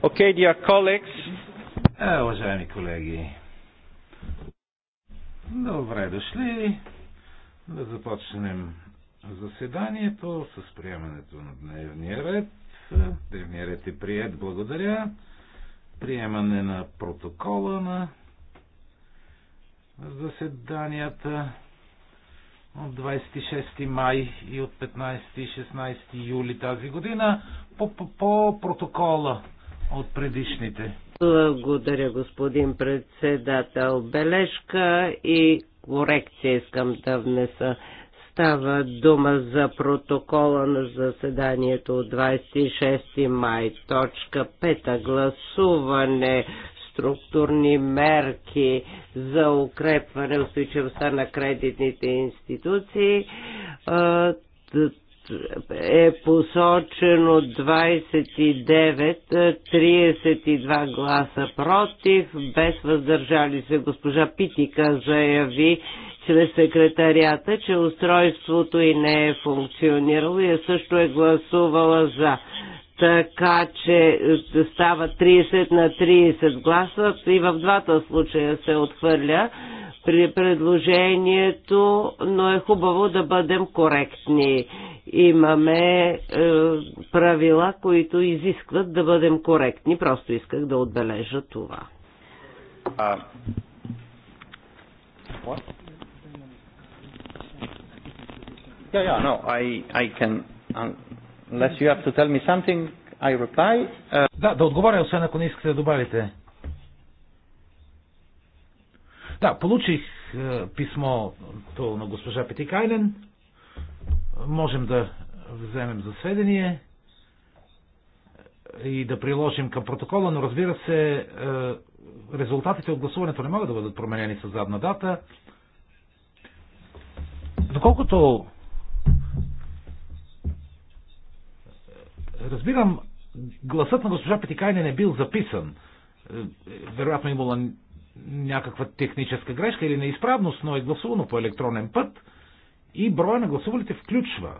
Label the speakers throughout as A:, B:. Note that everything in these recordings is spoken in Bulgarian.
A: Okay, dear colleagues. Е, уважаеми колеги. Добре дошли. Да започнем заседанието с приемането на дневния ред. Дневния ред е прият. Благодаря. Приемане на протокола на заседанията от 26 май и от 15 и 16 юли тази година по, по, по протокола от предишните.
B: Благодаря, господин председател. Бележка и корекция искам да внеса. Става дума за протокола на заседанието от 26 май, точка 5, гласуване, структурни мерки за укрепване устойчивостта на кредитните институции е посочено 29, 32 гласа против, без въздържали се. Госпожа Питика заяви чрез секретарията, че устройството и не е функционирало и е също е гласувала за така че става 30 на 30 гласа и в двата случая се отхвърля при предложението, но е хубаво да бъдем коректни. Имаме е, правила, които изискват да бъдем коректни. Просто исках да отбележа това. А...
A: Yeah, yeah, no, I, I can, unless you have to tell me something, I reply. Uh... Да, да отговоря, освен ако не искате да добавите. Да, получих е, писмото на госпожа Петикайлен. Можем да вземем за сведение и да приложим към протокола, но разбира се, е, резултатите от гласуването не могат да бъдат променени с задна дата. Доколкото разбирам, гласът на госпожа Петикайнен е бил записан. Е, вероятно имала някаква техническа грешка или неизправност, но е гласувано по електронен път и броя на гласувалите включва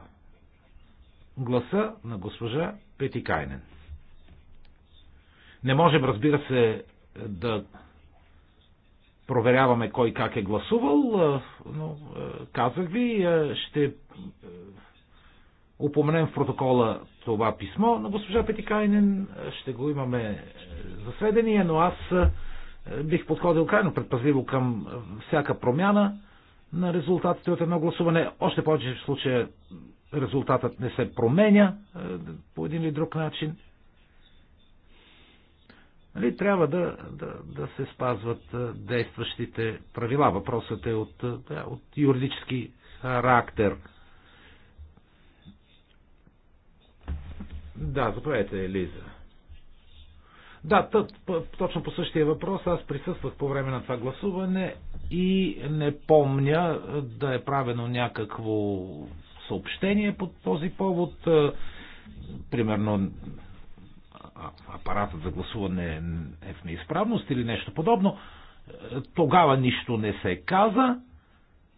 A: гласа на госпожа Петикайнен. Не можем, разбира се, да проверяваме кой как е гласувал, но казах ви, ще упоменем в протокола това писмо на госпожа Петикайнен, ще го имаме за сведение, но аз бих подходил крайно предпазливо към всяка промяна на резултатите от едно гласуване. Още повече в случая резултатът не се променя е, по един или друг начин. Нали, трябва да, да, да се спазват е, действащите правила. Въпросът е от, е, да, от юридически характер. Да, заповядайте, Елиза. Да, тът, точно по същия въпрос аз присъствах по време на това гласуване и не помня да е правено някакво съобщение по този повод. Е, примерно апаратът за гласуване е в неизправност или нещо подобно. Е, тогава нищо не се каза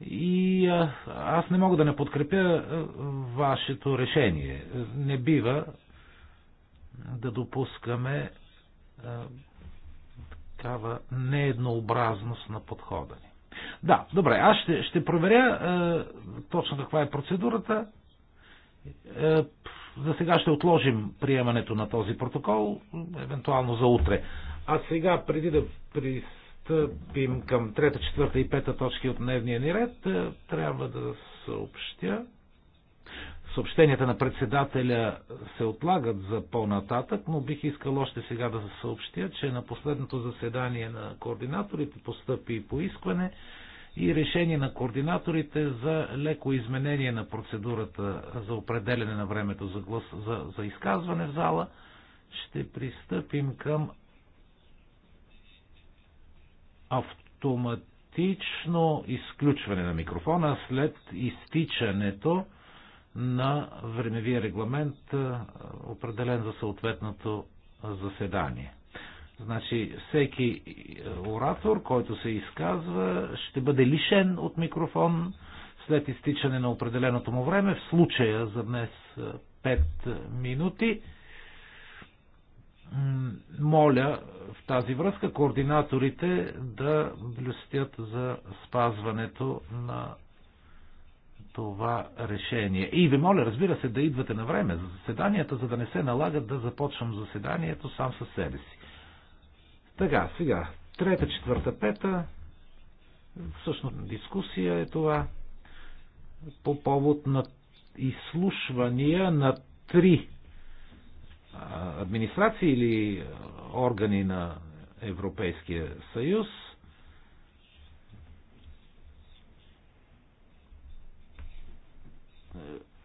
A: и е, аз не мога да не подкрепя вашето решение. Не бива да допускаме такава нееднообразност на подхода ни. Да, добре, аз ще, ще проверя е, точно каква е процедурата. Е, за сега ще отложим приемането на този протокол, евентуално за утре. А сега, преди да пристъпим към трета, четвърта и пета точки от дневния ни ред, е, трябва да съобщя, Съобщенията на председателя се отлагат за по-нататък, но бих искал още сега да съобщя, че на последното заседание на координаторите постъпи и поискване и решение на координаторите за леко изменение на процедурата за определене на времето за, глас, за, за изказване в зала. Ще пристъпим към автоматично изключване на микрофона след изтичането на времевия регламент, определен за съответното заседание. Значи всеки оратор, който се изказва, ще бъде лишен от микрофон след изтичане на определеното му време, в случая за днес 5 минути. Моля в тази връзка координаторите да блюстят за спазването на това решение. И ви моля, разбира се, да идвате на време за заседанията, за да не се налагат да започвам заседанието сам със себе си. Така, сега, трета, четвърта, пета, всъщност дискусия е това по повод на изслушвания на три администрации или органи на Европейския съюз –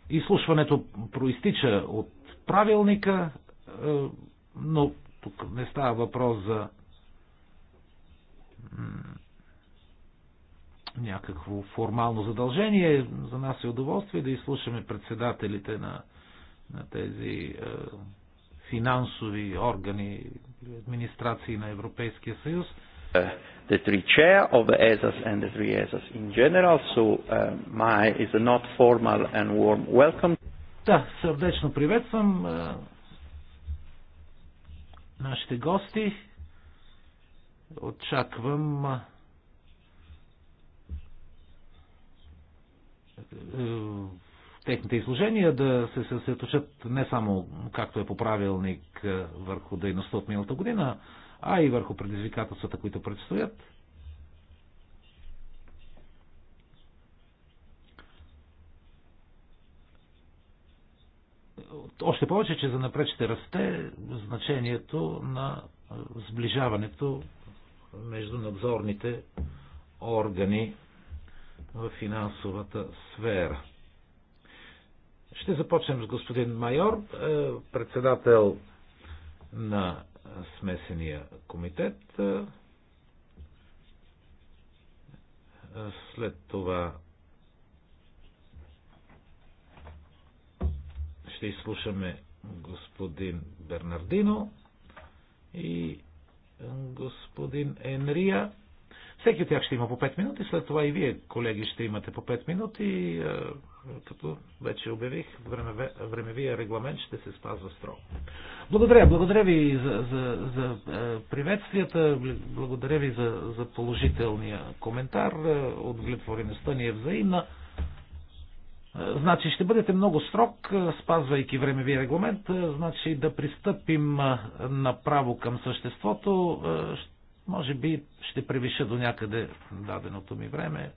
A: Изслушването проистича от правилника, е, но тук не става въпрос за някакво формално задължение. За нас е удоволствие да изслушаме председателите на, на тези е, финансови органи, администрации на Европейския съюз. Е, the three chair of the ESAS and the three ESAS in general. So uh, my is a not formal and warm welcome. Да, сърдечно приветствам uh, нашите гости. Очаквам uh, uh техните изложения да се съсредоточат не само, както е по правилник, uh, върху дейността от миналата година, а и върху предизвикателствата, които предстоят. Още повече, че за напред ще расте значението на сближаването между надзорните органи в финансовата сфера. Ще започнем с господин Майор, е, председател на смесения комитет. След това ще изслушаме господин Бернардино и господин Енрия. Всеки от тях ще има по 5 минути, след това и вие, колеги, ще имате по 5 минути като вече обявих, времеве, времевия регламент ще се спазва строго. Благодаря, благодаря ви за, за, за е, приветствията, благодаря ви за, за положителния коментар. Е, Отгледотвореността ни е взаимна. Е, значи ще бъдете много строг, спазвайки времевия регламент, значи да пристъпим направо към съществото. Може би ще превиша до някъде даденото ми време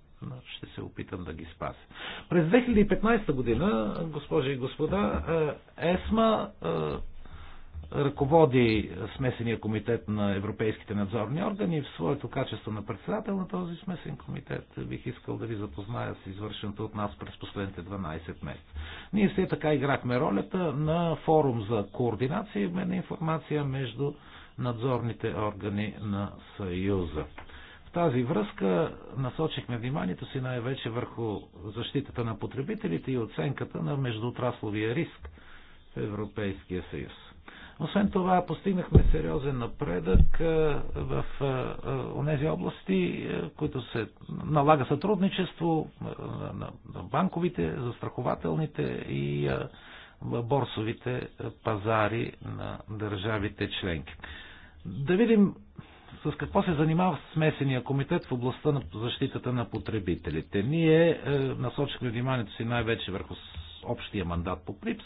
A: ще се опитам да ги спася. През 2015 година, госпожи и господа, е, ЕСМА е, ръководи смесения комитет на европейските надзорни органи. В своето качество на председател на този смесен комитет бих искал да ви запозная с извършеното от нас през последните 12 месеца. Ние все така играхме ролята на форум за координация и обмен на информация между надзорните органи на Съюза. В тази връзка насочихме вниманието си най-вече върху защитата на потребителите и оценката на междуотрасловия риск в Европейския съюз. Освен това, постигнахме сериозен напредък в тези области, които се налага сътрудничество на банковите, застрахователните и борсовите пазари на държавите членки. Да видим с какво се занимава смесения комитет в областта на защитата на потребителите? Ние е, насочихме вниманието си най-вече върху общия мандат по ПРИПС.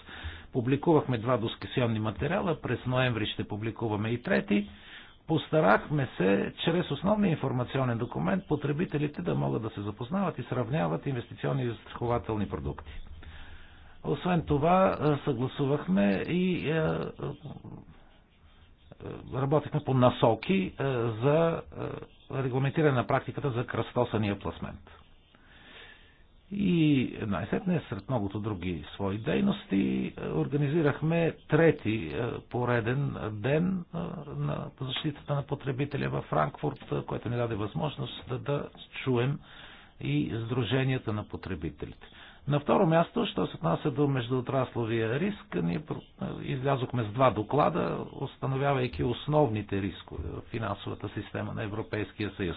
A: Публикувахме два дискусионни материала, през ноември ще публикуваме и трети. Постарахме се, чрез основния информационен документ, потребителите да могат да се запознават и сравняват инвестиционни и застрахователни продукти. Освен това, е, съгласувахме и е, работихме по насоки е, за е, регламентиране на практиката за кръстосания пласмент. И най-сетне, сред многото други свои дейности, е, организирахме трети пореден ден на защитата на потребителя във Франкфурт, което ни даде възможност да, да чуем и Сдруженията на потребителите. На второ място, що се отнася до междуотрасловия риск, ние излязохме с два доклада, установявайки основните рискове в финансовата система на Европейския съюз.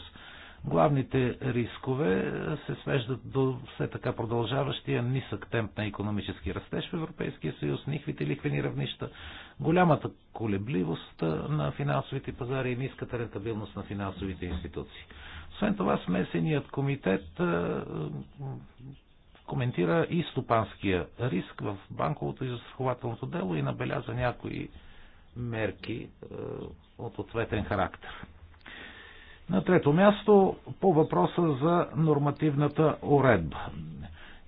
A: Главните рискове е, се свеждат до все така продължаващия нисък темп на економически растеж в Европейския съюз, нихвите лихвени равнища, голямата колебливост е, на финансовите пазари и ниската рентабилност на финансовите институции. Освен това, смесеният комитет е, коментира и стопанския риск в банковото и застрахователното дело и набеляза някои мерки е, от ответен характер. На трето място по въпроса за нормативната уредба.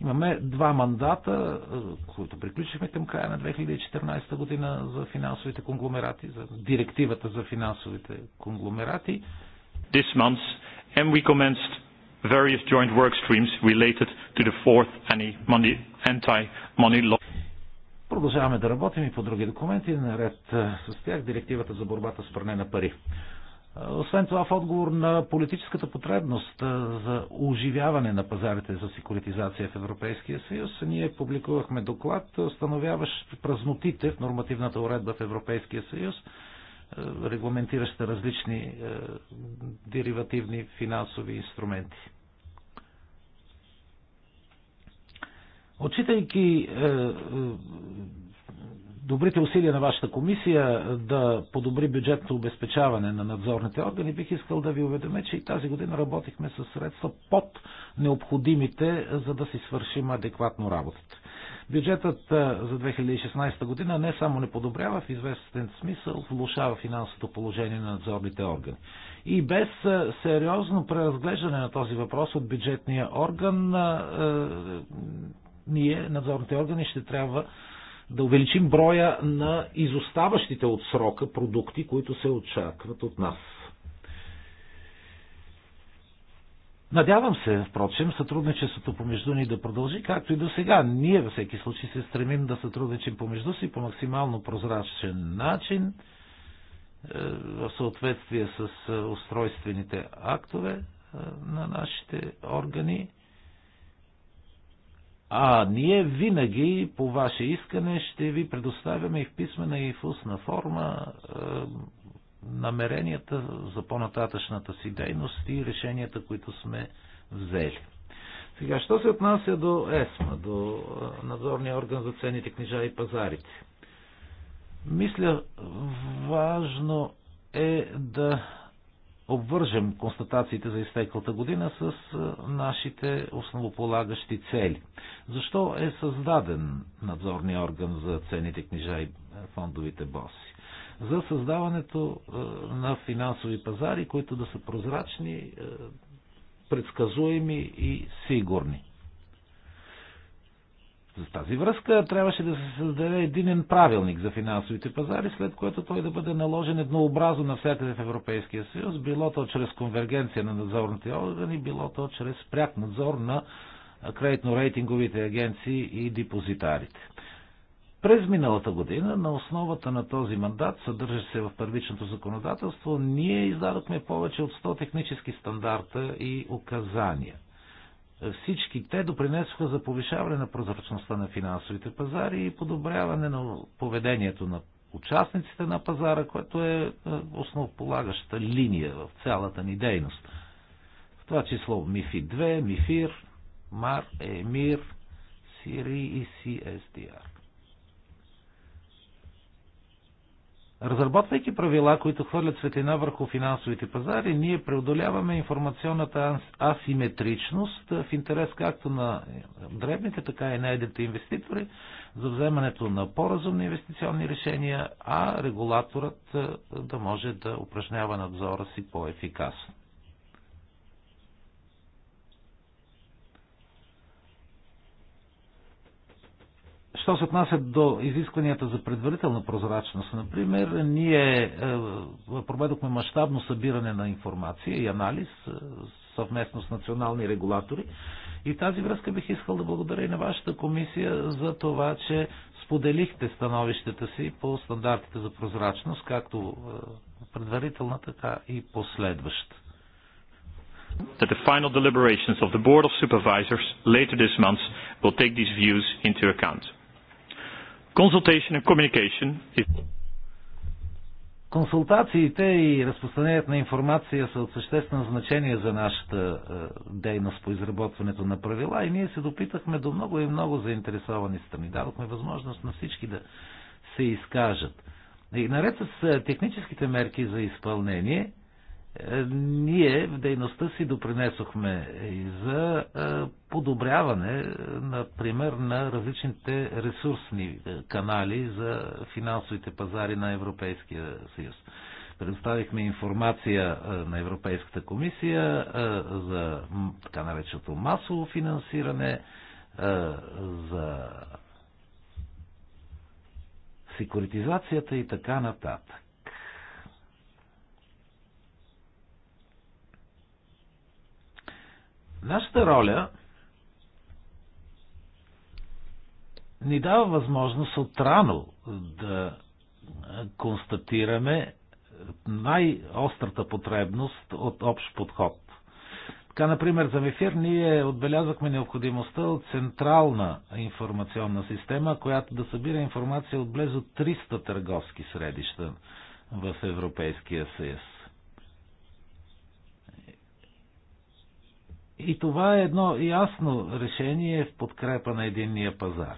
A: Имаме два мандата, е, които приключихме към края на 2014 година за финансовите конгломерати, за директивата за финансовите конгломерати. This month, and we commenced various joint work streams related to the fourth anti-money law. Продължаваме да работим и по други документи, наред е, с тях директивата за борбата с пране на пари. Е, освен това, в отговор на политическата потребност е, за оживяване на пазарите за секуритизация в Европейския съюз, ние публикувахме доклад, установяващ празнотите в нормативната уредба в Европейския съюз регламентираща различни е, деривативни финансови инструменти. Отчитайки е, е, добрите усилия на вашата комисия да подобри бюджетното обезпечаване на надзорните органи, бих искал да ви уведомя, че и тази година работихме с средства под необходимите, за да си свършим адекватно работата. Бюджетът за 2016 година не само не подобрява, в известен смисъл влушава финансовото положение на надзорните органи. И без сериозно преразглеждане на този въпрос от бюджетния орган, ние, надзорните органи, ще трябва да увеличим броя на изоставащите от срока продукти, които се очакват от нас. Надявам се, впрочем, сътрудничеството помежду ни да продължи, както и до сега. Ние във всеки случай се стремим да сътрудничим помежду си по максимално прозрачен начин, е, в съответствие с е, устройствените актове е, на нашите органи. А ние винаги по ваше искане ще ви предоставяме и в писмена и в устна форма намеренията за по-нататъчната си дейност и решенията, които сме взели. Сега, що се отнася до ЕСМА, до надзорния орган за ценните книжа и пазарите? Мисля, важно е да обвържем констатациите за изтеклата година с нашите основополагащи цели. Защо е създаден надзорния орган за ценните книжа и фондовите боси? за създаването е, на финансови пазари, които да са прозрачни, е, предсказуеми и сигурни. За тази връзка трябваше да се създаде единен правилник за финансовите пазари, след което той да бъде наложен еднообразно на всякъде в Европейския съюз, било то чрез конвергенция на надзорните органи, било то чрез пряк надзор на кредитно-рейтинговите агенции и депозитарите. През миналата година, на основата на този мандат, съдържащ се в първичното законодателство, ние издадохме повече от 100 технически стандарта и указания. Всички те допринесоха за повишаване на прозрачността на финансовите пазари и подобряване на поведението на участниците на пазара, което е, е основополагаща линия в цялата ни дейност. В това число МИФИ 2, МИФИР, МАР, ЕМИР, СИРИ и CSDR. Разработвайки правила, които хвърлят светлина върху финансовите пазари, ние преодоляваме информационната асиметричност в интерес както на е, дребните, така и на едните инвеститори за вземането на по-разумни инвестиционни решения, а регулаторът да може да упражнява надзора си по-ефикасно. Що се отнася до изискванията за предварителна прозрачност, например, ние е, проведохме мащабно събиране на информация и анализ е, съвместно с национални регулатори. И тази връзка бих искал да благодаря и на вашата комисия за това, че споделихте становищата си по стандартите за прозрачност, както е, предварителна, така и последваща
C: that the final deliberations of the Board of Supervisors later this month will take these views into account.
A: Consultation and communication is... Консултациите и разпространението на информация са от съществено значение за нашата е, дейност по изработването на правила и ние се допитахме до много и много заинтересовани страни. Дадохме възможност на всички да се изкажат. И наред с е, техническите мерки за изпълнение, ние в дейността си допринесохме и за подобряване, например, на различните ресурсни канали за финансовите пазари на Европейския съюз. Предоставихме информация на Европейската комисия за така нареченото масово финансиране, за секуритизацията и така нататък. Нашата роля ни дава възможност отрано да констатираме най-острата потребност от общ подход. Така, например, за Мефир ние отбелязахме необходимостта от централна информационна система, която да събира информация от близо 300 търговски средища в Европейския съюз. И това е едно ясно решение в подкрепа на единния пазар.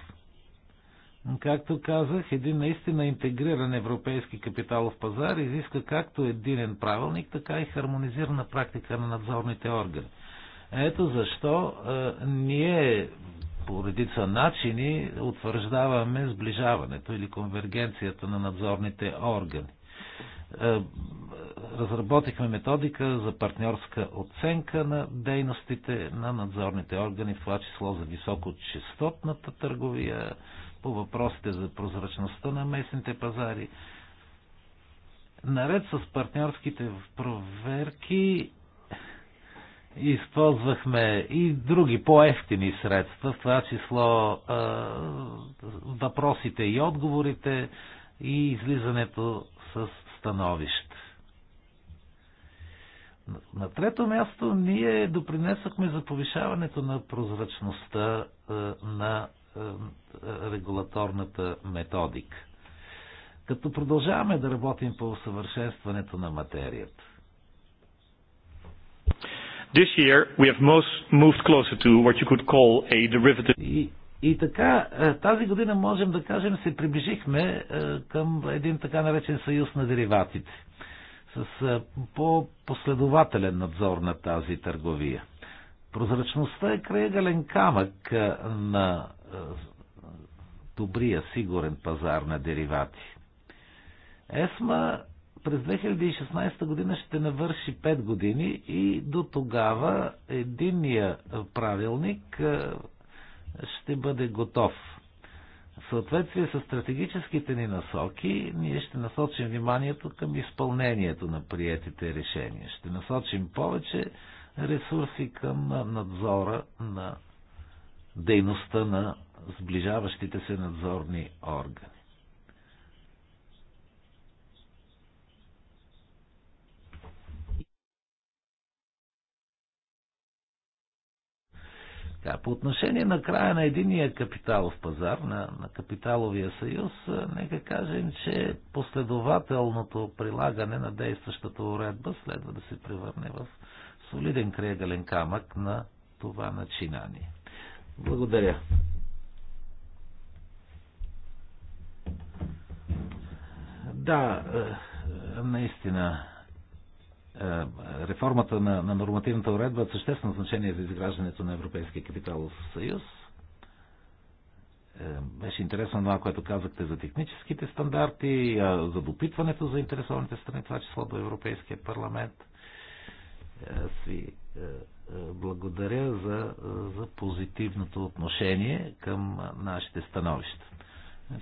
A: Както казах, един наистина интегриран европейски капиталов пазар изиска както единен правилник, така и хармонизирана практика на надзорните органи. Ето защо е, ние по редица начини утвърждаваме сближаването или конвергенцията на надзорните органи. Е, разработихме методика за партньорска оценка на дейностите на надзорните органи, в това число за високочастотната търговия, по въпросите за прозрачността на местните пазари. Наред с партньорските проверки използвахме и други по-ефтини средства, в това число е, въпросите и отговорите и излизането с становище. На трето място ние допринесохме за повишаването на прозрачността е, на е, регулаторната методика. Като продължаваме да работим по усъвършенстването на материята.
C: This year we have most moved closer to
A: what you could call a derivative. И и така, е, тази година можем да кажем, се приближихме е, към един така наречен съюз на дериватите с е, по-последователен надзор на тази търговия. Прозрачността е крайъгален камък на добрия, сигурен пазар на деривати. ЕСМА през 2016 година ще навърши 5 години и до тогава единния правилник ще бъде готов. В съответствие с стратегическите ни насоки, ние ще насочим вниманието към изпълнението на приетите решения. Ще насочим повече ресурси към надзора на дейността на сближаващите се надзорни органи. Така, по отношение на края на единия капиталов пазар, на, на капиталовия съюз, нека кажем, че последователното прилагане на действащата уредба следва да се превърне в солиден крегален камък на това начинание. Благодаря. Да, наистина е, реформата на, на нормативната уредба е съществено значение за изграждането на Европейския капиталов съюз. Е, беше интересно това, което казахте за техническите стандарти, е, за допитването за интересованите страни, това число до Европейския парламент. Аз ви благодаря за, за позитивното отношение към нашите становища.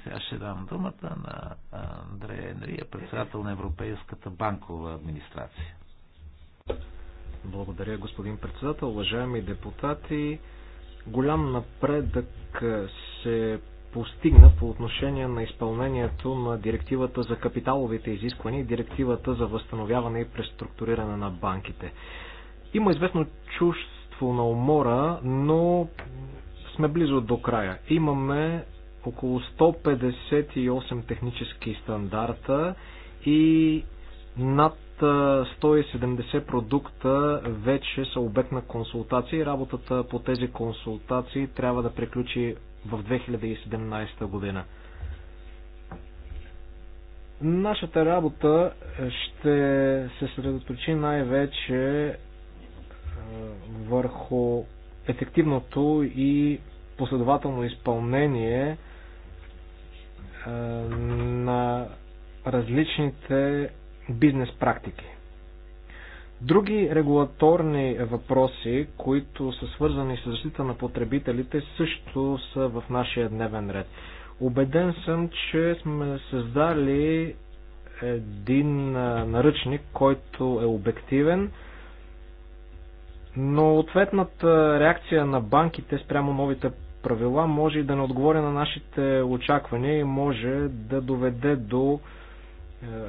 A: Сега ще дам думата на Андрея Енрия, председател на Европейската банкова администрация. Благодаря, господин председател. Уважаеми депутати,
D: голям напредък се постигна по отношение на изпълнението на директивата за капиталовите изисквания и директивата за възстановяване и преструктуриране на банките. Има известно чувство на умора, но сме близо до края. Имаме около 158 технически стандарта и над 170 продукта вече са обект на консултации. Работата по тези консултации трябва да приключи в 2017 година. Нашата работа ще се средоточи най-вече върху ефективното и последователно изпълнение на различните бизнес практики. Други регулаторни въпроси, които са свързани с защита на потребителите, също са в нашия дневен ред. Обеден съм, че сме създали един наръчник, който е обективен, но ответната реакция на банките спрямо новите правила може и да не отговори на нашите очаквания и може да доведе до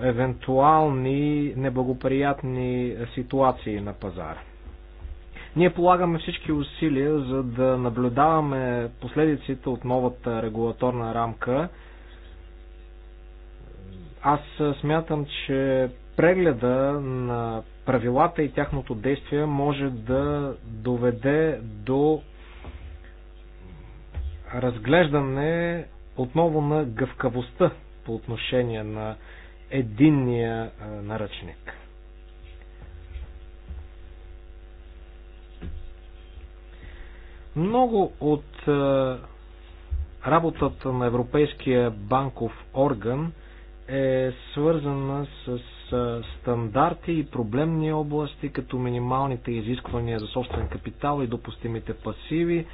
D: евентуални неблагоприятни ситуации на пазара. Ние полагаме всички усилия, за да наблюдаваме последиците от новата регулаторна рамка. Аз смятам, че прегледа на правилата и тяхното действие може да доведе до разглеждане отново на гъвкавостта по отношение на единния наръчник. Много от работата на Европейския банков орган е свързана с стандарти и проблемни области, като минималните изисквания за собствен капитал и допустимите пасиви,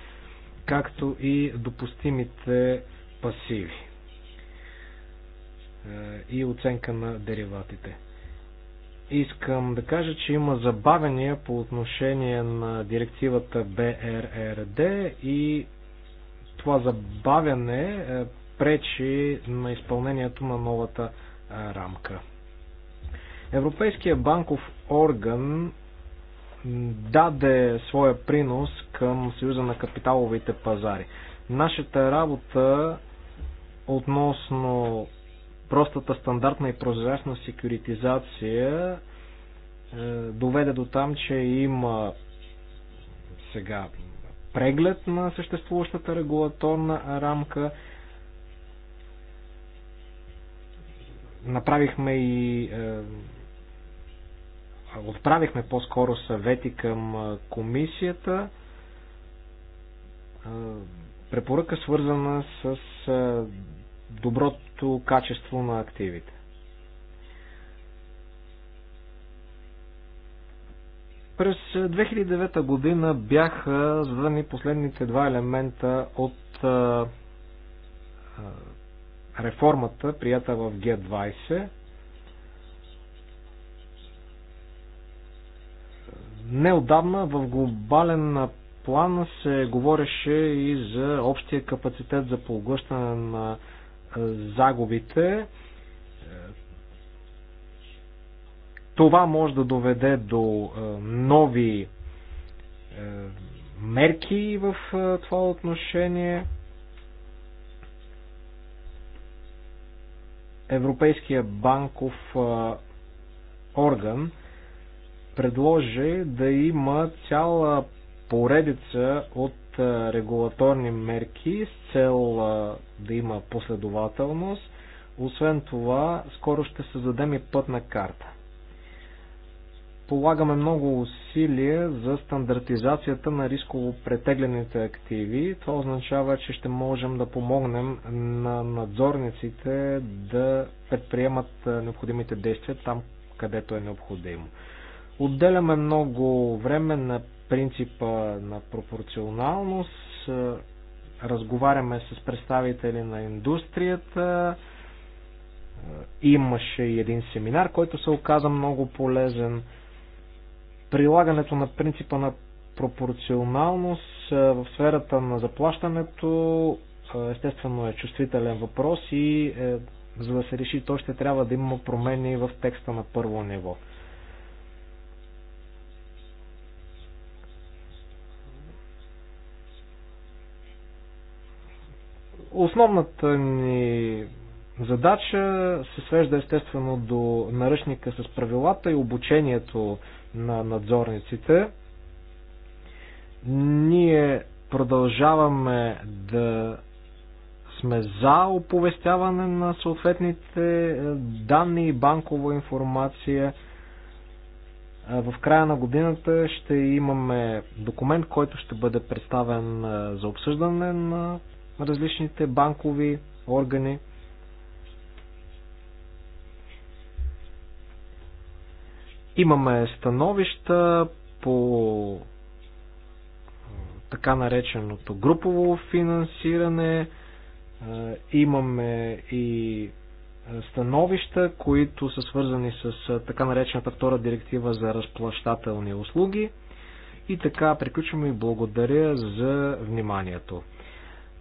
D: както и допустимите пасиви. Е, и оценка на дериватите. Искам да кажа, че има забавения по отношение на директивата БРРД и това забавяне е, пречи на изпълнението на новата е, рамка. Европейския банков орган даде своя принос към Съюза на капиталовите пазари. Нашата работа относно простата стандартна и прозрачна секюритизация е, доведе до там, че има сега преглед на съществуващата регулаторна рамка. Направихме и е, отправихме по-скоро съвети към е, комисията. Препоръка свързана с доброто като качество на активите. През 2009 година бяха зададени последните два елемента от реформата, прията в Г20. Неодавна в глобален план се говореше и за общия капацитет за поглъщане на загубите, е, това може да доведе до е, нови е, мерки в това отношение. Европейския банков орган предложи да има цяла поредица от регулаторни мерки с цел да има последователност. Освен това, скоро ще създадем и пътна карта. Полагаме много усилия за стандартизацията на рисково претеглените активи. Това означава, че ще можем да помогнем на надзорниците да предприемат необходимите действия там, където е необходимо. Отделяме много време на принципа на пропорционалност, е, разговаряме с представители на индустрията, е, имаше и един семинар, който се оказа много полезен. Прилагането на принципа на пропорционалност е, в сферата на заплащането естествено е чувствителен въпрос и за да се реши то, ще трябва да има промени в текста на първо ниво. Основната ни задача се свежда естествено до наръчника с правилата и обучението на надзорниците. Ние продължаваме да сме за оповестяване на съответните е, данни и банкова информация. Е, в края на годината ще имаме документ, който ще бъде представен е, за обсъждане на различните банкови органи. Имаме становища по така нареченото групово финансиране, е, имаме и становища, които са свързани с е, така наречената втора директива за разплащателни услуги. И така приключваме и благодаря за
B: вниманието.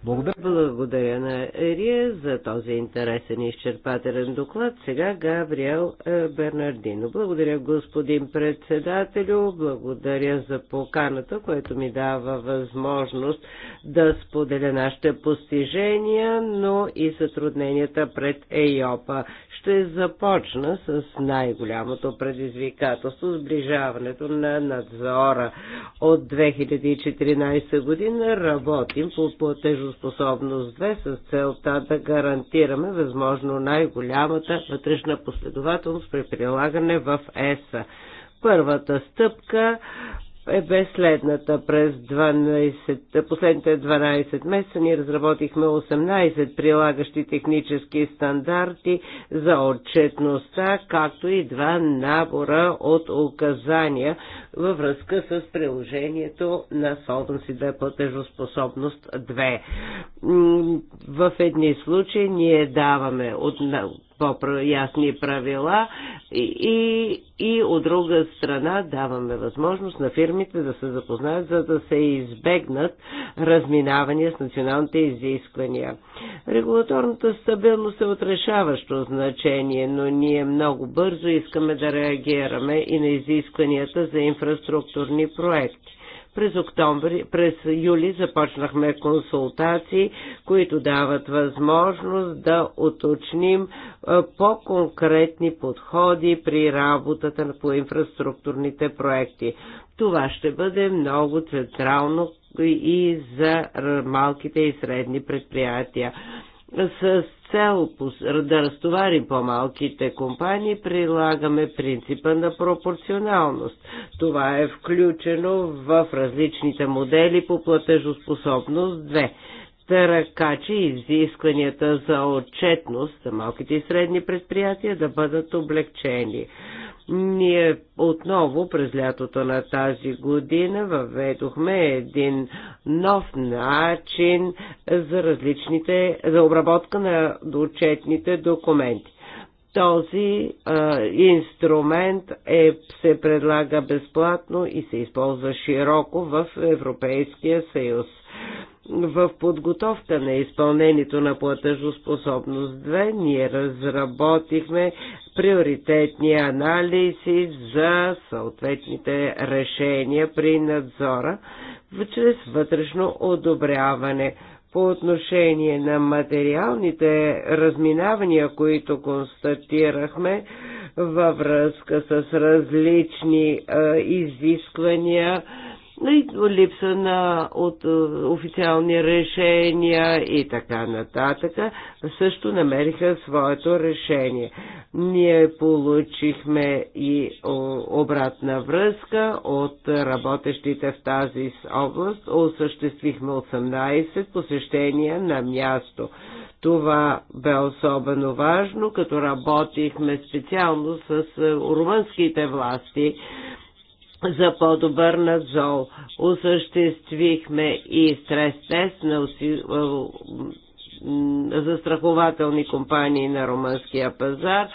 B: Благодаря. Благодаря на Ерия за този интересен и изчерпателен доклад. Сега Габриел е, Бернардино. Благодаря господин председателю, благодаря за поканата, което ми дава възможност да споделя нашите постижения, но и затрудненията пред ЕИОПА. Ще започна с най-голямото предизвикателство сближаването на надзора. От 2014 година работим по платежоспособност 2 с целта да гарантираме възможно най-голямата вътрешна последователност при прилагане в ЕСА първата стъпка е бе следната. През 12, последните 12 месеца ние разработихме 18 прилагащи технически стандарти за отчетността, както и два набора от указания във връзка с приложението на Solvency 2 платежоспособност 2. В едни случаи ние даваме от по-ясни правила и, и, и от друга страна даваме възможност на фирмите да се запознаят, за да се избегнат разминавания с националните изисквания. Регулаторната стабилност е отрешаващо значение, но ние много бързо искаме да реагираме и на изискванията за инфраструктурни проекти през, октомври, през юли започнахме консултации, които дават възможност да уточним е, по-конкретни подходи при работата по инфраструктурните проекти. Това ще бъде много централно и за малките и средни предприятия. С цел да разтоварим по-малките компании, прилагаме принципа на пропорционалност. Това е включено в различните модели по платежоспособност 2 ръка, че изискванията за отчетност за малките и средни предприятия да бъдат облегчени. Ние отново през лятото на тази година въведохме един нов начин за различните, за обработка на отчетните документи. Този а, инструмент е, се предлага безплатно и се използва широко в Европейския съюз в подготовка на изпълнението на платежоспособност 2 ние разработихме приоритетни анализи за съответните решения при надзора чрез вътрешно одобряване. По отношение на материалните разминавания, които констатирахме във връзка с различни е, изисквания, и липса на от, е, официални решения и така нататък, също намериха своето решение. Ние получихме и обратна връзка от работещите в тази област. Осъществихме 18 посещения на място. Това бе особено важно, като работихме специално с е, румънските власти за по-добър надзор. Осъществихме и стрес-тест на застрахователни компании на румънския пазар,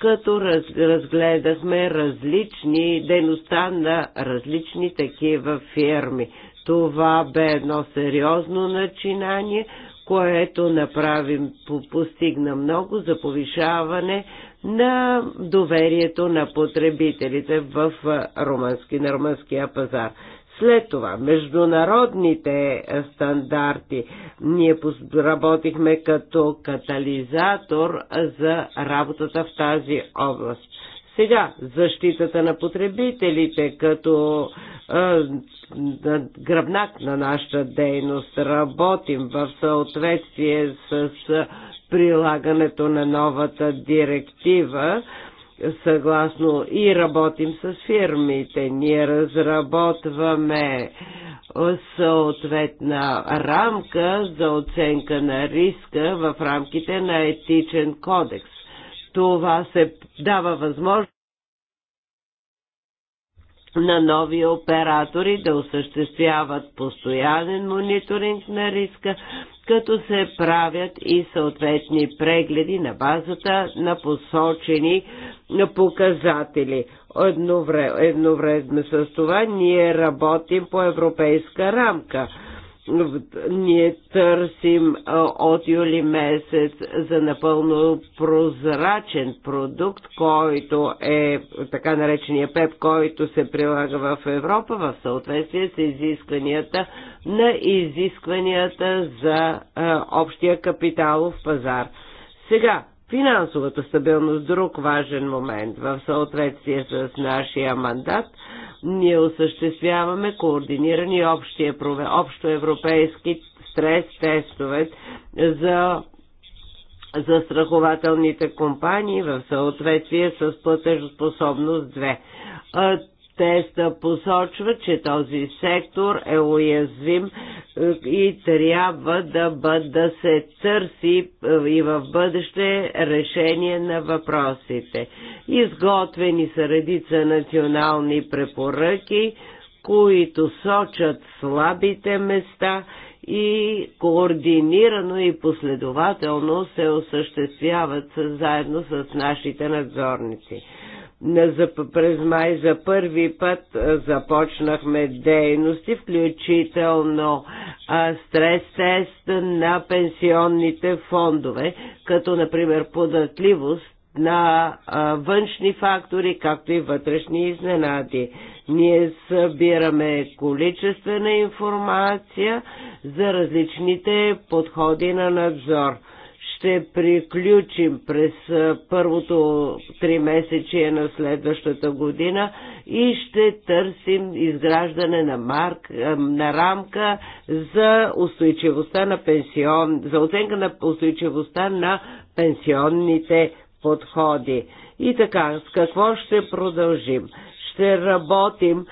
B: като разгледахме различни дейността на различни такива фирми. Това бе едно сериозно начинание, което направим, постигна много за повишаване на доверието на потребителите в румънски, на румънския пазар. След това, международните е, стандарти. Ние работихме като катализатор за работата в тази област. Сега, защитата на потребителите като гръбнак на нашата дейност. Работим в съответствие с прилагането на новата директива съгласно и работим с фирмите. Ние разработваме съответна рамка за оценка на риска в рамките на етичен кодекс това се дава възможност на нови оператори да осъществяват постоянен мониторинг на риска, като се правят и съответни прегледи на базата на посочени показатели. Едновременно с това ние работим по европейска рамка – ние търсим от юли месец за напълно прозрачен продукт, който е така наречения ПЕП, който се прилага в Европа в съответствие с изискванията на изискванията за общия капиталов пазар. Сега, Финансовата стабилност друг важен момент. В съответствие с нашия мандат ние осъществяваме координирани общо европейски стрес тестове за за страхователните компании в съответствие с платежоспособност 2. Теста посочва, че този сектор е уязвим е, и трябва да, бъд, да се търси е, и в бъдеще решение на въпросите. Изготвени са редица национални препоръки, които сочат слабите места и координирано и последователно се осъществяват заедно с нашите надзорници за, през май за първи път започнахме дейности, включително а, стрес тест на пенсионните фондове, като например податливост на а, външни фактори, както и вътрешни изненади. Ние събираме количествена информация за различните подходи на надзор ще приключим през първото три месече на следващата година и ще търсим изграждане на, марк, на рамка за устойчивостта на пенсион, за оценка на устойчивостта на пенсионните подходи. И така, с какво ще продължим? Ще работим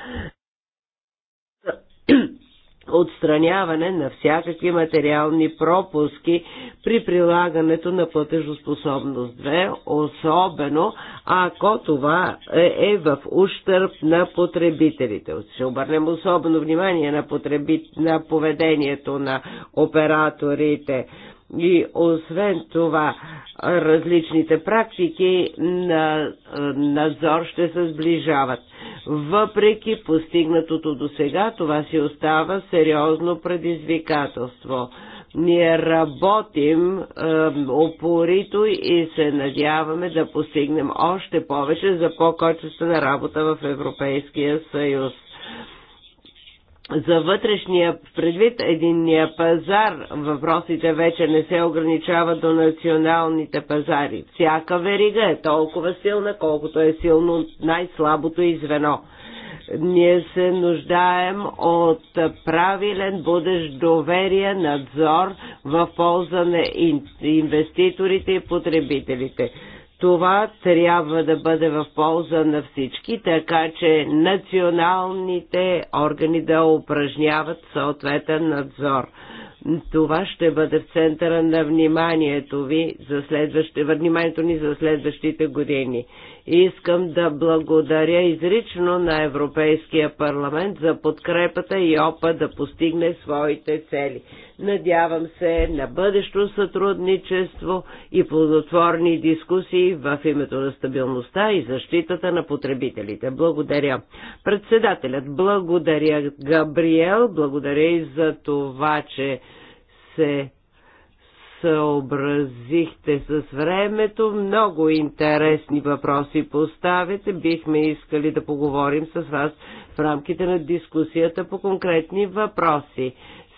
B: отстраняване на всякакви материални пропуски при прилагането на платежоспособност 2, особено ако това е, е в ущърп на потребителите. Ще обърнем особено внимание на, потреби... на поведението на операторите и освен това, различните практики на надзор ще се сближават. Въпреки постигнатото до сега, това си остава сериозно предизвикателство. Ние работим е, опорито и се надяваме да постигнем още повече за по-качествена работа в Европейския съюз за вътрешния предвид единния пазар, въпросите вече не се ограничават до националните пазари. Всяка верига е толкова силна, колкото е силно най-слабото извено. Ние се нуждаем от правилен будещ доверие, надзор в полза на инвеститорите и потребителите това трябва да бъде в полза на всички, така че националните органи да упражняват съответен надзор. Това ще бъде в центъра на вниманието ви за следващите, вниманието ни за следващите години. Искам да благодаря изрично на Европейския парламент за подкрепата и опа да постигне своите цели. Надявам се на бъдещо сътрудничество и плодотворни дискусии в името на стабилността и защитата на потребителите. Благодаря. Председателят, благодаря Габриел, благодаря и за това, че се съобразихте с времето. Много интересни въпроси поставяте. Бихме искали да поговорим с вас в рамките на дискусията по конкретни въпроси.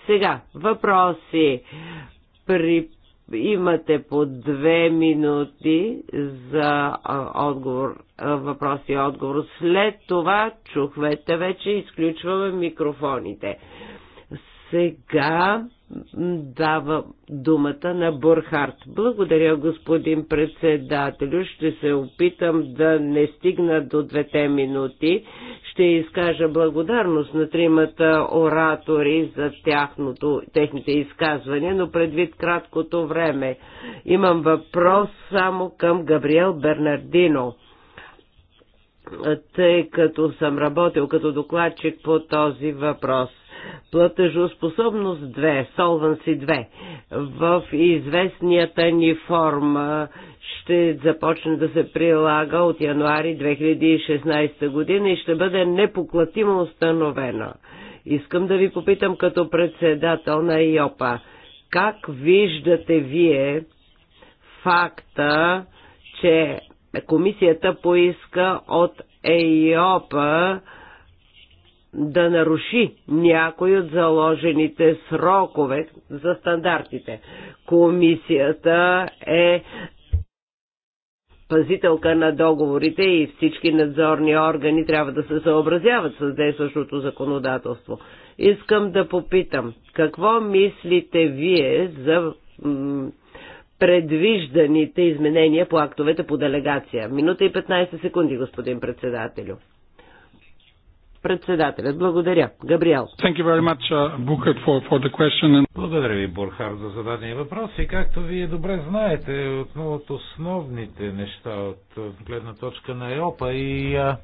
B: Сега, въпроси. При... Имате по две минути за отговор, въпрос и отговор. След това чухвете вече, изключваме микрофоните. Сега дава думата на Бурхарт. Благодаря, господин председателю. Ще се опитам да не стигна до двете минути. Ще изкажа благодарност на тримата оратори за тяхното, техните изказвания, но предвид краткото време имам въпрос само към Габриел Бернардино тъй като съм работил като докладчик по този въпрос. Платежоспособност 2, Solvency 2, в известнията ни форма ще започне да се прилага от януари 2016 година и ще бъде непоклатимо установена. Искам да ви попитам като председател на ИОПА, как виждате вие факта, че комисията поиска от ЕИОПА да наруши някой от заложените срокове за стандартите. Комисията е пазителка на договорите и всички надзорни органи трябва да се съобразяват с действащото законодателство. Искам да попитам, какво мислите вие за предвижданите изменения по актовете по делегация? Минута и 15 секунди, господин председателю. Председателят, благодаря. Габриел.
A: Much, uh, for, and... Благодаря ви, Бурхар, за зададения въпрос. И както вие добре знаете, отново от основните неща от е, гледна точка на ЕОПА и а, е,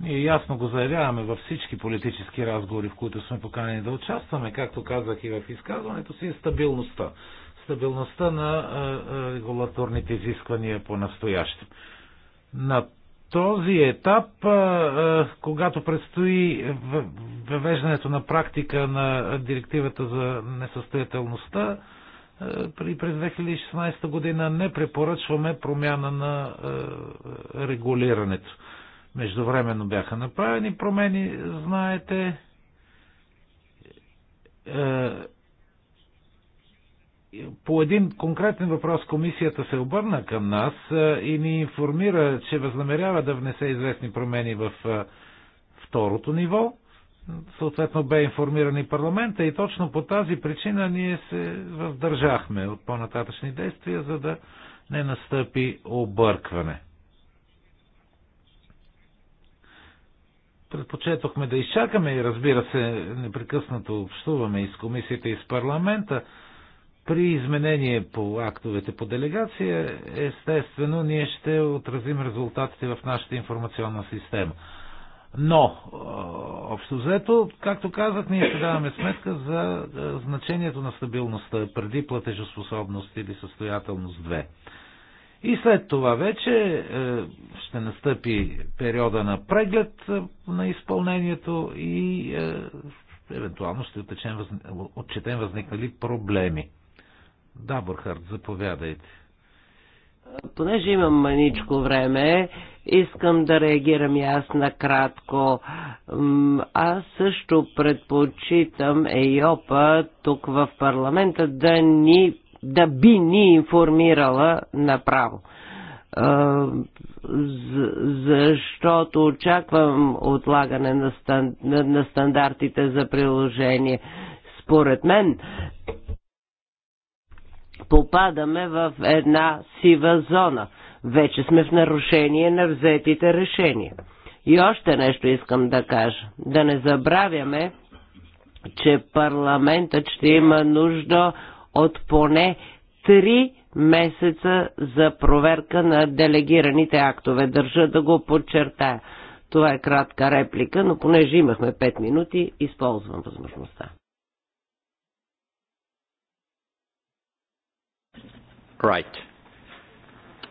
A: ние ясно го заявяваме във всички политически разговори, в които сме поканени да участваме, както казах и в изказването си, е стабилността. Стабилността на регулаторните изисквания по настоящим над този етап, когато предстои въвеждането на практика на директивата за несъстоятелността, при през 2016 година не препоръчваме промяна на регулирането. Междувременно бяха направени промени, знаете, по един конкретен въпрос комисията се обърна към нас и ни информира, че възнамерява да внесе известни промени в второто ниво. Съответно бе информиран и парламента и точно по тази причина ние се въздържахме от по-нататъчни действия, за да не настъпи объркване. Предпочетохме да изчакаме и разбира се, непрекъснато общуваме и с комисията и с парламента, при изменение по актовете по делегация, естествено, ние ще отразим резултатите в нашата информационна система. Но, е, общо взето, както казах, ние ще даваме сметка за е, значението на стабилността преди платежоспособност или състоятелност 2. И след това вече е, ще настъпи периода на преглед на изпълнението и евентуално ще отчетем възникнали проблеми. Да, Бурхард, заповядайте.
B: Понеже имам маничко време, искам да реагирам и аз накратко. Аз също предпочитам ЕЙОПА тук в парламента да, ни, да би ни информирала направо защото очаквам отлагане на, на стандартите за приложение. Според мен попадаме в една сива зона. Вече сме в нарушение на взетите решения. И още нещо искам да кажа. Да не забравяме, че парламентът ще има нужда от поне три месеца за проверка на делегираните актове. Държа да го подчертая. Това е кратка реплика, но понеже имахме 5 минути, използвам възможността.
A: Right.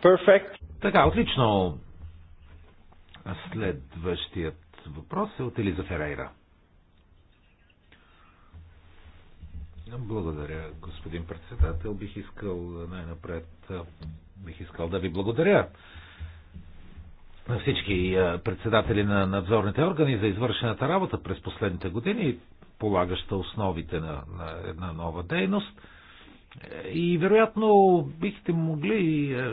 A: Perfect. Така, отлично. Следващият въпрос е от Елиза Ферейра. Благодаря, господин председател. Бих искал най-напред бих искал да ви благодаря на всички председатели на надзорните органи за извършената работа през последните години, полагаща основите на, на една нова дейност. И вероятно бихте могли е,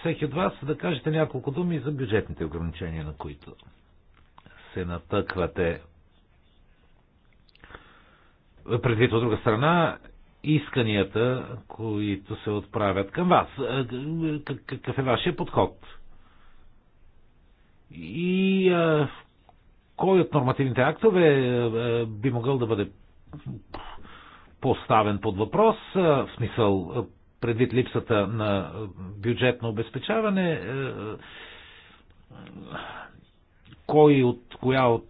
A: всеки от вас да кажете няколко думи за бюджетните ограничения, на които се натъквате. Предвид от друга страна, исканията, които се отправят към вас. Е, какъв е вашия подход? И а, е, кой от нормативните актове а, би могъл да бъде поставен под въпрос, в смисъл предвид липсата на бюджетно обезпечаване, кой от коя от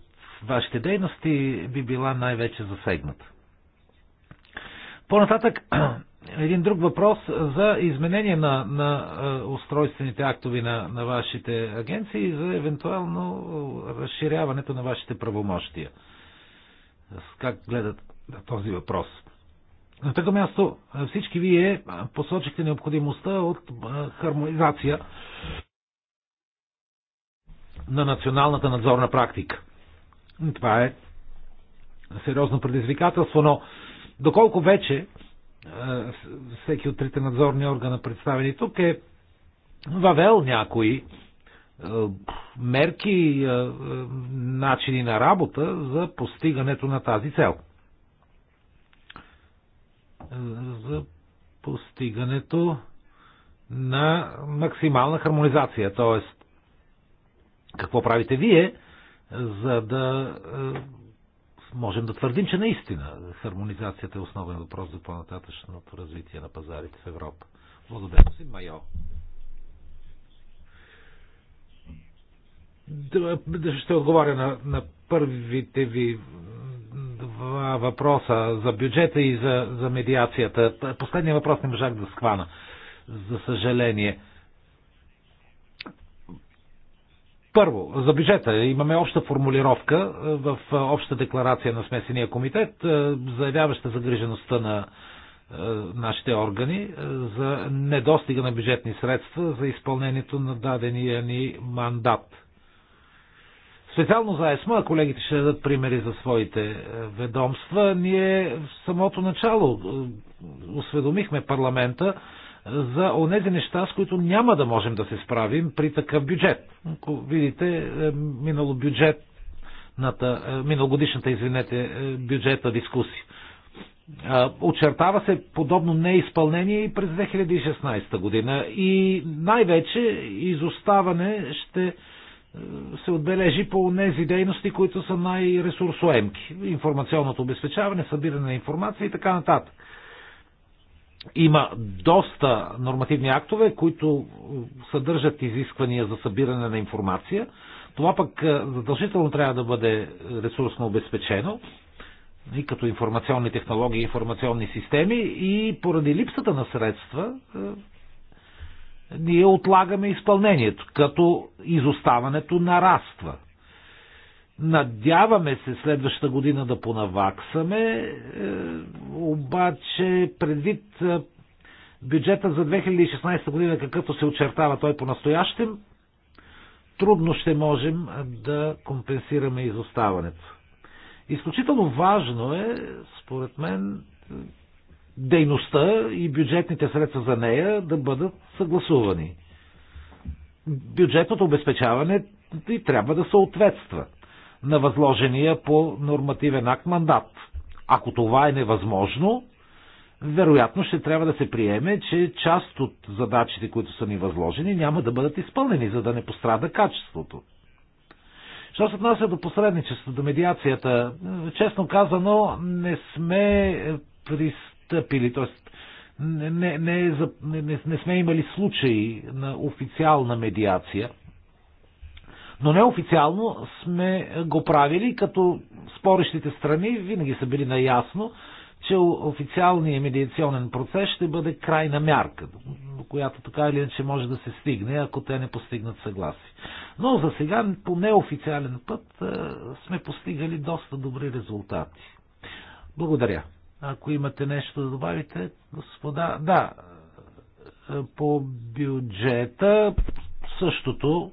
A: вашите дейности би била най-вече засегната. По-нататък, един друг въпрос за изменение на, на устройствените актови на, на вашите агенции и за евентуално разширяването на вашите правомощия. Как гледат на този въпрос? На трето място всички вие посочихте необходимостта от хармонизация на националната надзорна практика. Това е сериозно предизвикателство, но доколко вече всеки от трите надзорни органа представени тук е въвел някои мерки, начини на работа за постигането на тази цел за постигането на максимална хармонизация. Тоест, какво правите вие, за да е, можем да твърдим, че наистина хармонизацията е основен въпрос за по-нататъчното развитие на пазарите в Европа. Благодаря си, Майо. Ще отговаря на, на първите ви два въпроса за бюджета и за, за медиацията. Последния въпрос не можах да схвана, за съжаление. Първо, за бюджета имаме обща формулировка е, в е, обща декларация на смесения комитет, е, заявяваща загрижеността на нашите органи за недостига на бюджетни средства за изпълнението на дадения ни мандат – Специално за ЕСМА, колегите ще дадат примери за своите е, ведомства, ние в самото начало е, осведомихме парламента е, за онези неща, с които няма да можем да се справим при такъв бюджет. Ако видите, минало бюджет миналогодишната, извинете, бюджета дискусия. Очертава се подобно неизпълнение и през 2016 година и най-вече изоставане ще се отбележи по тези дейности, които са най-ресурсоемки. Информационното обезпечаване, събиране на информация и така нататък. Има доста нормативни актове, които съдържат изисквания за събиране на информация. Това пък е, задължително трябва да бъде ресурсно обезпечено и като информационни технологии, информационни системи и поради липсата на средства е, ние отлагаме изпълнението, като изоставането нараства. Надяваме се следващата година да понаваксаме, е, обаче предвид е, бюджета за 2016 година, какъвто се очертава той по-настоящем, трудно ще можем да компенсираме изоставането. Изключително важно е, според мен, дейността и бюджетните средства за нея да бъдат съгласувани. Бюджетното обезпечаване и трябва да съответства на възложения по нормативен акт мандат. Ако това е невъзможно, вероятно ще трябва да се приеме, че част от задачите, които са ни възложени, няма да бъдат изпълнени, за да не пострада качеството. Що се отнася до посредничеството, до медиацията, честно казано, не сме пристъпили настъпили, т.е. Не, не, не, не сме имали случаи на официална медиация, но неофициално сме го правили, като спорещите страни винаги са били наясно, че официалният медиационен процес ще бъде крайна мярка, до която така или иначе може да се стигне, ако те не постигнат съгласие. Но за сега по неофициален път е, сме постигали доста добри резултати. Благодаря. Ако имате нещо да добавите, господа, да, по бюджета същото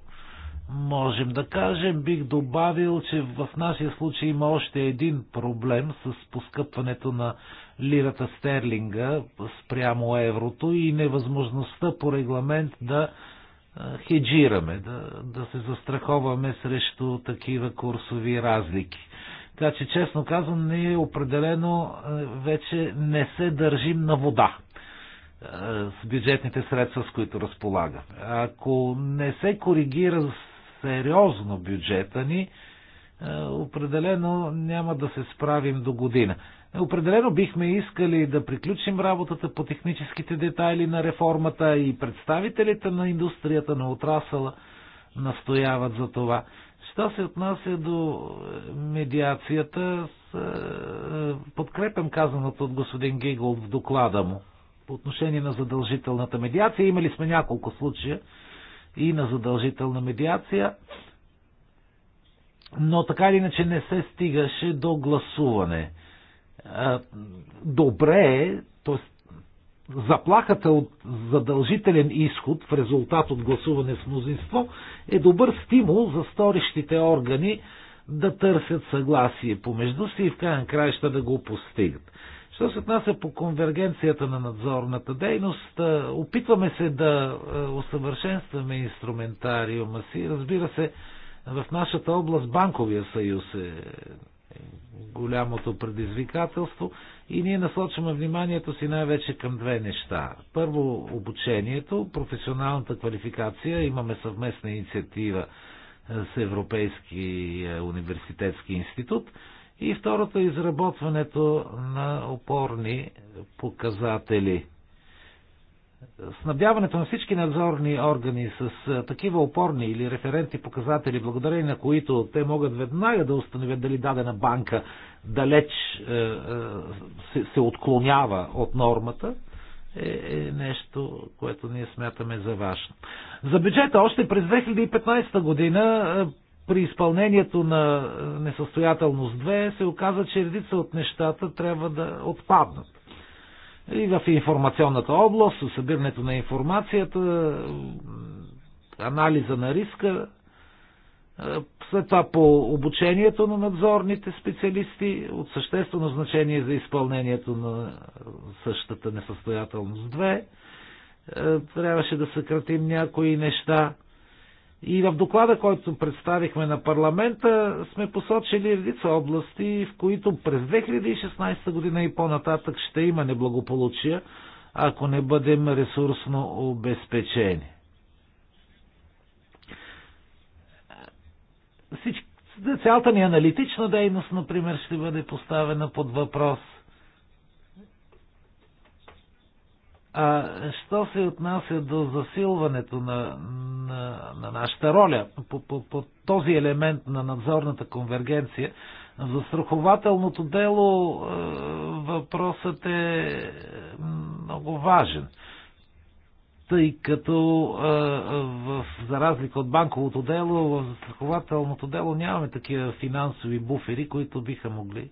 A: можем да кажем. Бих добавил, че в нашия случай има още един проблем с поскъпването на лирата стерлинга спрямо еврото и невъзможността по регламент да хеджираме, да, да се застраховаме срещу такива курсови разлики. Така че, честно казвам, ние определено е, вече не се държим на вода е, с бюджетните средства, с които разполагаме. Ако не се коригира сериозно бюджета ни, е, определено няма да се справим до година. Определено бихме искали да приключим работата по техническите детайли на реформата и представителите на индустрията, на отрасъла настояват за това. Що се отнася до е, медиацията, е, подкрепям казаното от господин Гигл в доклада му по отношение на задължителната медиация. Имали сме няколко случая и на задължителна медиация, но така или иначе не се стигаше до гласуване. Е, добре е, т.е заплахата от задължителен изход в резултат от гласуване с мнозинство е добър стимул за сторищите органи да търсят съгласие помежду си и в крайна краища да го постигат. Що се отнася по конвергенцията на надзорната дейност, опитваме се да усъвършенстваме инструментариума си. Разбира се, в нашата област банковия съюз е голямото предизвикателство и ние насочваме вниманието си най-вече към две неща. Първо обучението, професионалната квалификация, имаме съвместна инициатива с Европейски е, университетски институт и второто е изработването на опорни показатели – Снабдяването на всички надзорни органи с такива опорни или референтни показатели, благодарение на които те могат веднага да установят дали дадена банка далеч е, е, се отклонява от нормата, е, е нещо, което ние смятаме за важно. За бюджета още през 2015 година при изпълнението на несъстоятелност 2 се оказа, че редица от нещата трябва да отпаднат и в информационната област, събирането на информацията, анализа на риска, след това по обучението на надзорните специалисти от съществено значение за изпълнението на същата несъстоятелност 2. Трябваше да съкратим някои неща и в доклада, който представихме на парламента, сме посочили редица области, в които през 2016 година и по-нататък ще има неблагополучия, ако не бъдем ресурсно обезпечени. Всички, цялата ни аналитична дейност, например, ще бъде поставена под въпрос – А, що се отнася до засилването на, на, на нашата роля по, по, по този елемент на надзорната конвергенция, за страхователното дело въпросът е много важен. Тъй като в, за разлика от банковото дело, в застрахователното дело нямаме такива финансови буфери, които биха могли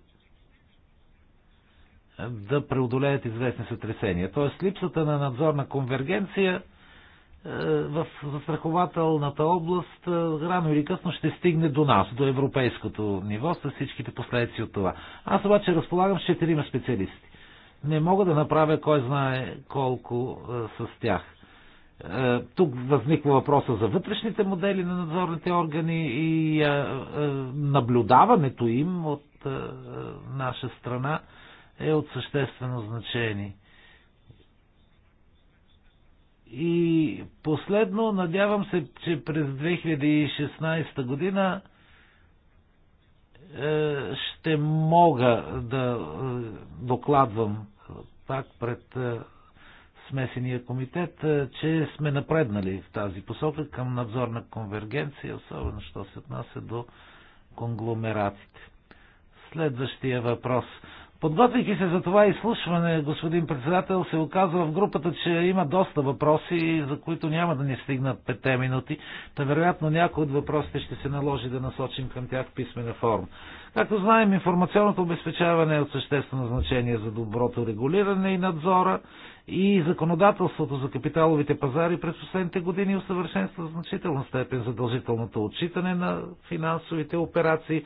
A: да преодолеят известни сътресения. Тоест липсата на надзорна конвергенция е, в застрахователната област е, рано или късно ще стигне до нас, до европейското ниво, с всичките последици от това. Аз обаче разполагам с четирима специалисти. Не мога да направя кой знае колко е, с тях. Тук възниква въпроса за вътрешните модели на надзорните органи и наблюдаването им от наша страна е от съществено значение. И последно, надявам се, че през 2016 година е, ще мога да е, докладвам пак пред е, смесения комитет, че сме напреднали в тази посока към надзорна конвергенция, особено що се отнася до конгломератите. Следващия въпрос. Подготвяйки се за това изслушване, господин председател, се оказва в групата, че има доста въпроси, за които няма да ни стигнат пете минути. Та вероятно някои от въпросите ще се наложи да насочим към тях в писмена форма. Както знаем, информационното обезпечаване е от съществено значение за доброто регулиране и надзора и законодателството за капиталовите пазари през последните години усъвършенства в значителна степен задължителното отчитане на финансовите операции,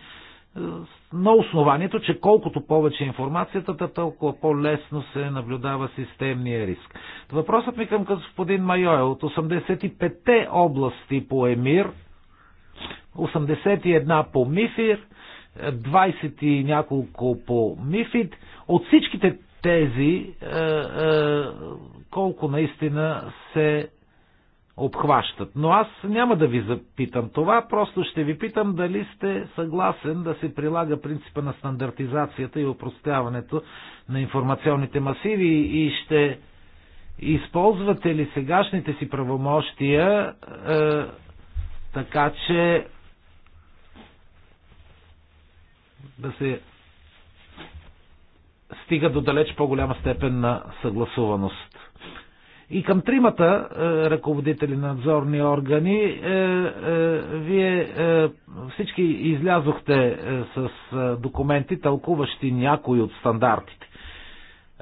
A: на основанието, че колкото повече информацията, толкова по-лесно се наблюдава системния риск. Въпросът ми към господин Майо от 85-те области по ЕМИР, 81 по МИФИР, 20 и няколко по МИФИД. От всичките тези, е, е, колко наистина се обхващат. Но аз няма да ви запитам това, просто ще ви питам дали сте съгласен да се прилага принципа на стандартизацията и опростяването на информационните масиви и ще използвате ли сегашните си правомощия е, така, че да се стига до далеч по-голяма степен на съгласуваност. И към тримата е, ръководители на надзорни органи, е, е, вие е, всички излязохте е, с е, документи, тълкуващи някои от стандартите,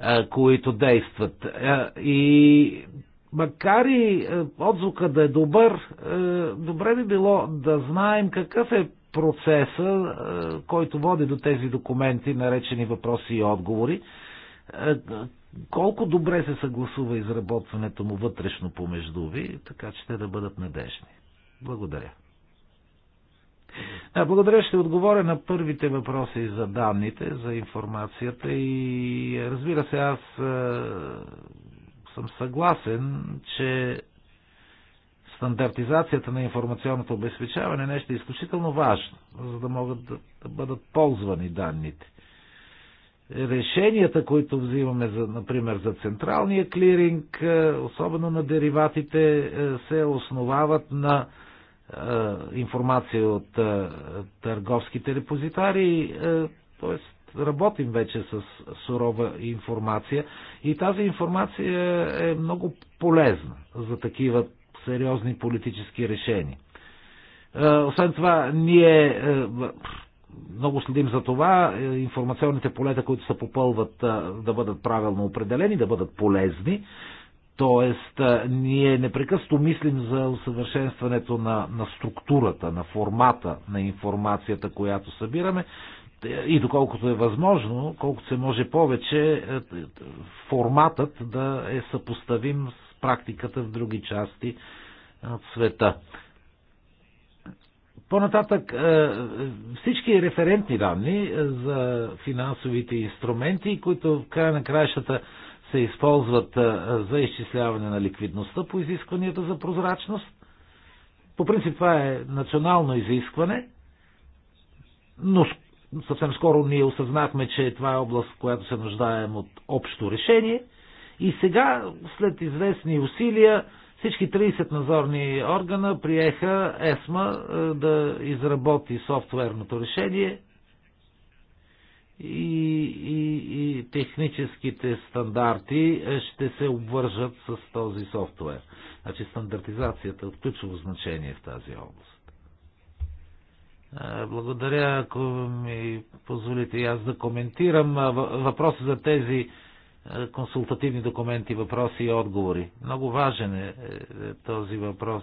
A: е, които действат. Е, и макар и е, отзвука да е добър, е, добре би било да знаем какъв е процеса, е, който води до тези документи, наречени въпроси и отговори е, колко добре се съгласува изработването му вътрешно помежду ви, така че те да бъдат надежни. Благодаря. Да, благодаря, ще отговоря на първите въпроси за данните, за информацията и разбира се, аз е, съм съгласен, че стандартизацията на информационното обезпечаване е нещо изключително важно, за да могат да, да бъдат ползвани данните решенията, които взимаме, за, например, за централния клиринг, е, особено на дериватите, е, се основават на е, информация от търговските репозитари, т.е. работим вече с сурова информация и тази информация е много полезна за такива сериозни политически решения. Освен това, ние много следим за това е, информационните полета, които се попълват, е, да бъдат правилно определени, да бъдат полезни. Тоест, е, ние непрекъснато мислим за усъвършенстването на, на структурата, на формата на информацията, която събираме и доколкото е възможно, колкото се може повече, форматът да е съпоставим с практиката в други части от света. По-нататък е, всички референтни данни е, за финансовите инструменти, които в края на краищата се използват е, за изчисляване на ликвидността по изискванията за прозрачност. По принцип това е национално изискване, но съвсем скоро ние осъзнахме, че това е област, в която се нуждаем от общо решение. И сега, след известни усилия, всички 30 надзорни органа приеха ЕСМА е, да изработи софтуерното решение и, и, и техническите стандарти е, ще се обвържат с този софтуер. Значи стандартизацията е от ключово значение в тази област. Е, благодаря, ако ми позволите аз да коментирам въпроса за тези консултативни документи, въпроси и отговори. Много важен е, е, е този въпрос.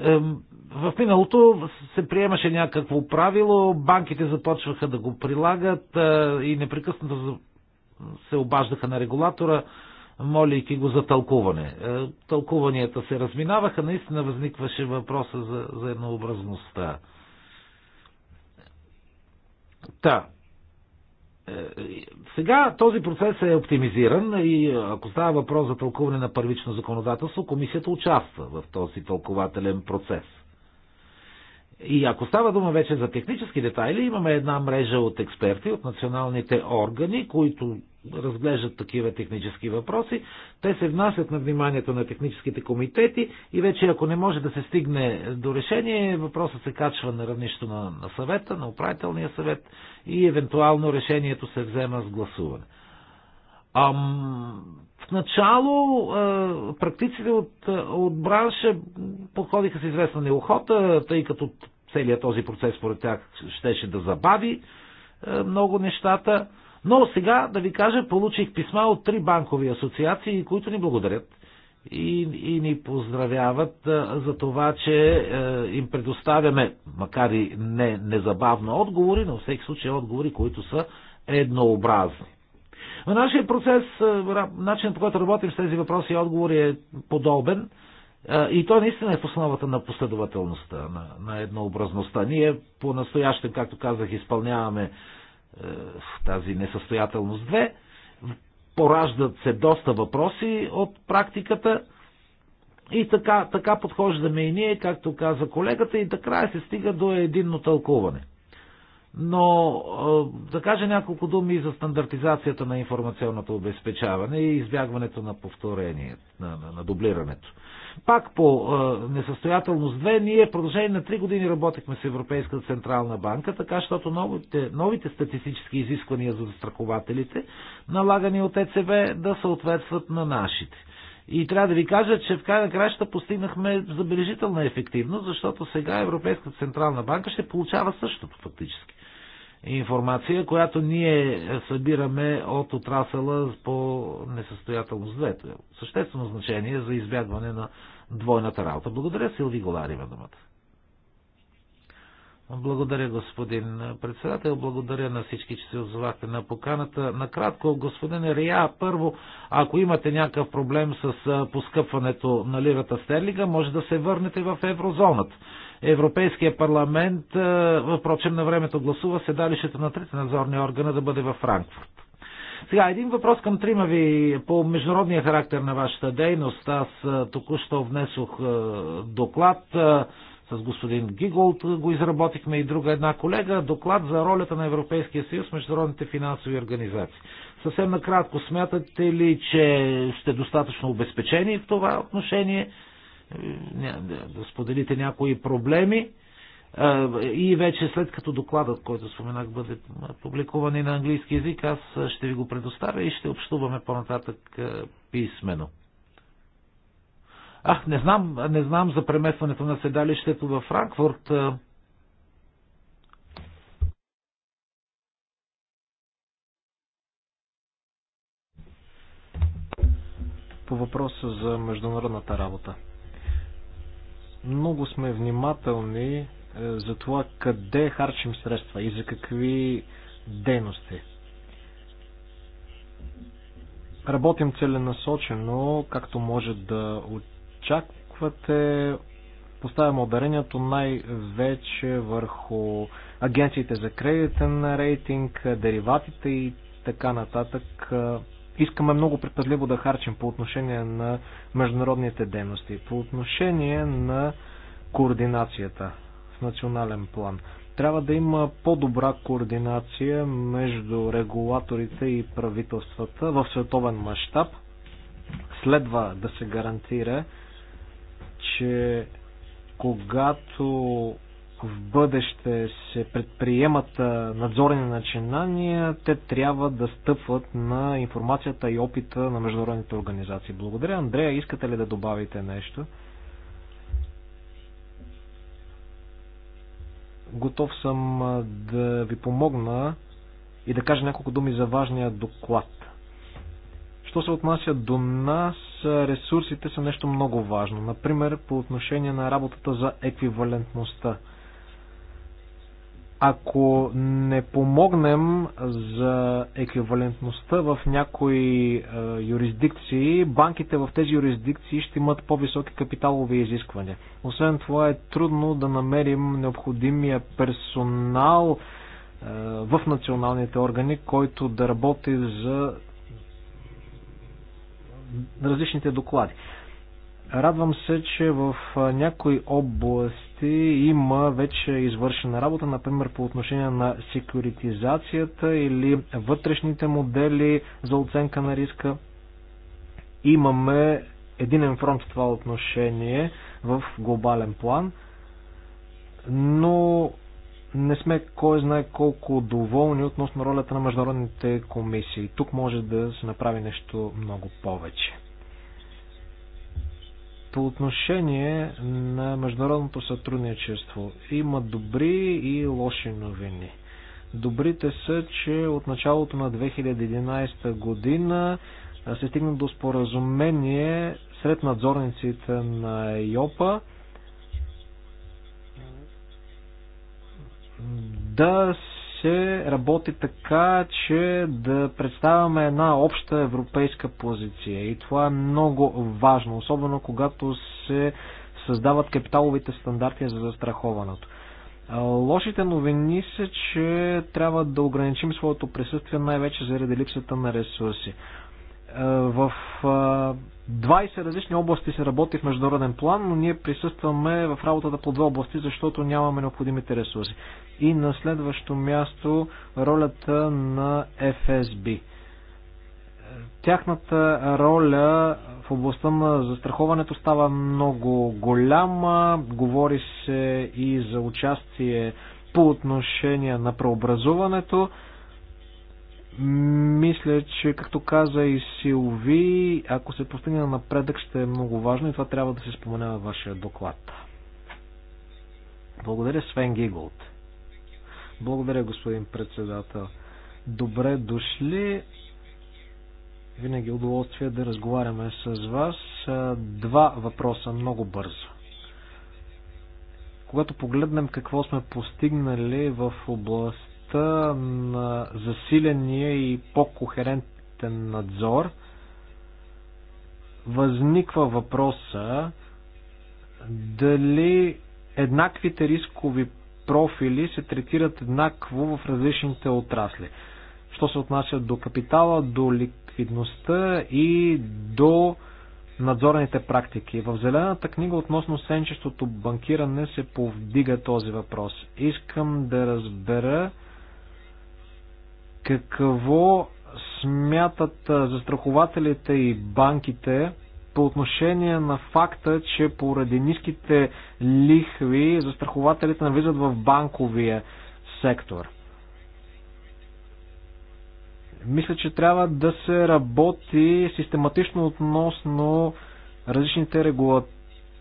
A: Е, в миналото се приемаше някакво правило, банките започваха да го прилагат и непрекъснато се обаждаха на регулатора, молейки го за тълкуване. Тълкуванията се разминаваха, наистина възникваше въпроса за, за еднообразността. Та, сега този процес е оптимизиран и ако става въпрос за тълкуване на първично законодателство, комисията участва в този тълкователен процес. И ако става дума вече за технически детайли, имаме една мрежа от експерти от националните органи, които разглеждат такива технически въпроси. Те се внасят на вниманието на техническите комитети и вече ако не може да се стигне до решение, въпросът се качва на равнището на, на съвета, на управителния съвет и евентуално решението се взема с гласуване. Ам, в начало а, практиците от, от бранша подходиха с известна неохота, тъй като целият този процес според тях щеше да забави а, много нещата. Но сега, да ви кажа, получих писма от три банкови асоциации, които ни благодарят и, и ни поздравяват а, за това, че а, им предоставяме, макар и не, незабавно, отговори, но всеки случай отговори, които са еднообразни. В нашия процес, начинът по който работим с тези въпроси и отговори е подобен. И той наистина е в основата на последователността, на, на еднообразността. Ние по-настоящем, както казах, изпълняваме е, тази несъстоятелност 2, пораждат се доста въпроси от практиката и така, така подхождаме и ние, както каза колегата, и накрая се стига до единно тълкуване. Но е, да кажа няколко думи и за стандартизацията на информационното обезпечаване и избягването на повторение, на, на, на дублирането. Пак по е, несъстоятелност 2, ние в продължение на 3 години работехме с Европейската централна банка, така защото новите, новите статистически изисквания за застрахователите, налагани от ЕЦБ, да съответстват на нашите. И трябва да ви кажа, че в край на краща постигнахме забележителна ефективност, защото сега Европейската централна банка ще получава същото фактически информация, която ние събираме от отрасъла по несъстоятелност Двете. Съществено значение за избягване на двойната работа. Благодаря, Силви Голар има думата. Благодаря, господин председател. Благодаря на всички, че се отзовахте на поканата. Накратко, господин Рия, първо, ако имате някакъв проблем с поскъпването на лирата стерлига, може да се върнете в еврозоната. Европейския парламент, впрочем, на времето гласува седалището на трите надзорни органа да бъде във Франкфурт. Сега, един въпрос към трима ви по международния характер на вашата дейност. Аз току-що внесох доклад с господин Гиголт го изработихме и друга една колега, доклад за ролята на Европейския съюз в международните финансови организации. Съвсем накратко, смятате ли, че сте достатъчно обезпечени в това отношение? да споделите някои проблеми и вече след като докладът, който споменах, бъде публикуван и на английски язик, аз ще ви го предоставя и ще общуваме по-нататък писменно. Ах, не знам, не знам за преместването на седалището във Франкфурт.
D: По въпроса за международната работа. Много сме внимателни е, за това къде харчим средства и за какви дейности. Работим целенасочено, както може да очаквате. Поставяме ударението най-вече върху агенциите за кредитен рейтинг, дериватите и така нататък искаме много предпазливо да харчим по отношение на международните дейности, по отношение на координацията в национален план. Трябва да има по-добра координация между регулаторите и правителствата в световен мащаб. Следва да се гарантира, че когато в бъдеще се предприемат надзорни начинания, те трябва да стъпват на информацията и опита на международните организации. Благодаря. Андрея, искате ли да добавите нещо? Готов съм да ви помогна и да кажа няколко думи за важния доклад. Що се отнася до нас, ресурсите са нещо много важно. Например, по отношение на работата за еквивалентността – ако не помогнем за еквивалентността в някои е, юрисдикции, банките в тези юрисдикции ще имат по-високи капиталови изисквания. Освен това е трудно да намерим необходимия персонал е, в националните органи, който да работи за различните доклади. Радвам се, че в някои области области има вече извършена работа, например по отношение на секюритизацията или вътрешните модели за оценка на риска. Имаме единен фронт в това отношение в глобален план, но не сме кой знае колко доволни относно ролята на международните комисии. Тук може да се направи нещо много повече. По отношение на международното сътрудничество има добри и лоши новини. Добрите са, че от началото на 2011 година се стигна до споразумение сред надзорниците на ЙОПА да се работи така, че да представяме една обща европейска позиция. И това е много важно, особено когато се създават капиталовите стандарти за застраховането. Лошите новини са, че трябва да ограничим своето присъствие най-вече заради липсата на ресурси. Е, в 20 е, различни области се работи в международен план, но ние присъстваме в работата по две области, защото нямаме необходимите ресурси. И на следващо място ролята на ФСБ. Е, тяхната роля в областта на застраховането става много голяма. Говори се и за участие по отношение на преобразуването. Мисля, че както каза и Силови, ако се постигне на напредък ще е много важно и това трябва да се спомене във вашия доклад. Благодаря Свен Гиголт. Благодаря господин председател. Добре дошли. Винаги удоволствие да разговаряме с вас. Два въпроса много бързо когато погледнем какво сме постигнали в област важността на засиления и по-кохерентен надзор, възниква въпроса дали еднаквите рискови профили се третират еднакво в различните отрасли. Що се отнася до капитала, до ликвидността и до надзорните практики. В зелената книга относно сенчестото банкиране се повдига този въпрос. Искам да разбера какво смятат застрахователите и банките по отношение на факта, че поради ниските лихви застрахователите навлизат в банковия сектор? Мисля, че трябва да се работи систематично относно различните регулатори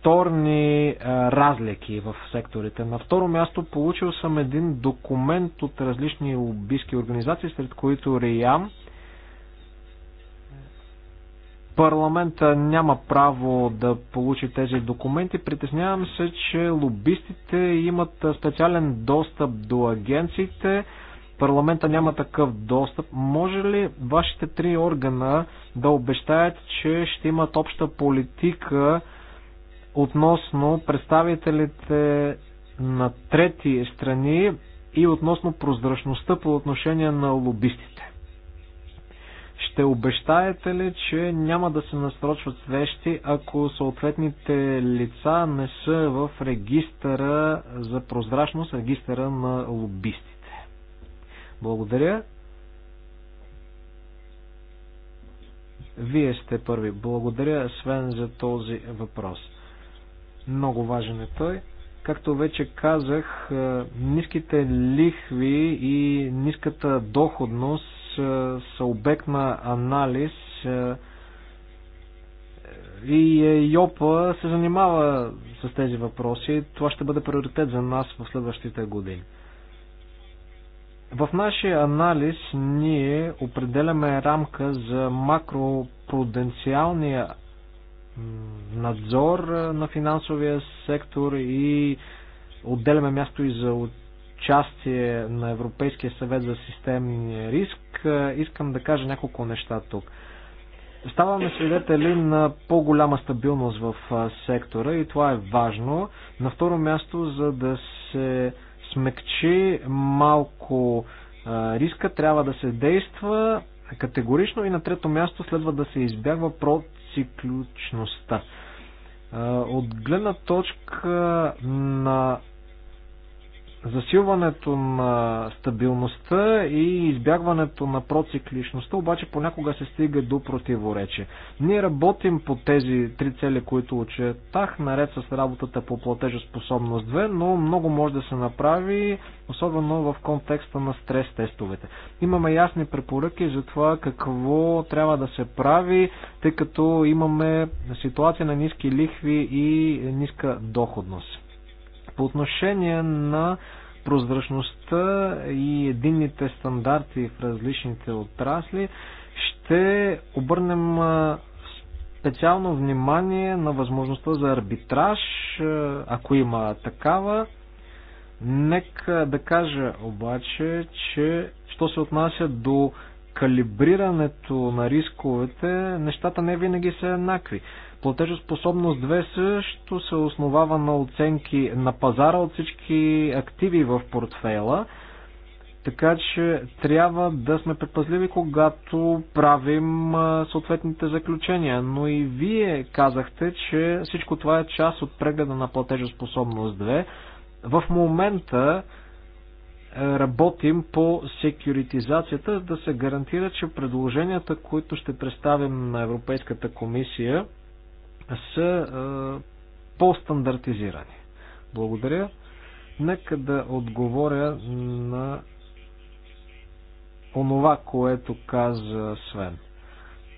D: секторни разлики в секторите. На второ място получил съм един документ от различни лобистки организации, сред които РИАМ. Парламента няма право да получи тези документи. Притеснявам се, че лобистите имат специален достъп до агенциите. Парламента няма такъв достъп. Може ли вашите три органа да обещаят, че ще имат обща политика относно представителите на трети страни и относно прозрачността по отношение на лобистите. Ще обещаете ли, че няма да се насрочват свещи, ако съответните лица не са в регистъра за прозрачност, регистъра на лобистите? Благодаря. Вие сте първи. Благодаря, Свен, за този въпрос. Много важен е той. Както вече казах, е, ниските лихви и ниската доходност е, са обект на анализ е, и ЙОПА се занимава с тези въпроси. Това ще бъде приоритет за нас в следващите години. В нашия анализ ние определяме рамка за макропруденциалния надзор на финансовия сектор и отделяме място и за участие на Европейския съвет за системния риск. Искам да кажа няколко неща тук. Ставаме свидетели на по-голяма стабилност в сектора и това е важно. На второ място, за да се смекчи малко риска, трябва да се действа категорично и на трето място следва да се избягва цикличността. От гледна точка на Засилването на стабилността и избягването на процикличността обаче понякога се стига до противоречие. Ние работим по тези три цели, които очетах, наред с работата по платежоспособност 2, но много може да се направи, особено в контекста на стрес тестовете. Имаме ясни препоръки за това какво трябва да се прави, тъй като имаме ситуация на ниски лихви и ниска доходност. По отношение на прозрачността и единните стандарти в различните отрасли, ще обърнем специално внимание на възможността за арбитраж, ако има такава. Нека да кажа обаче, че що се отнася до калибрирането на рисковете, нещата не винаги са еднакви. Платежоспособност 2 също се основава на оценки на пазара от всички активи в портфейла, така че трябва да сме предпазливи, когато правим съответните заключения. Но и вие казахте, че всичко това е част от прегледа на платежоспособност 2. В момента е, работим по секюритизацията, да се гарантира, че предложенията, които ще представим на Европейската комисия, са е, по-стандартизирани. Благодаря. Нека да отговоря на онова, което каза Свен.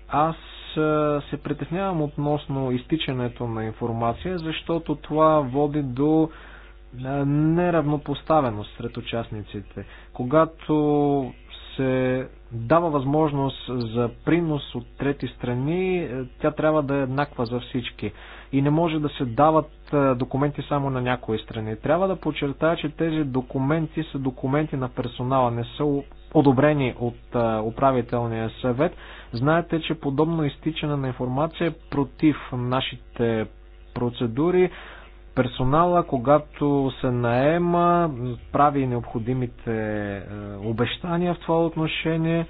D: Аз е, се притеснявам относно изтичането на информация, защото това води до е, неравнопоставеност сред участниците. Когато се дава възможност за принос от трети страни, е, тя трябва да е еднаква за всички. И не може да се дават е, документи само на някои страни. Трябва да подчертая, че тези документи са документи на персонала, не са одобрени от е, управителния съвет. Знаете, че подобно изтичане на информация е против нашите процедури. Персонала, когато се наема, прави необходимите е, обещания в това отношение.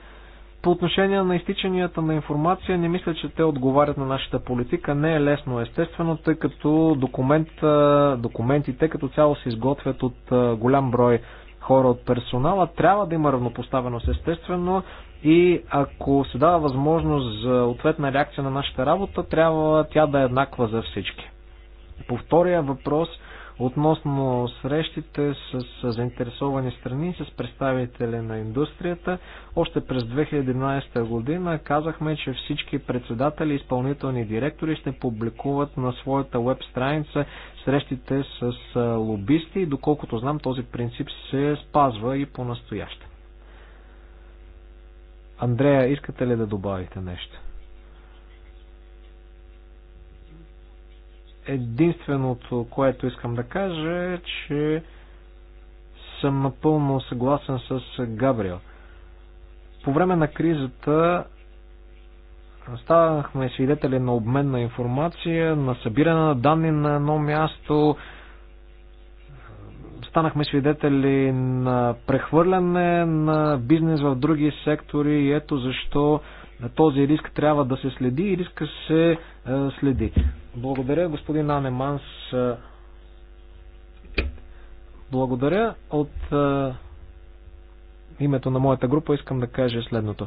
D: По отношение на изтичанията на информация, не мисля, че те отговарят на нашата политика. Не е лесно, естествено, тъй като документ, документите като цяло се изготвят от е, голям брой хора от персонала. Трябва да има равнопоставеност, естествено, и ако се дава възможност за ответна реакция на нашата работа, трябва тя да е еднаква за всички. По втория въпрос относно срещите с, заинтересовани страни, с представители на индустрията, още през 2011 година казахме, че всички председатели и изпълнителни директори ще публикуват на своята веб страница срещите с лобисти и доколкото знам този принцип се спазва и по-настояще. Андрея, искате ли да добавите нещо? Единственото, което искам да кажа е, че съм напълно съгласен с Габриел. По време на кризата ставахме свидетели на обмен на информация, на събиране на данни на едно място, станахме свидетели на прехвърляне на бизнес в други сектори и ето защо този риск трябва да се следи и риска се е, следи. Благодаря, господин Анеманс. Е, благодаря. От е, името на моята група искам да кажа следното.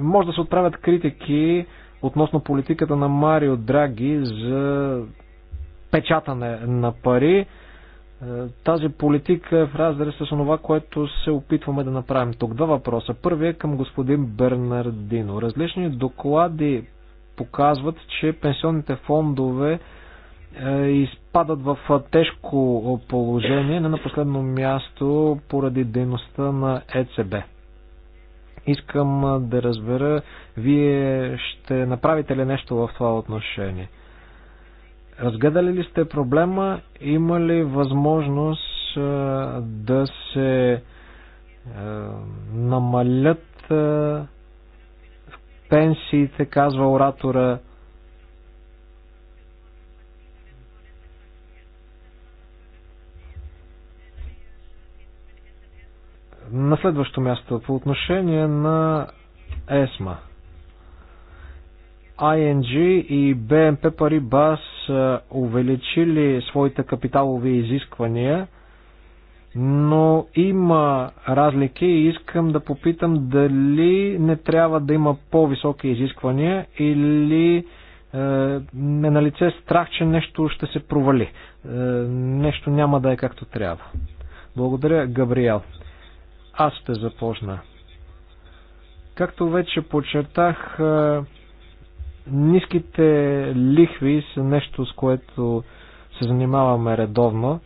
D: Може да се отправят критики относно политиката на Марио Драги за печатане на пари е, тази политика е в разрез с това, което се опитваме да направим тук. Два въпроса. Първият е към господин Бернардино. Различни доклади показват, че пенсионните фондове е, изпадат в е, тежко положение, не на последно място поради дейността на ЕЦБ. Искам да разбера, вие ще направите ли нещо в това отношение? Разгледали ли сте проблема? Има ли възможност да се намалят пенсиите, казва оратора. На следващо място, по отношение на ЕСМА. ING и BNP Paribas са е, увеличили своите капиталови изисквания, но има разлики и искам да попитам дали не трябва да има по-високи изисквания или е, е на лице страх, че нещо ще се провали. Е, нещо няма да е както трябва. Благодаря, Габриел. Аз ще започна. Както вече подчертах, е, Ниските лихви са нещо, с което се занимаваме редовно.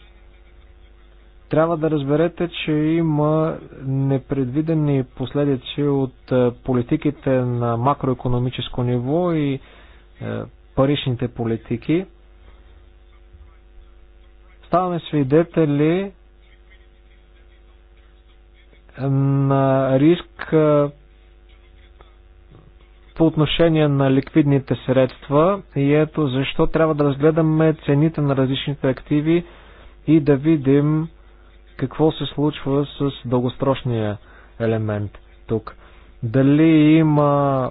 D: Трябва да разберете, че има непредвидени последици от е, политиките на макроекономическо ниво и е, паричните политики. Ставаме свидетели е, на риск по отношение на ликвидните средства и ето защо трябва да разгледаме цените на различните активи и да видим какво се случва с дългосрочния елемент тук. Дали има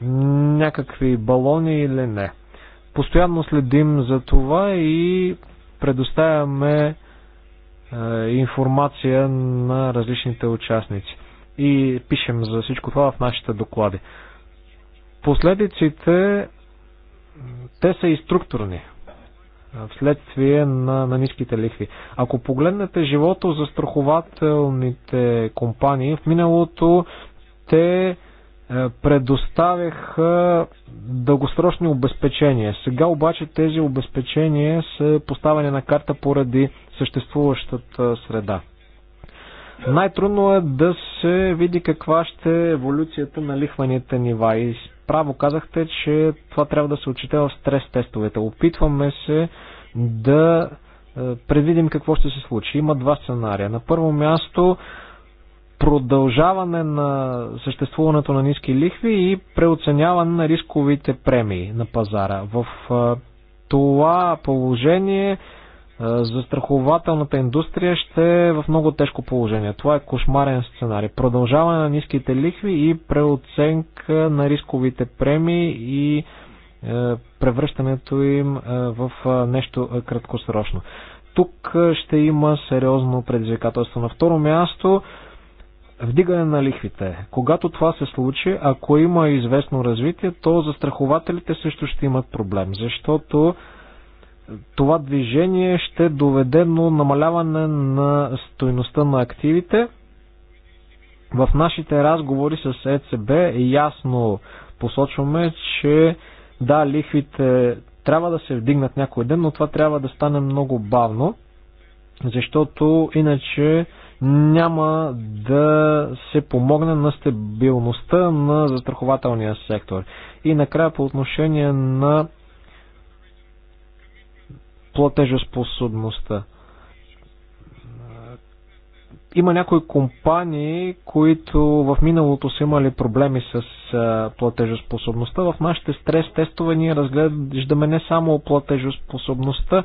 D: някакви балони или не. Постоянно следим за това и предоставяме е, информация на различните участници. И пишем за всичко това в нашите доклади. Последиците, те са и структурни, вследствие на, на ниските лихви. Ако погледнете живото за страхователните компании, в миналото те предоставяха дългосрочни обезпечения. Сега обаче тези обезпечения са поставени на карта поради съществуващата среда. Най-трудно е да се види каква ще е еволюцията на лихваните нива. И право казахте, че това трябва да се отчете в стрес тестовете. Опитваме се да е, предвидим какво ще се случи. Има два сценария. На първо място продължаване на съществуването на ниски лихви и преоценяване на рисковите премии на пазара. В е, това положение застрахователната индустрия ще е в много тежко положение. Това е кошмарен сценарий. Продължаване на ниските лихви и преоценка на рисковите премии и е, превръщането им е, в е, нещо краткосрочно. Тук ще има сериозно предизвикателство. На второ място вдигане на лихвите. Когато това се случи, ако има известно развитие, то застрахователите също ще имат проблем, защото това движение ще доведе до намаляване на стоеността на активите. В нашите разговори с ЕЦБ ясно посочваме, че да, лихвите трябва да се вдигнат някой ден, но това трябва да стане много бавно, защото иначе няма да се помогне на стабилността на застрахователния сектор. И накрая по отношение на платежоспособността. Има някои компании, които в миналото са имали проблеми с платежоспособността. В нашите стрес тестове ние разглеждаме не само платежоспособността,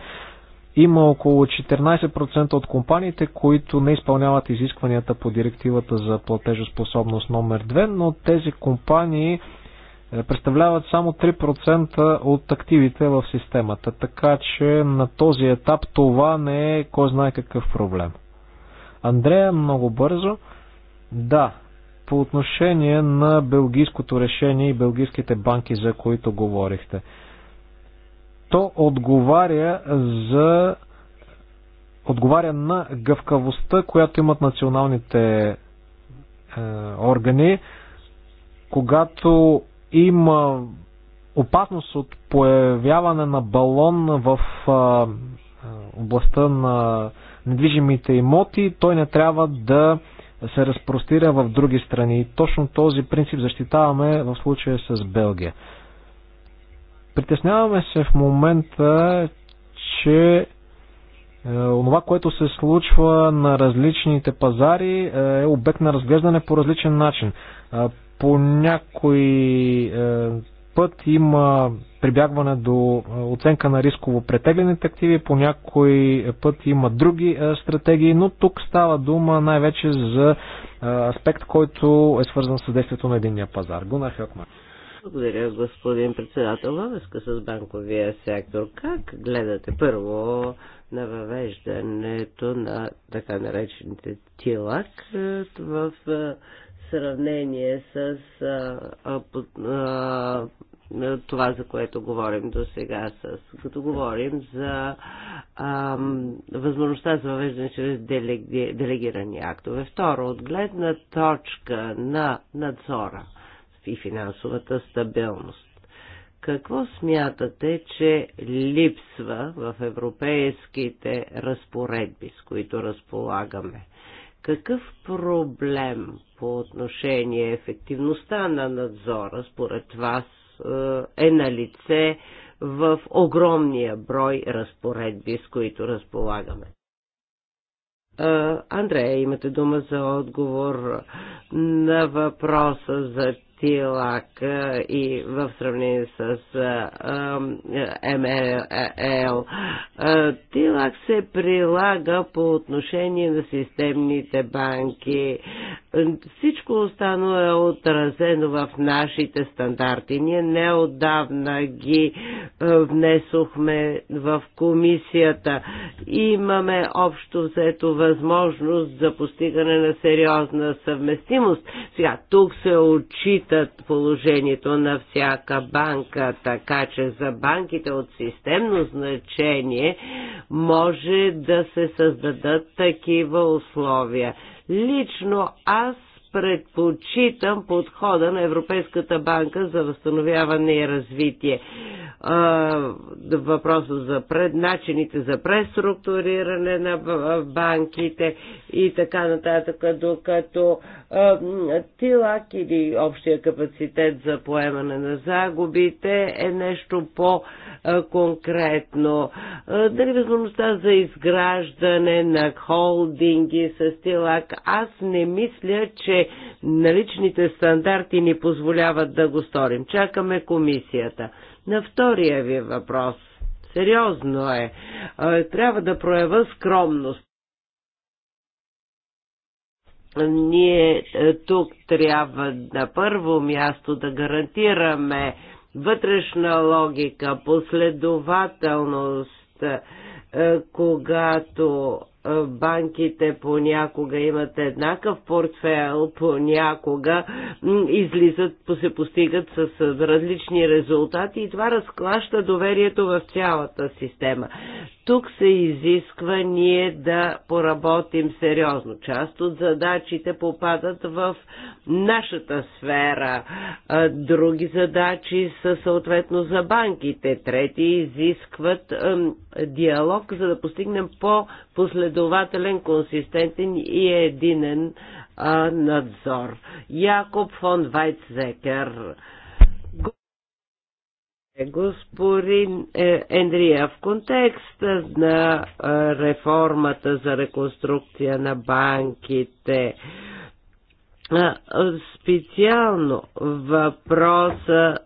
D: има около 14% от компаниите, които не изпълняват изискванията по директивата за платежоспособност номер 2, но тези компании е, представляват само 3% от активите в системата. Така че на този етап това не е кой знае какъв проблем. Андрея, много бързо. Да, по отношение на белгийското решение и белгийските банки, за които говорихте. То отговаря за отговаря на гъвкавостта, която имат националните е, органи, когато има опасност от появяване на балон в областта на недвижимите имоти, той не трябва да се разпростира в други страни. точно този принцип защитаваме в случая с Белгия. Притесняваме се в момента, че това, е, което се случва на различните пазари е, е обект на разглеждане по различен начин по някой е, път има прибягване до е, оценка на рисково претеглените активи, по някой е, път има други стратегии, но тук става дума най-вече за аспект, който е свързан с действието на единния пазар. Гунар Хелкман.
B: Благодаря, господин председател. Във с банковия сектор, как гледате първо на въвеждането на така наречените тилак в сравнение с а, а, това, за което говорим до сега, като говорим за а, възможността за въвеждане чрез делеги, делегирани актове. Второ, от гледна точка на надзора и финансовата стабилност. Какво смятате, че липсва в европейските разпоредби, с които разполагаме? Какъв проблем по отношение ефективността на надзора според вас е, е на лице в огромния брой разпоредби, с които разполагаме? Е, Андрея, имате дума за отговор на въпроса за ТИЛАК и в сравнение с МЛ, е, е, е, ТИЛАК се прилага по отношение на системните банки. Всичко останало е отразено в нашите стандарти. Ние неодавна ги е, внесохме в комисията. Имаме общо взето възможност за постигане на сериозна съвместимост. Сега, тук се отчитат положението на всяка банка, така че за банките от системно значение може да се създадат такива условия. Лично аз предпочитам подхода на Европейската банка за възстановяване и развитие. Въпроса за пред, начините за преструктуриране на банките и така нататък, докато ТИЛАК или общия капацитет за поемане на загубите е нещо по-конкретно. Дали възможността за изграждане на холдинги с ТИЛАК? Аз не мисля, че наличните стандарти ни позволяват да го сторим. Чакаме комисията. На втория ви въпрос. Сериозно е. Трябва да проява скромност ние е, тук трябва на първо място да гарантираме вътрешна логика, последователност, е, когато банките понякога имат еднакъв портфел, понякога излизат, се постигат с различни резултати и това разклаща доверието в цялата система. Тук се изисква ние да поработим сериозно. Част от задачите попадат в нашата сфера, други задачи са съответно за банките, трети изискват диалог, за да постигнем по-последователно последователен, консистентен и единен а, надзор. Якоб фон Вайцзекер. Господин е, Ендрия, в контекста на реформата за реконструкция на банките, Специално въпроса,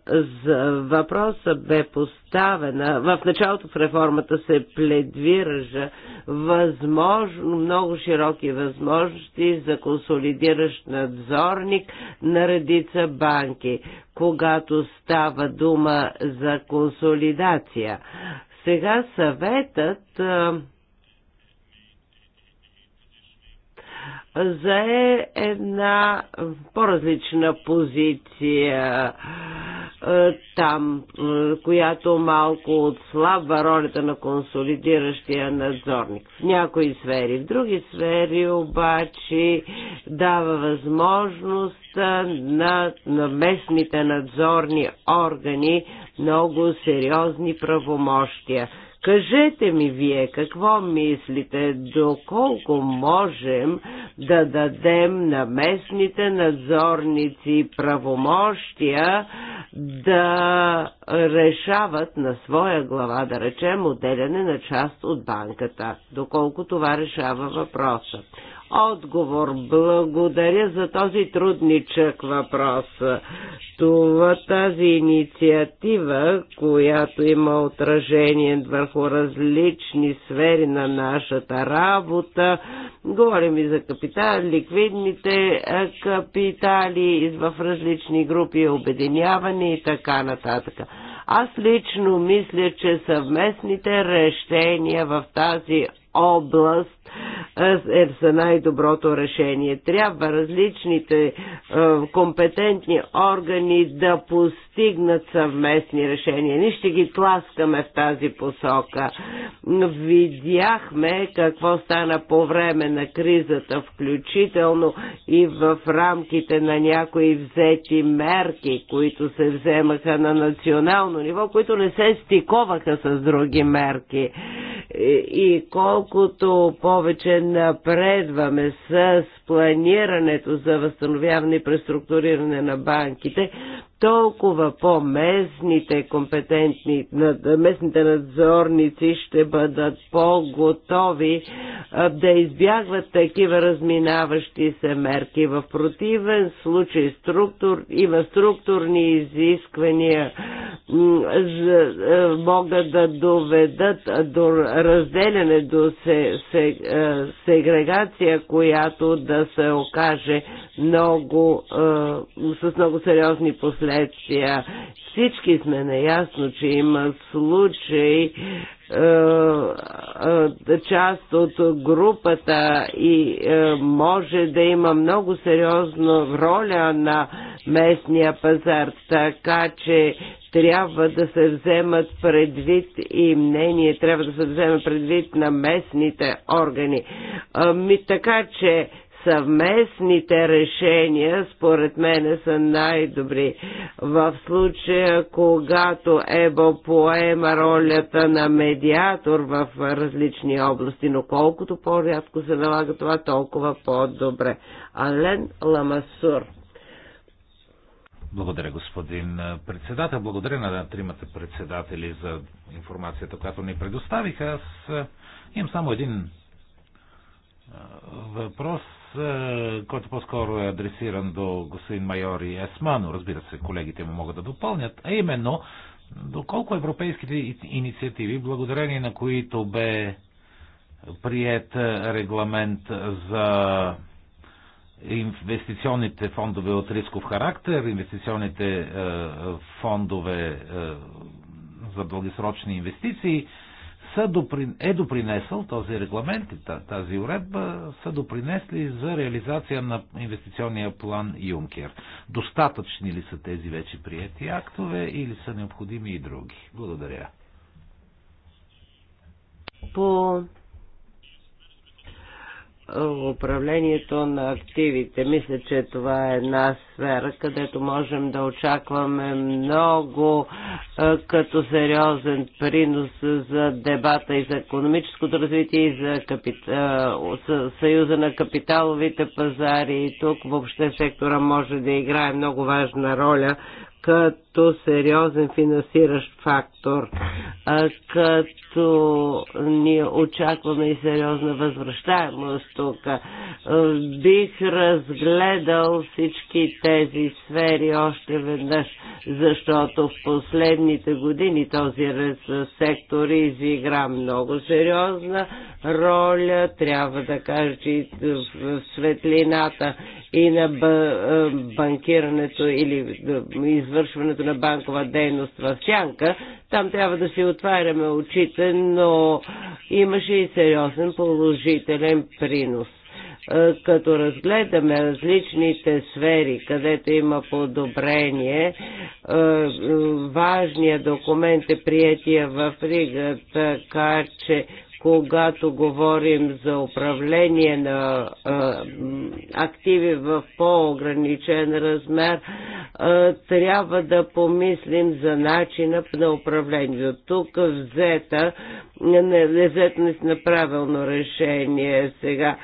B: въпроса бе поставена. В началото в реформата се пледвираше възможно, много широки възможности за консолидиращ надзорник на редица банки, когато става дума за консолидация. Сега съветът зае една по-различна позиция е, там, е, която малко отслабва ролята на консолидиращия надзорник. В някои сфери, в други сфери обаче дава възможност на, на местните надзорни органи много сериозни правомощия Кажете ми вие какво мислите, доколко можем да дадем на местните надзорници правомощия да решават на своя глава, да речем, отделяне на част от банката, доколко това решава въпроса отговор. Благодаря за този трудничък въпрос. Това тази инициатива, която има отражение върху различни сфери на нашата работа, говорим и за капитал, ликвидните капитали в различни групи, обединяване и така нататък. Аз лично мисля, че съвместните решения в тази област е са най-доброто решение. Трябва различните компетентни органи да постигнат съвместни решения. Ние ще ги тласкаме в тази посока. Видяхме какво стана по време на кризата, включително и в рамките на някои взети мерки, които се вземаха на национално ниво, които не се стиковаха с други мерки. И колкото по повече напредваме с планирането за възстановяване и преструктуриране на банките, толкова по-местните компетентни, местните надзорници ще бъдат по-готови да избягват такива разминаващи се мерки. В противен случай структур, има структурни изисквания, могат да доведат до разделяне, до сегрегация, която да да се окаже много, е, с много сериозни последствия. Всички сме наясно, че има случаи, е, е, част от групата и е, може да има много сериозна роля на местния пазар, така че трябва да се вземат предвид и мнение, трябва да се вземат предвид на местните органи. Ми, така че съвместните решения, според мен, са най-добри. В случая, когато ЕБО поема ролята на медиатор в различни области, но колкото по-рядко се налага това, толкова по-добре. Ален Ламасур.
A: Благодаря, господин председател. Благодаря на тримата председатели за информацията, която ни предоставиха. Аз имам само един въпрос, е, който по-скоро е адресиран до господин майор и Есмано, разбира се, колегите му могат да допълнят, а именно доколко европейските инициативи, благодарение на които бе прият е, регламент за инвестиционните фондове от рисков характер, инвестиционните е, фондове за дългосрочни инвестиции, са допри... е допринесъл този регламент и тази уредба са допринесли за реализация на инвестиционния план Юнкер. Достатъчни ли са тези вече приети актове или са необходими и други? Благодаря.
B: По управлението на активите. Мисля, че това е една сфера, където можем да очакваме много като сериозен принос за дебата и за економическото развитие и за капита... съюза на капиталовите пазари. И тук въобще сектора може да играе много важна роля, като сериозен финансиращ фактор, като ние очакваме и сериозна възвръщаемост тук. Бих разгледал всички тези сфери още веднъж, защото в последните години този сектор изигра много сериозна роля, трябва да кажа, че и в светлината и на банкирането или извършването на банкова дейност в сянка, там трябва да си отваряме очите, но имаше и сериозен положителен принос е, като разгледаме различните сфери, където има подобрение, е, важният документ е приятия в Рига, така че когато говорим за управление на а, активи в по-ограничен размер, а, трябва да помислим за начина на управление. Тук взета, не, не на правилно решение сега.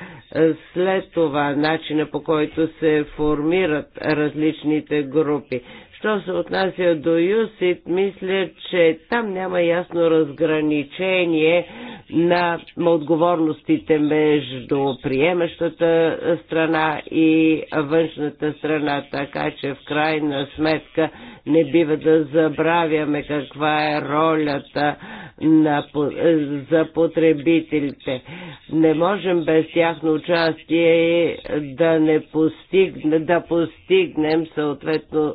B: След това начина по който се формират различните групи. Що се отнася до ЮСИТ, мисля, че там няма ясно разграничение на отговорностите между приемащата страна и външната страна, така че в крайна сметка не бива да забравяме каква е ролята на, за потребителите. Не можем без тяхно участие да не постигне, да постигнем съответно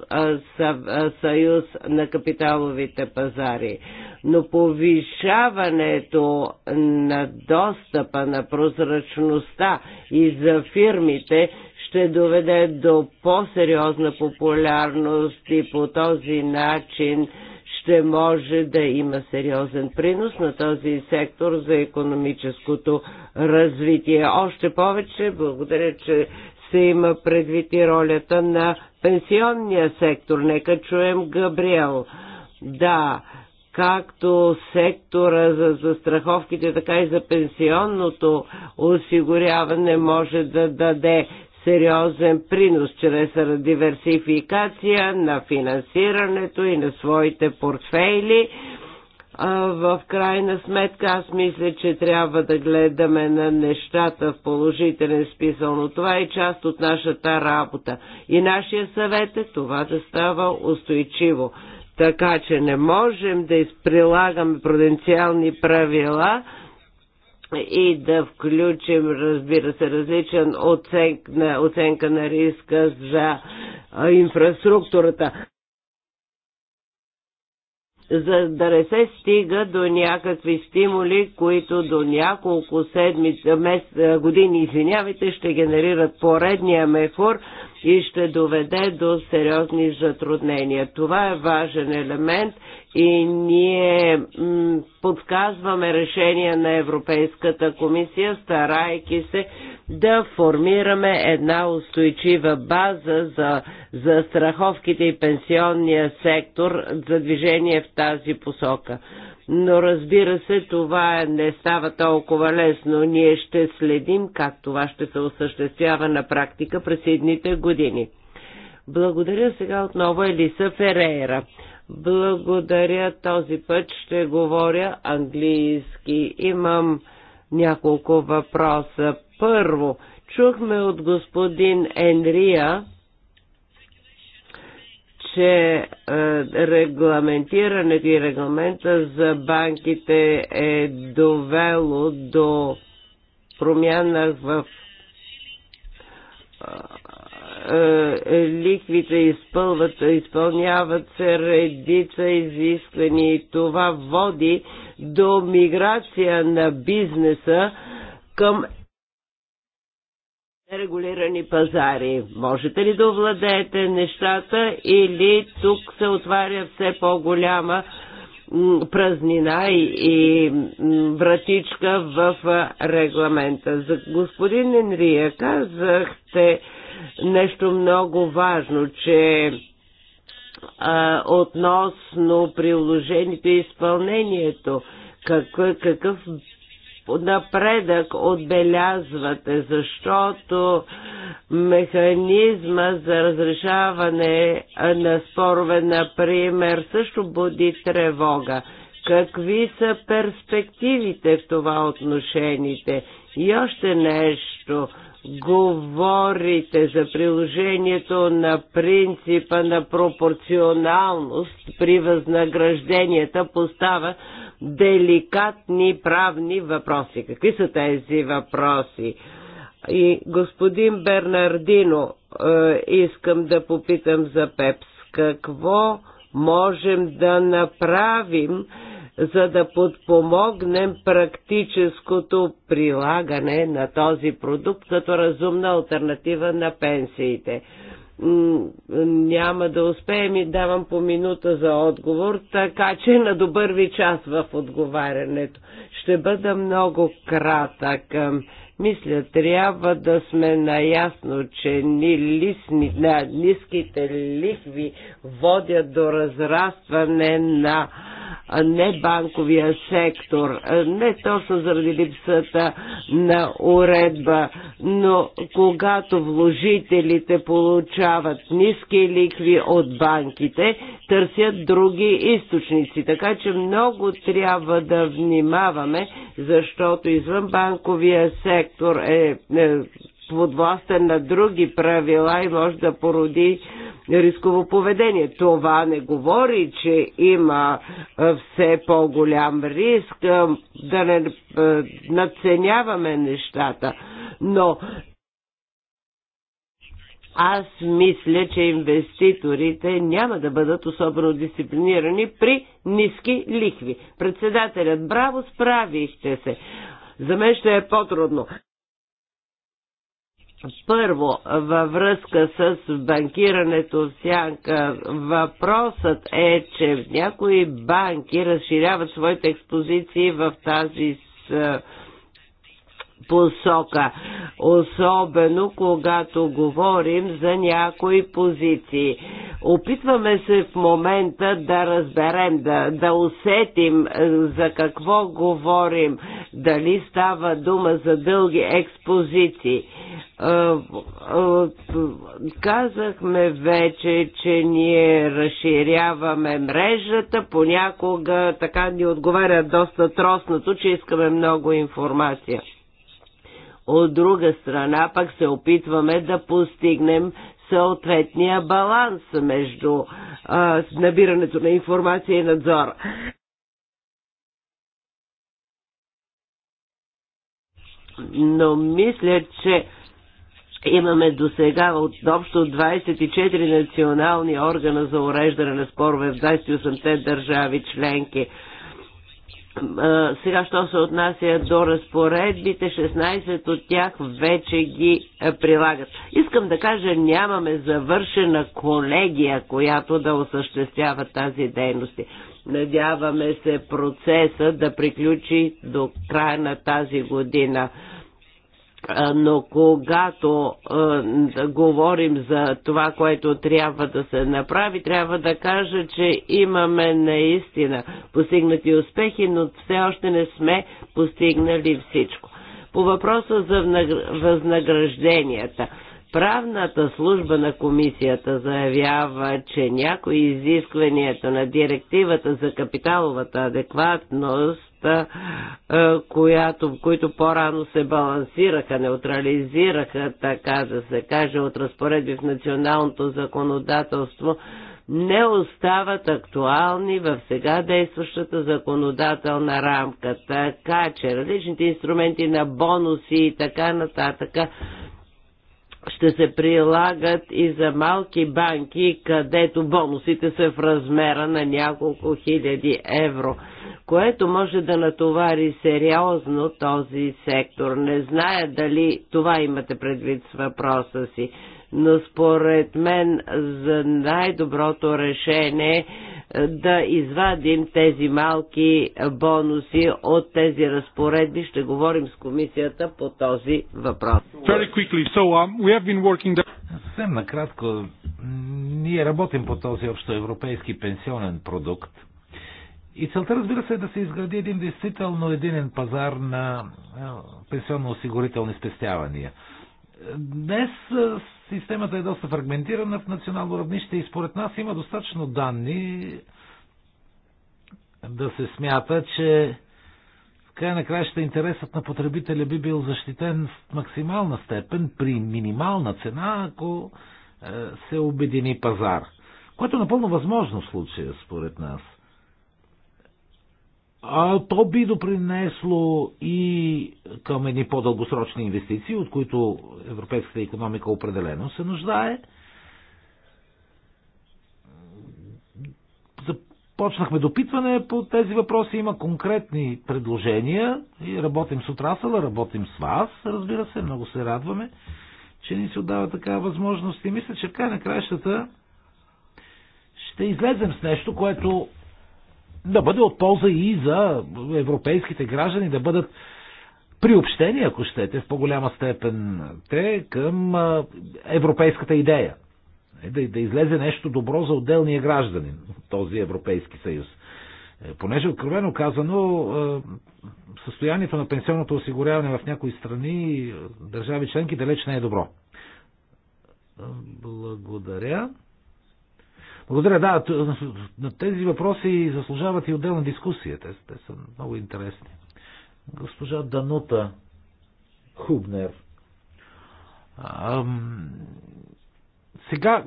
B: съюз на капиталовите пазари. Но повишаването на достъпа, на прозрачността и за фирмите ще доведе до по-сериозна популярност и по този начин ще може да има сериозен принос на този сектор за економическото развитие. Още повече благодаря, че се има предвид и ролята на пенсионния сектор. Нека чуем Габриел. Да, както сектора за застраховките, така и за пенсионното осигуряване може да даде сериозен принос чрез диверсификация на финансирането и на своите портфейли в крайна сметка аз мисля, че трябва да гледаме на нещата в положителен списъл, но това е част от нашата работа. И нашия съвет е това да става устойчиво. Така че не можем да прилагаме пруденциални правила, и да включим, разбира се, различен на, оценка на риска за инфраструктурата за да не се стига до някакви стимули, които до няколко седмици, мес, години, извинявайте, ще генерират поредния мефор и ще доведе до сериозни затруднения. Това е важен елемент и ние подсказваме решения на Европейската комисия, старайки се да формираме една устойчива база за, за страховките и пенсионния сектор за движение в тази посока. Но разбира се, това е, не става толкова лесно. Ние ще следим как това ще се осъществява на практика през едните години. Благодаря сега отново Елиса Ферейра. Благодаря. Този път ще говоря английски. Имам няколко въпроса. Първо, чухме от господин Енрия, че е, регламентирането и регламента за банките е довело до промяна в е, е, е, ликвите изпълват, изпълняват се редица изисквания и това води до миграция на бизнеса към регулирани пазари. Можете ли да овладеете нещата или тук се отваря все по-голяма празнина и, и вратичка в регламента. За господин Енрия казахте, нещо много важно, че а, относно приложението и изпълнението, какъв, какъв напредък отбелязвате, защото механизма за разрешаване на спорове, например, също буди тревога. Какви са перспективите в това отношените? И още нещо говорите за приложението на принципа на пропорционалност при възнагражденията поставя деликатни правни въпроси. Какви са тези въпроси? И господин Бернардино, е, искам да попитам за ПЕПС. Какво можем да направим, за да подпомогнем практическото прилагане на този продукт като разумна альтернатива на пенсиите. Няма да успеем и давам по минута за отговор, така че на добър ви час в отговарянето. Ще бъда много кратък. Мисля, трябва да сме наясно, че ни лисни, на ниските лихви водят до разрастване на не банковия сектор, не точно заради липсата на уредба, но когато вложителите получават ниски ликви от банките, търсят други източници. Така че много трябва да внимаваме, защото извън банковия сектор е, е подвластен на други правила и може да породи рисково поведение. Това не говори, че има все по-голям риск да не надценяваме нещата, но аз мисля, че инвеститорите няма да бъдат особено дисциплинирани при ниски лихви. Председателят, браво, справихте се. За мен ще е по-трудно. Първо, във връзка с банкирането в сянка, въпросът е, че някои банки разширяват своите експозиции в тази с посока. Особено когато говорим за някои позиции. Опитваме се в момента да разберем, да, да усетим е, за какво говорим. Дали става дума за дълги експозиции. Е, е, казахме вече, че ние разширяваме мрежата, понякога така ни отговаря доста тросното, че искаме много информация. От друга страна пък се опитваме да постигнем съответния баланс между а, набирането на информация и надзор. Но мисля, че Имаме до сега от общо 24 национални органа за уреждане на спорове в 28 държави членки сега, що се отнася до разпоредбите, 16 от тях вече ги прилагат. Искам да кажа, нямаме завършена колегия, която да осъществява тази дейност. Надяваме се процеса да приключи до края на тази година. Но когато е, говорим за това, което трябва да се направи, трябва да кажа, че имаме наистина постигнати успехи, но все още не сме постигнали всичко. По въпроса за възнагражденията. Правната служба на комисията заявява, че някои изискванията на директивата за капиталовата адекватност средствата, е, която, които по-рано се балансираха, неутрализираха, така да се каже, от разпоредби в националното законодателство, не остават актуални в сега действащата законодателна рамка. Така че различните инструменти на бонуси и така нататък ще се прилагат и за малки банки, където бонусите са в размера на няколко хиляди евро, което може да натовари сериозно този сектор. Не зная дали това имате предвид с въпроса си, но според мен за най-доброто решение е да извадим тези малки бонуси от тези разпоредби. Ще говорим с комисията по този въпрос.
A: Um, Съвсем накратко, ние работим по този общоевропейски пенсионен продукт. И целта, разбира се, е да се изгради един действително единен пазар на пенсионно-осигурителни спестявания. Днес системата е доста фрагментирана в национално равнище и според нас има достатъчно данни да се смята, че в край на краища интересът на потребителя би бил защитен в максимална степен при минимална цена, ако се обедини пазар. Което е напълно възможно в случая, според нас а то би допринесло и към едни по-дългосрочни инвестиции, от които европейската економика определено се нуждае. Започнахме допитване по тези въпроси, има конкретни предложения и работим с отрасъла, работим с вас, разбира се, много се радваме, че ни се отдава такава възможност и мисля, че в край на краищата ще излезем с нещо, което да бъде от полза и за европейските граждани да бъдат приобщени, ако щете, в по-голяма степен те към европейската идея. Е, да, да излезе нещо добро за отделния гражданин, този Европейски съюз. Е, понеже откровено казано, състоянието на пенсионното осигуряване в някои страни, държави членки, далеч не е добро. Благодаря. Благодаря. Да, тези въпроси заслужават и отделна дискусия. Те, те са много интересни. Госпожа Данута Хубнер. Ам... Сега,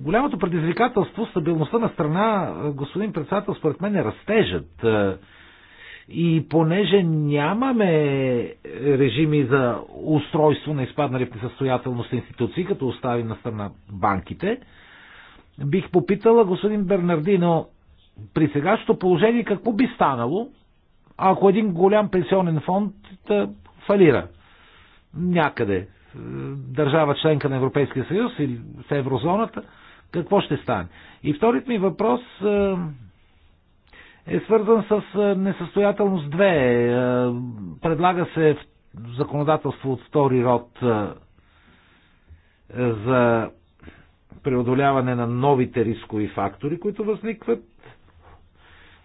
A: голямото предизвикателство, стабилността на страна, господин председател, според мен е растежът. И понеже нямаме режими за устройство на изпаднали в несъстоятелност институции, като оставим на страна банките, бих попитала господин Бернардино, при сегашното положение какво би станало, ако един голям пенсионен фонд фалира някъде, е, държава членка на Европейския съюз или в еврозоната, какво ще стане? И вторият ми въпрос е, е свързан с е, несъстоятелност 2. Предлага се в законодателство от втори род за преодоляване на новите рискови фактори, които възникват.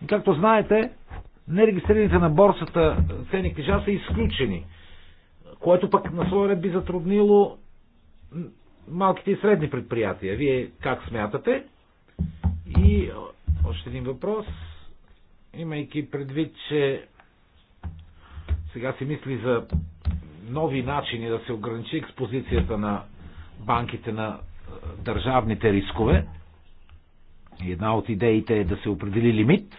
A: Както знаете, нерегистрираните на борсата ценни книжа са изключени, което пък на своя ред би затруднило малките и средни предприятия. Вие как смятате? И още един въпрос, имайки предвид, че сега си мисли за нови начини да се ограничи експозицията на банките на държавните рискове. Една от идеите е да се определи лимит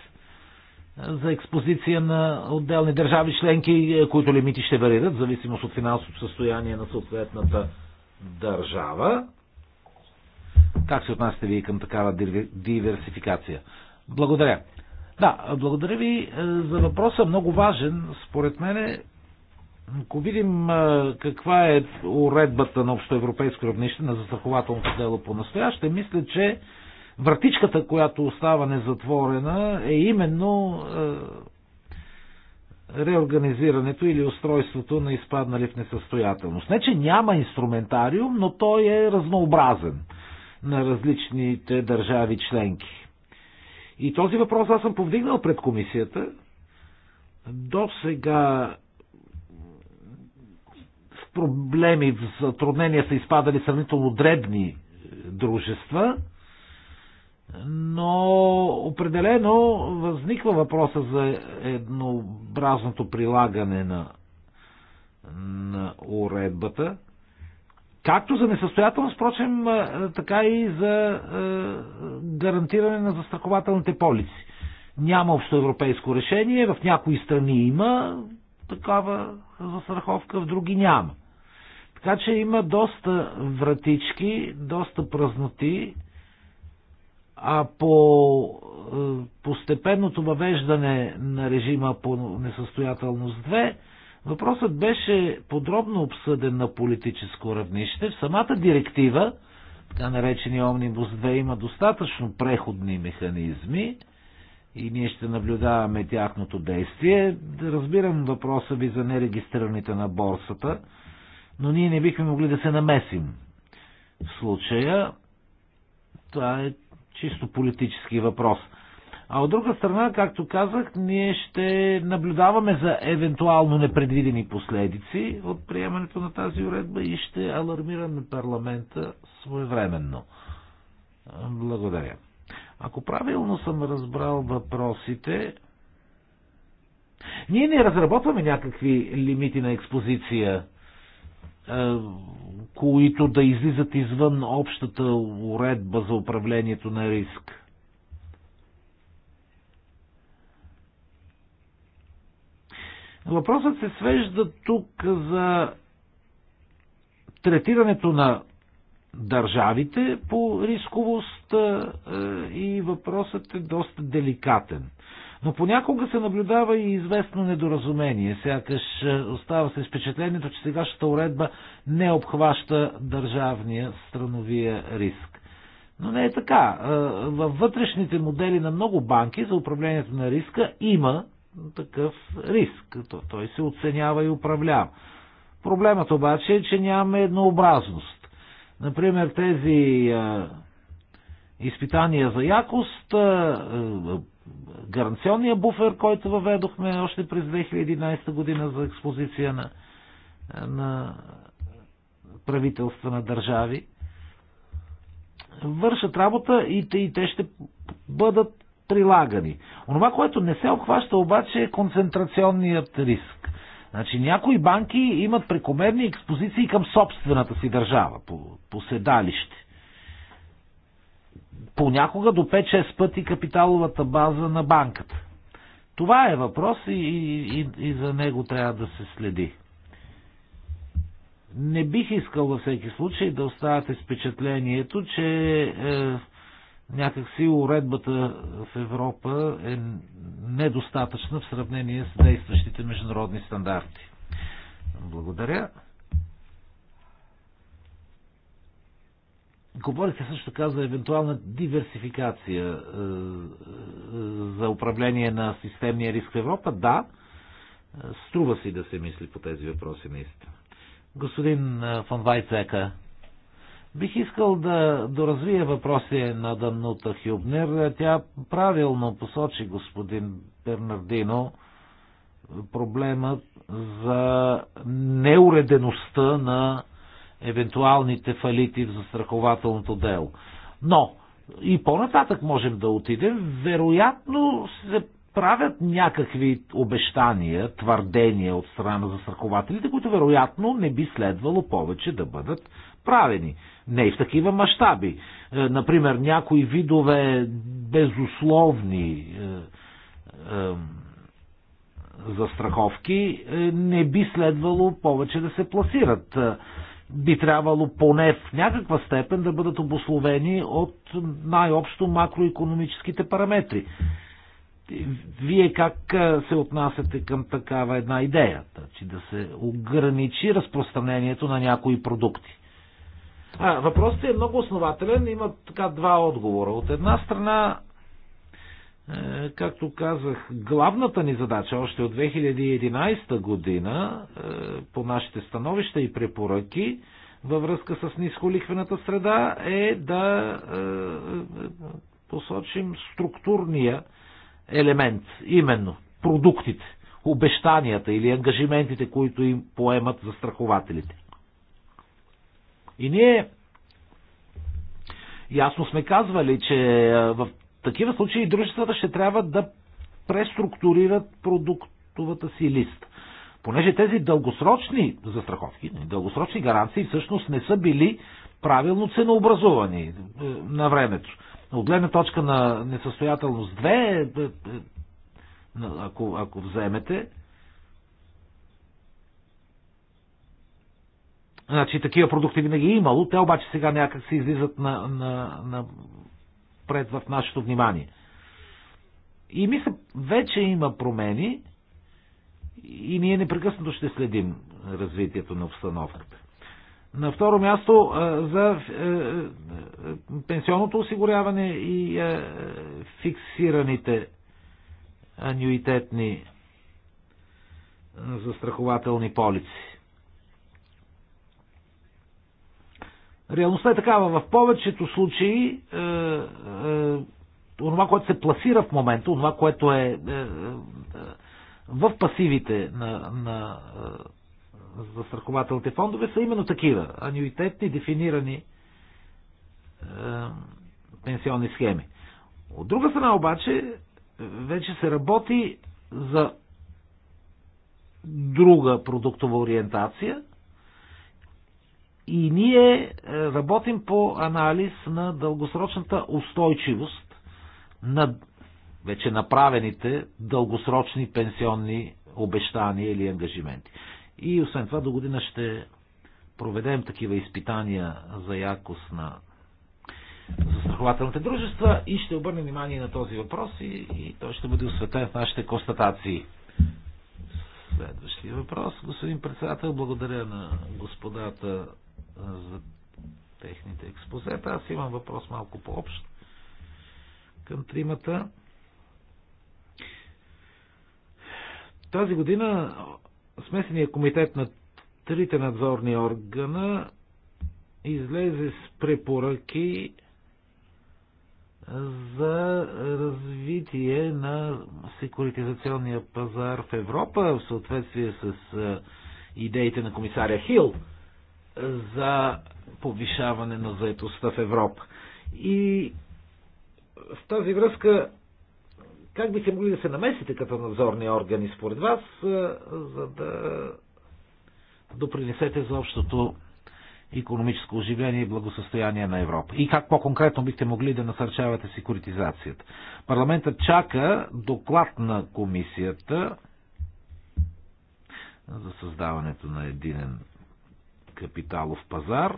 A: за експозиция на отделни държави членки, които лимити ще варират, в зависимост от финансовото състояние на съответната държава. Как се отнасяте вие към такава диверсификация? Благодаря. Да, благодаря ви за въпроса. Много важен, според мен, ако видим каква е уредбата на общоевропейско равнище на застрахователното дело по настояще, мисля, че вратичката, която остава незатворена, е именно реорганизирането или устройството на изпаднали в несъстоятелност. Не, че няма инструментариум, но той е разнообразен на различните държави членки. И този въпрос аз съм повдигнал пред комисията. До сега проблеми, в затруднения са изпадали сравнително дребни е, дружества, но определено възниква въпроса за еднообразното прилагане на, на уредбата, както за несъстоятелност, впрочем, е, така и за е, гарантиране на застрахователните полици. Няма общоевропейско решение, в някои страни има такава застраховка, в други няма. Така че има доста вратички, доста празноти, а по е, постепенното въвеждане на режима по несъстоятелност 2, въпросът беше подробно обсъден на политическо равнище. В самата директива, така наречени Омнибус 2, има достатъчно преходни механизми и ние ще наблюдаваме тяхното действие. Разбирам въпроса ви за нерегистрираните на борсата – но ние не бихме могли да се намесим. В случая това е чисто политически въпрос. А от друга страна, както казах, ние ще наблюдаваме за евентуално непредвидени последици от приемането на тази уредба и ще алармираме парламента своевременно. Благодаря. Ако правилно съм разбрал въпросите, ние не разработваме някакви лимити на експозиция е, които да излизат извън общата уредба за управлението на риск. Въпросът се свежда тук за третирането на държавите по рисковост е, и въпросът е доста деликатен. Но понякога се наблюдава и известно недоразумение. Сякаш е, остава се впечатлението, че сегашната уредба не обхваща държавния страновия риск. Но не е така. Е, във вътрешните модели на много банки за управлението на риска има такъв риск. Той се оценява и управлява. Проблемът обаче е, че нямаме еднообразност. Например, тези е, изпитания за якост, гаранционния буфер, който въведохме още през 2011 година за експозиция на, на правителства на държави, вършат работа и те, и те ще бъдат прилагани. Онова, което не се обхваща обаче е концентрационният риск. Значи някои банки имат прекомерни експозиции към собствената си държава по, по седалище понякога до 5-6 пъти капиталовата база на банката. Това е въпрос и, и, и за него трябва да се следи. Не бих искал във всеки случай да оставяте впечатлението, че е, някакси уредбата в Европа е недостатъчна в сравнение с действащите международни стандарти. Благодаря. Говорите също така за евентуална диверсификация е, е, за управление на системния риск в Европа. Да, струва си да се мисли по тези въпроси наистина. Господин е, фон Вайцека, бих искал да доразвия въпроси на Данута Хюбнер. Тя правилно посочи господин Бернардино проблемът за неуредеността на евентуалните фалити в застрахователното дело. Но и по-нататък можем да отидем. Вероятно се правят някакви обещания, твърдения от страна на застрахователите, които вероятно не би следвало повече да бъдат правени. Не и в такива мащаби. Е, например, някои видове безусловни е, е, застраховки не би следвало повече да се пласират би трябвало поне в някаква степен да бъдат обословени от най-общо макроекономическите параметри. Вие как се отнасяте към такава една идея, че значи да се ограничи разпространението на някои продукти? А, въпросът е много основателен, има така два отговора. От една страна е, както казах, главната ни задача още от 2011 година е, по нашите становища и препоръки във връзка с нисколихвената среда е да е, посочим структурния елемент, именно продуктите, обещанията или ангажиментите, които им поемат застрахователите. И ние ясно сме казвали, че в такива случаи дружествата ще трябва да преструктурират продуктовата си лист. Понеже тези дългосрочни застраховки, дългосрочни гаранции всъщност не са били правилно ценообразувани е, на времето. От гледна точка на несъстоятелност 2, е, е, ако, ако вземете, Значи такива продукти винаги е имало, те обаче сега някак се излизат на, на, на пред в нашето внимание. И мисля, вече има промени и ние непрекъснато ще следим развитието на обстановката. На второ място за пенсионното осигуряване и фиксираните анюитетни застрахователни полици. Реалността е такава. В повечето случаи е, е, това, което се пласира в момента, това, което е, е, е в пасивите на, на е, застрахователните фондове, са именно такива. Анюитетни, дефинирани е, пенсионни схеми. От друга страна обаче, вече се работи за друга продуктова ориентация – и ние е, работим по анализ на дългосрочната устойчивост на вече направените дългосрочни пенсионни обещания или ангажименти. И освен това до година ще проведем такива изпитания за якост на застрахователните дружества и ще обърнем внимание на този въпрос и, и той ще бъде осветен в нашите констатации. Следващия въпрос, господин председател, благодаря на господата за техните експозета. Аз имам въпрос малко по-общ към тримата. Тази година смесения комитет на трите надзорни органа излезе с препоръки за развитие на секуритизационния пазар в Европа в съответствие с идеите на комисаря Хил – за повишаване на заетостта в Европа. И в тази връзка, как бихте могли да се намесите като надзорни органи според вас, е, за да допринесете за общото економическо оживление и благосъстояние на Европа? И как по-конкретно бихте могли да насърчавате секуритизацията? Парламентът чака доклад на комисията за създаването на единен капиталов пазар,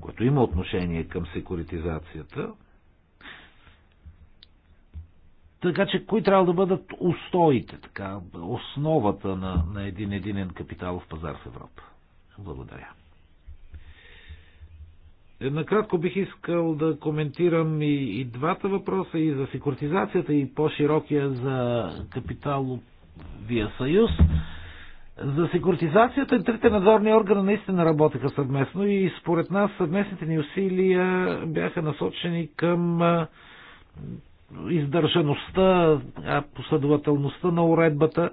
A: което има отношение към секуритизацията. Така че кои трябва да бъдат устоите, така, основата на, на един единен капиталов пазар в Европа? Благодаря. Накратко бих искал да коментирам и, и двата въпроса, и за секуртизацията и по-широкия за капиталовия съюз. За секуртизацията трите надзорни органа наистина работеха съвместно и според нас съвместните ни усилия бяха насочени към издържаността, последователността на уредбата,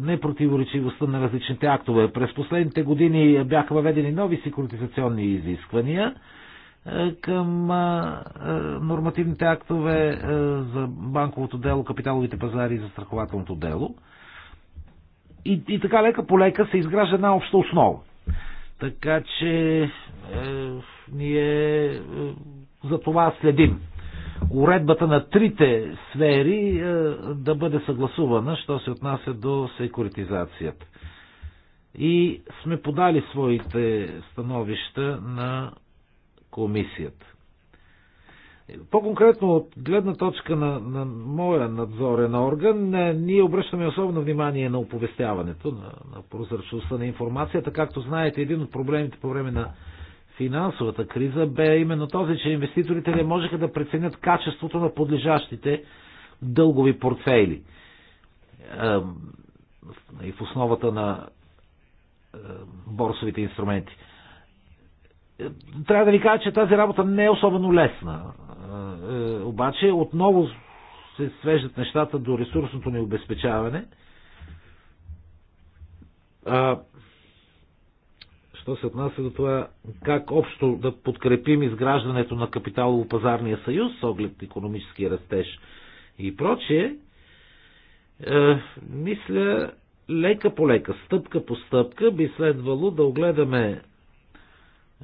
A: непротиворечивостта на различните актове. През последните години бяха въведени нови секуритизационни изисквания към нормативните актове за банковото дело, капиталовите пазари и застрахователното дело – и, и така лека по лека се изгражда една обща основа. Така че е, ние е, за това следим. Уредбата на трите сфери е, да бъде съгласувана, що се отнася до секуритизацията. И сме подали своите становища на комисията. По-конкретно от гледна точка на, на моя надзорен орган, ние обръщаме особено внимание на оповестяването, на, на прозрачността на информацията. Както знаете, един от проблемите по време на финансовата криза бе именно този, че инвеститорите не можеха да преценят качеството на подлежащите дългови портфейли. И в основата на борсовите инструменти. Трябва да ви кажа, че тази работа не е особено лесна е, обаче отново се свеждат нещата до ресурсното ни обезпечаване. А, що се отнася до това как общо да подкрепим изграждането на капиталово-пазарния съюз с оглед економически растеж и прочие, е, мисля, лека по лека, стъпка по стъпка би следвало да огледаме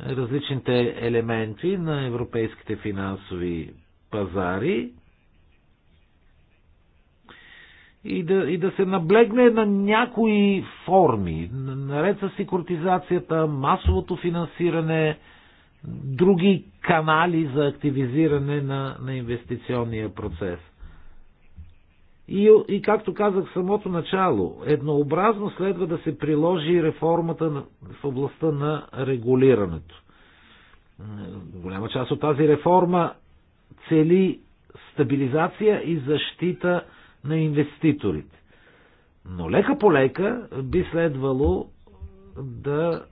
A: различните елементи на европейските финансови пазари и да, и да се наблегне на някои форми, наред с секуртизацията, масовото финансиране, други канали за активизиране на, на инвестиционния процес. И, и както казах в самото начало, еднообразно следва да се приложи реформата на, в областта на регулирането. Голяма част от тази реформа цели стабилизация и защита на инвеститорите. Но лека по лека би следвало да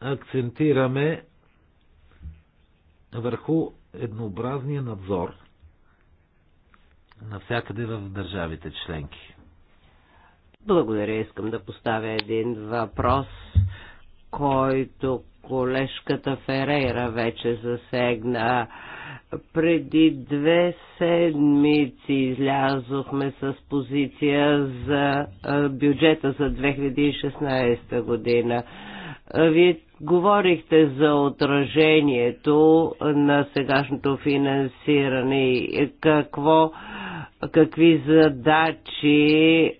A: акцентираме върху еднообразния надзор навсякъде в държавите членки.
B: Благодаря. Искам да поставя един въпрос, който колежката Ферейра вече засегна. Преди две седмици излязохме с позиция за бюджета за 2016 година. Вие Говорихте за отражението на сегашното финансиране и какво, какви задачи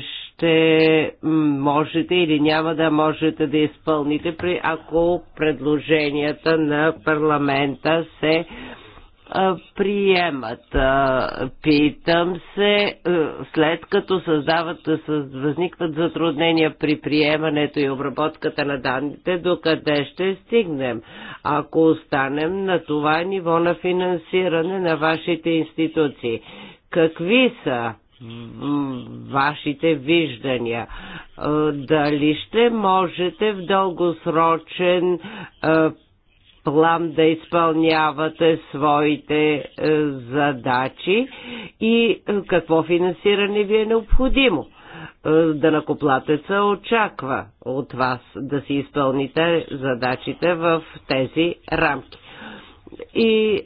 B: ще можете или няма да можете да изпълните, ако предложенията на парламента се приемат. Питам се, след като създават, възникват затруднения при приемането и обработката на данните, докъде ще стигнем, ако останем на това ниво на финансиране на вашите институции. Какви са вашите виждания. Дали ще можете в дългосрочен план да изпълнявате своите е, задачи и е, какво финансиране ви е необходимо. Е, Данакоплатеца очаква от вас да си изпълните задачите в тези рамки. И е,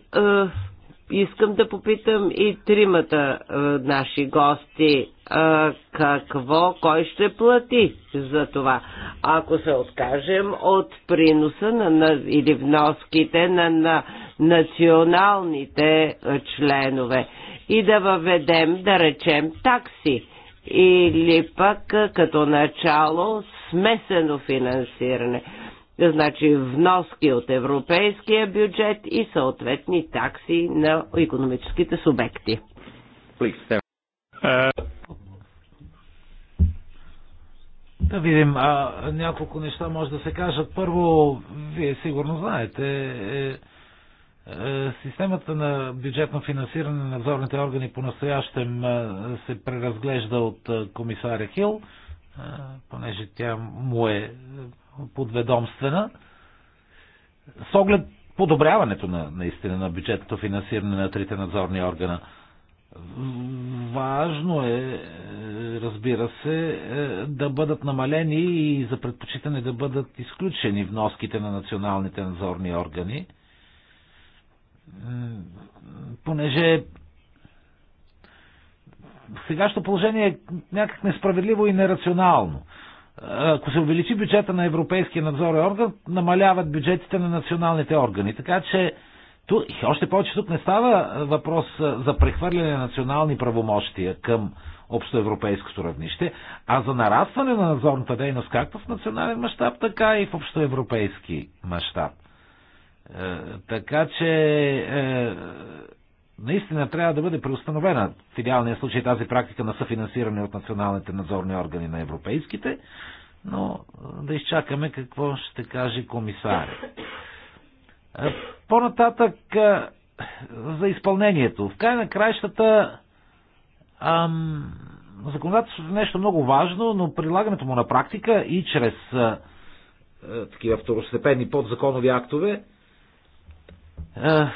B: искам да попитам и тримата е, наши гости а, какво, кой ще плати за това, ако се откажем от приноса на, на, или вноските на, на националните членове и да въведем, да речем, такси или пък като начало смесено финансиране. Значи вноски от европейския бюджет и съответни такси на економическите субекти. Please,
A: Да видим, а, няколко неща може да се кажат. Първо, вие сигурно знаете, е, е, е, системата на бюджетно финансиране на надзорните органи по-настоящем е, се преразглежда от е, комисаря Хил, е, понеже тя му е, е подведомствена. С оглед подобряването на, наистина на бюджетното финансиране на трите надзорни органа. Е, Важно е, е, разбира се, е, да бъдат намалени и за предпочитане да бъдат изключени вноските на националните надзорни органи, е, понеже сегашното положение е някак несправедливо и нерационално. Ако се увеличи бюджета на Европейския надзорен орган, намаляват бюджетите на националните органи. Така че Ту, още повече тук не става въпрос за прехвърляне на национални правомощия към общоевропейското равнище, а за нарастване на надзорната дейност както в национален мащаб, така и в общоевропейски мащаб. Е, така че е, наистина трябва да бъде преустановена в идеалния случай тази практика на съфинансиране от националните надзорни органи на европейските, но е, да изчакаме какво ще каже комисарят. По-нататък за изпълнението. В край на краищата ам, законодателството е нещо много важно, но прилагането му на практика и чрез а, а, такива второстепенни подзаконови актове а,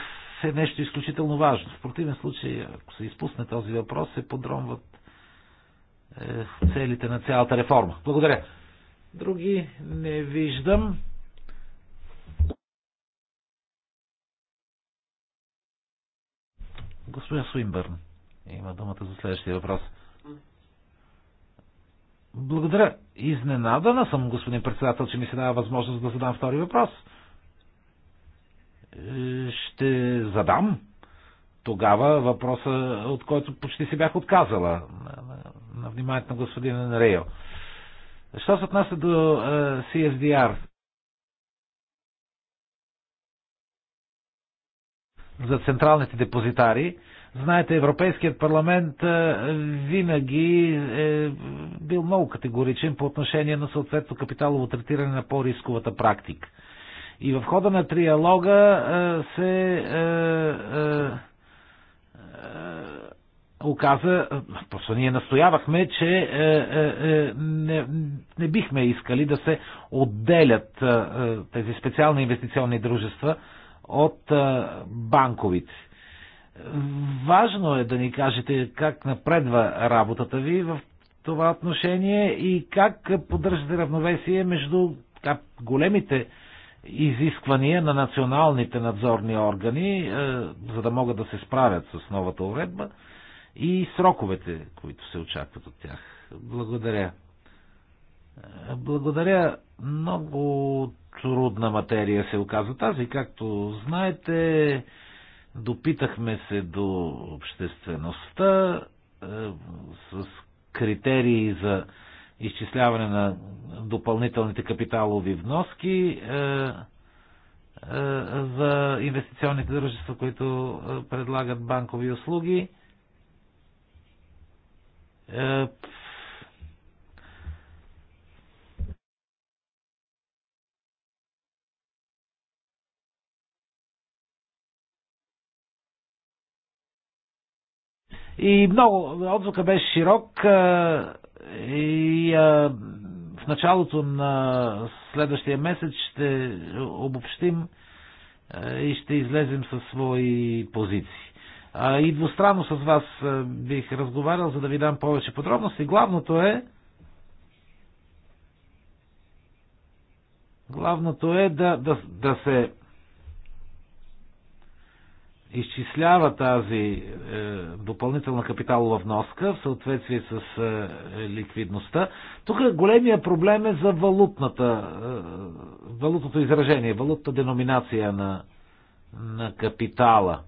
A: е нещо изключително важно. В противен случай, ако се изпусне този въпрос, се подронват е, целите на цялата реформа. Благодаря. Други не виждам. Госпожа Суинбърн има думата за следващия въпрос. Благодаря. Изненадана съм, господин председател, че ми се дава възможност да задам втори въпрос. Е, ще задам тогава въпроса, от който почти се бях отказала на вниманието на господин Рейо. Що се отнася до CSDR, е, за централните депозитари. Знаете, Европейският парламент е, винаги е бил много категоричен по отношение на съответно капиталово третиране на по-рисковата практика. И в хода на триалога е, се е, е, е, оказа, просто ние настоявахме, че е, не, не бихме искали да се отделят тези специални инвестиционни дружества от банковите. Важно е да ни кажете как напредва работата ви в това отношение и как поддържате равновесие между как големите изисквания на националните надзорни органи, за да могат да се справят с новата уредба и сроковете, които се очакват от тях. Благодаря. Благодаря много трудна материя се оказа тази. Както знаете, допитахме се до обществеността е, с критерии за изчисляване на допълнителните капиталови вноски е, е, за инвестиционните дружества, които е, предлагат банкови услуги е, И много, отзвука беше широк и в началото на следващия месец ще обобщим и ще излезем със свои позиции. И двустранно с вас бих разговарял, за да ви дам повече подробности. Главното е Главното е да, да, да се изчислява тази е, допълнителна капиталова вноска в съответствие с е, ликвидността. Тук големия проблем е за валутната, е, валутното изражение, валутната деноминация на, на капитала.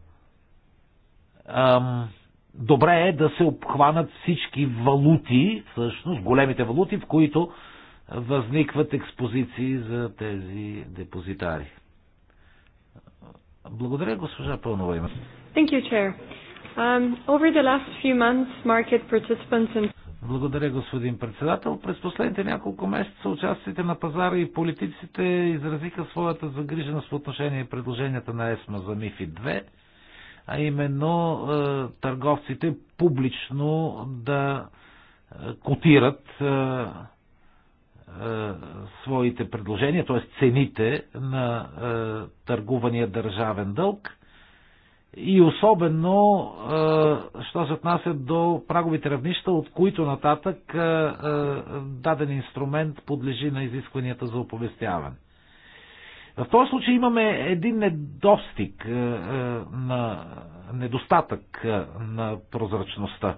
A: добре е да се обхванат всички валути, всъщност големите валути, в които възникват експозиции за тези депозитари. Благодаря, госпожа Пълнова има.
B: Thank you, Chair. Um, over the last few months, market participants and...
A: Благодаря, господин председател. През последните няколко месеца участите на пазара и политиците изразиха своята загриженост по отношение предложенията на ЕСМА за МИФИ 2, а именно е, търговците публично да е, котират е, е, своите предложения, т.е. цените на е, търгувания държавен дълг и особено, е, що се отнася до праговите равнища, от които нататък даден инструмент подлежи на изискванията за оповестяване. В този случай имаме един недостиг е, е, на недостатък е, на прозрачността.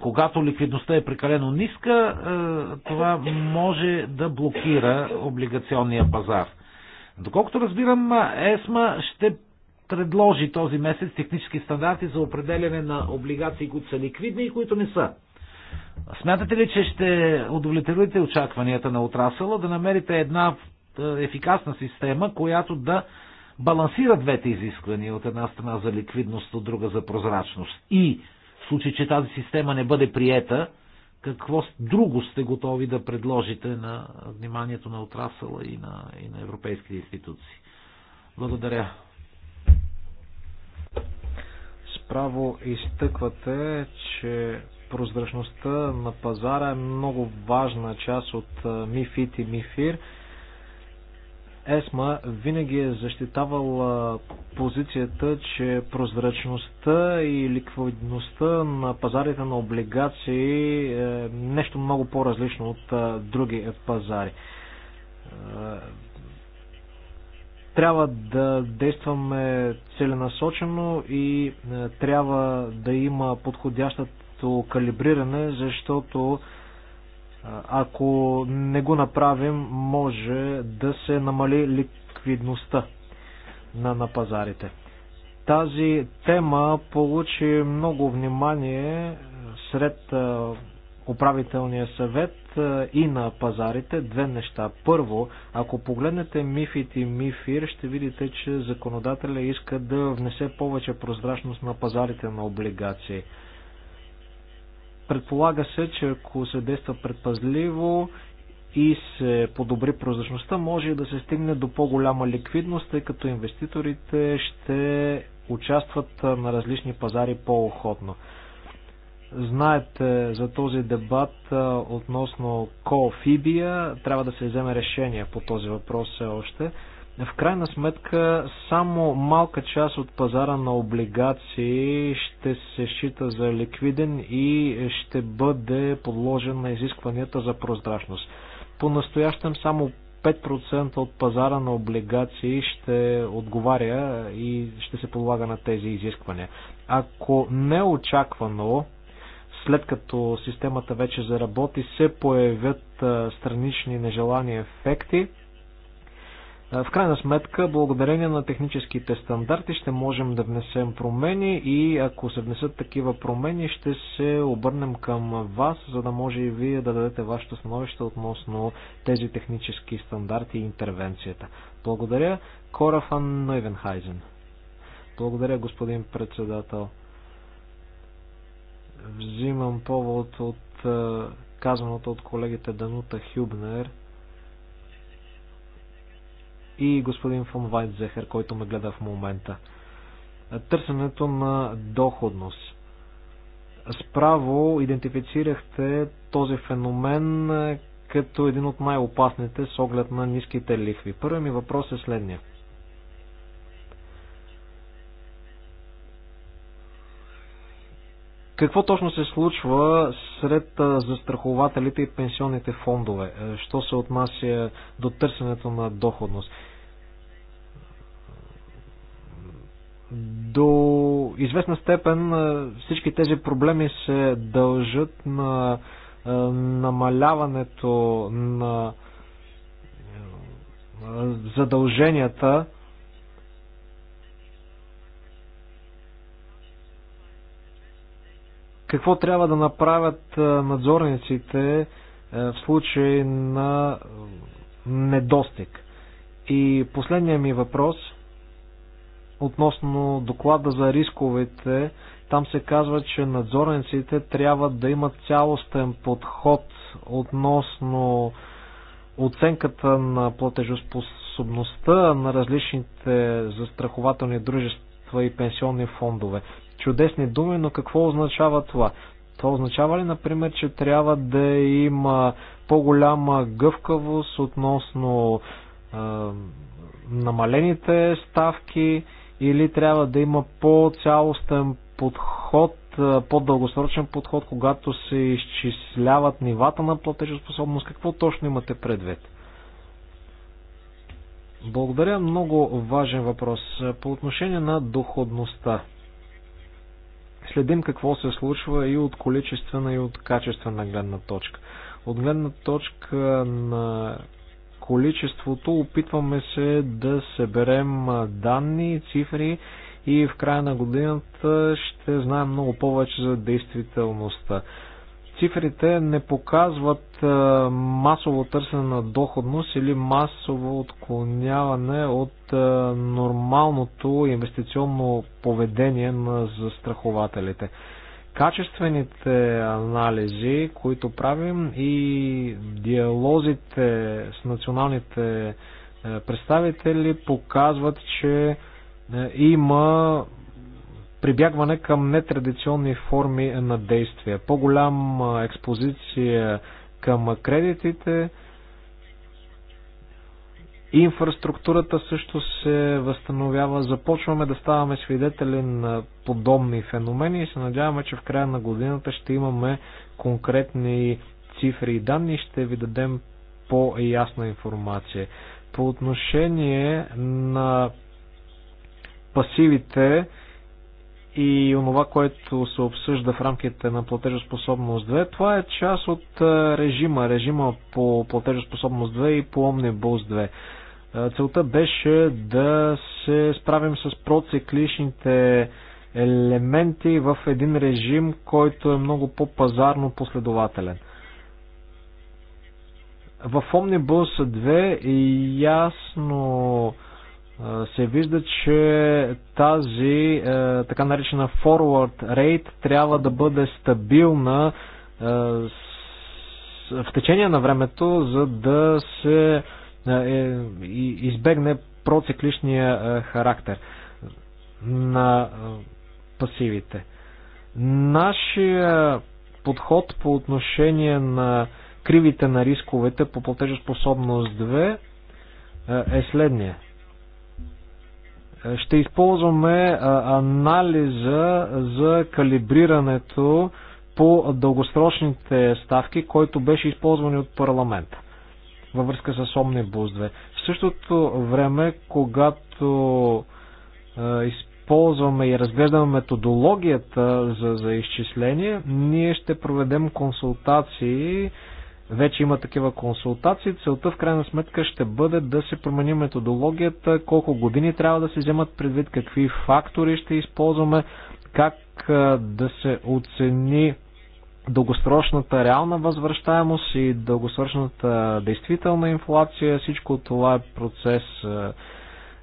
A: Когато ликвидността е прекалено ниска, това може да блокира облигационния пазар. Доколкото разбирам, ЕСМА ще предложи този месец технически стандарти за определяне на облигации, които са ликвидни и които не са. Смятате ли, че ще удовлетворите очакванията на отрасъла да намерите една е, ефикасна система, която да балансира двете изисквания от една страна за ликвидност, от друга за прозрачност. И в случай, че тази система не бъде приета, какво друго сте готови да предложите на вниманието на отрасъла и на, и на европейските институции? Благодаря. Справо
D: изтъквате, че прозрачността на пазара е много важна част от МИФИТ и МИФИР. ЕСМА винаги е защитавала позицията, че прозрачността и ликвидността на пазарите на облигации е нещо много по-различно от други пазари. Е, трябва да действаме целенасочено и е, трябва да има подходящото калибриране, защото ако не го направим, може да се намали ликвидността на, на пазарите. Тази тема получи много внимание сред управителния съвет и на пазарите две неща. Първо, ако погледнете МИФИТ и МИФИР, ще видите, че законодателя иска да внесе повече прозрачност на пазарите на облигации. Предполага се, че ако се действа предпазливо и се подобри прозрачността, може да се стигне до по-голяма ликвидност, тъй като инвеститорите ще участват на различни пазари по-охотно. Знаете за този дебат относно кофибия. Трябва да се вземе решение по този въпрос все още. В крайна сметка, само малка част от пазара на облигации ще се счита за ликвиден и ще бъде подложен на изискванията за прозрачност. По-настоящем само 5% от пазара на облигации ще отговаря и ще се подлага на тези изисквания. Ако неочаквано, след като системата вече заработи, се появят странични нежелани ефекти, е, в крайна сметка, благодарение на техническите стандарти ще можем да внесем промени и ако се внесат такива промени, ще се обърнем към вас, за да може и вие да дадете вашето становище относно тези технически стандарти и интервенцията. Благодаря. Кора фан Нойвенхайзен. Благодаря, господин председател. Взимам повод от е, казаното от колегите Данута Хюбнер – и господин фон Вайтзехер, който ме гледа в момента. Търсенето на доходност. Справо идентифицирахте този феномен като един от най-опасните с оглед на ниските лихви. Първият ми въпрос е следния. Какво точно се случва сред застрахователите и пенсионните фондове, е, що се отнася до търсенето на доходност? До известна степен всички тези проблеми се дължат на намаляването на задълженията Какво трябва да направят надзорниците е, в случай на недостиг? И последният ми въпрос относно доклада за рисковете. Там се казва, че надзорниците трябва да имат цялостен подход относно оценката на платежоспособността на различните застрахователни дружества и пенсионни фондове чудесни думи, но какво означава това? Това означава ли, например, че трябва да има по-голяма гъвкавост относно е, намалените ставки или трябва да има по-цялостен подход, по-дългосрочен подход, когато се изчисляват нивата на платежоспособност? Какво точно имате предвид? Благодаря, много важен въпрос. По отношение на доходността. Следим какво се случва и от количествена и от качествена гледна точка. От гледна точка на количеството опитваме се да съберем данни, цифри и в края на годината ще знаем много повече за действителността. Цифрите не показват е, масово търсене на доходност или масово отклоняване от е, нормалното инвестиционно поведение на застрахователите. Качествените анализи, които правим и диалозите с националните е, представители показват, че има прибягване към нетрадиционни форми на действия. по-голяма експозиция към кредитите, инфраструктурата също се възстановява. Започваме да ставаме свидетели на подобни феномени и се надяваме, че в края на годината ще имаме конкретни цифри и данни и ще ви дадем по-ясна информация. По отношение на пасивите, и онова, което се обсъжда в рамките на платежоспособност 2, това е част от режима, режима по платежоспособност 2 и по Omnibus 2. Целта беше да се справим с процикличните елементи в един режим, който е много по-пазарно последователен. В Omnibus 2 ясно се вижда, че тази така наречена forward rate трябва да бъде стабилна в течение на времето, за да се е, избегне процикличния характер на пасивите. Нашия подход по отношение на кривите на рисковете по платежоспособност 2 е следния. Ще използваме анализа за калибрирането по дългосрочните ставки, който беше използван от парламента във връзка с Омнибус 2. В същото време, когато използваме и разглеждаме методологията за, за изчисление, ние ще проведем консултации вече има такива консултации. Целта в крайна сметка ще бъде да се промени методологията, колко години трябва да се вземат предвид, какви фактори ще използваме, как да се оцени дългосрочната реална възвръщаемост и дългосрочната действителна инфлация. Всичко това е процес,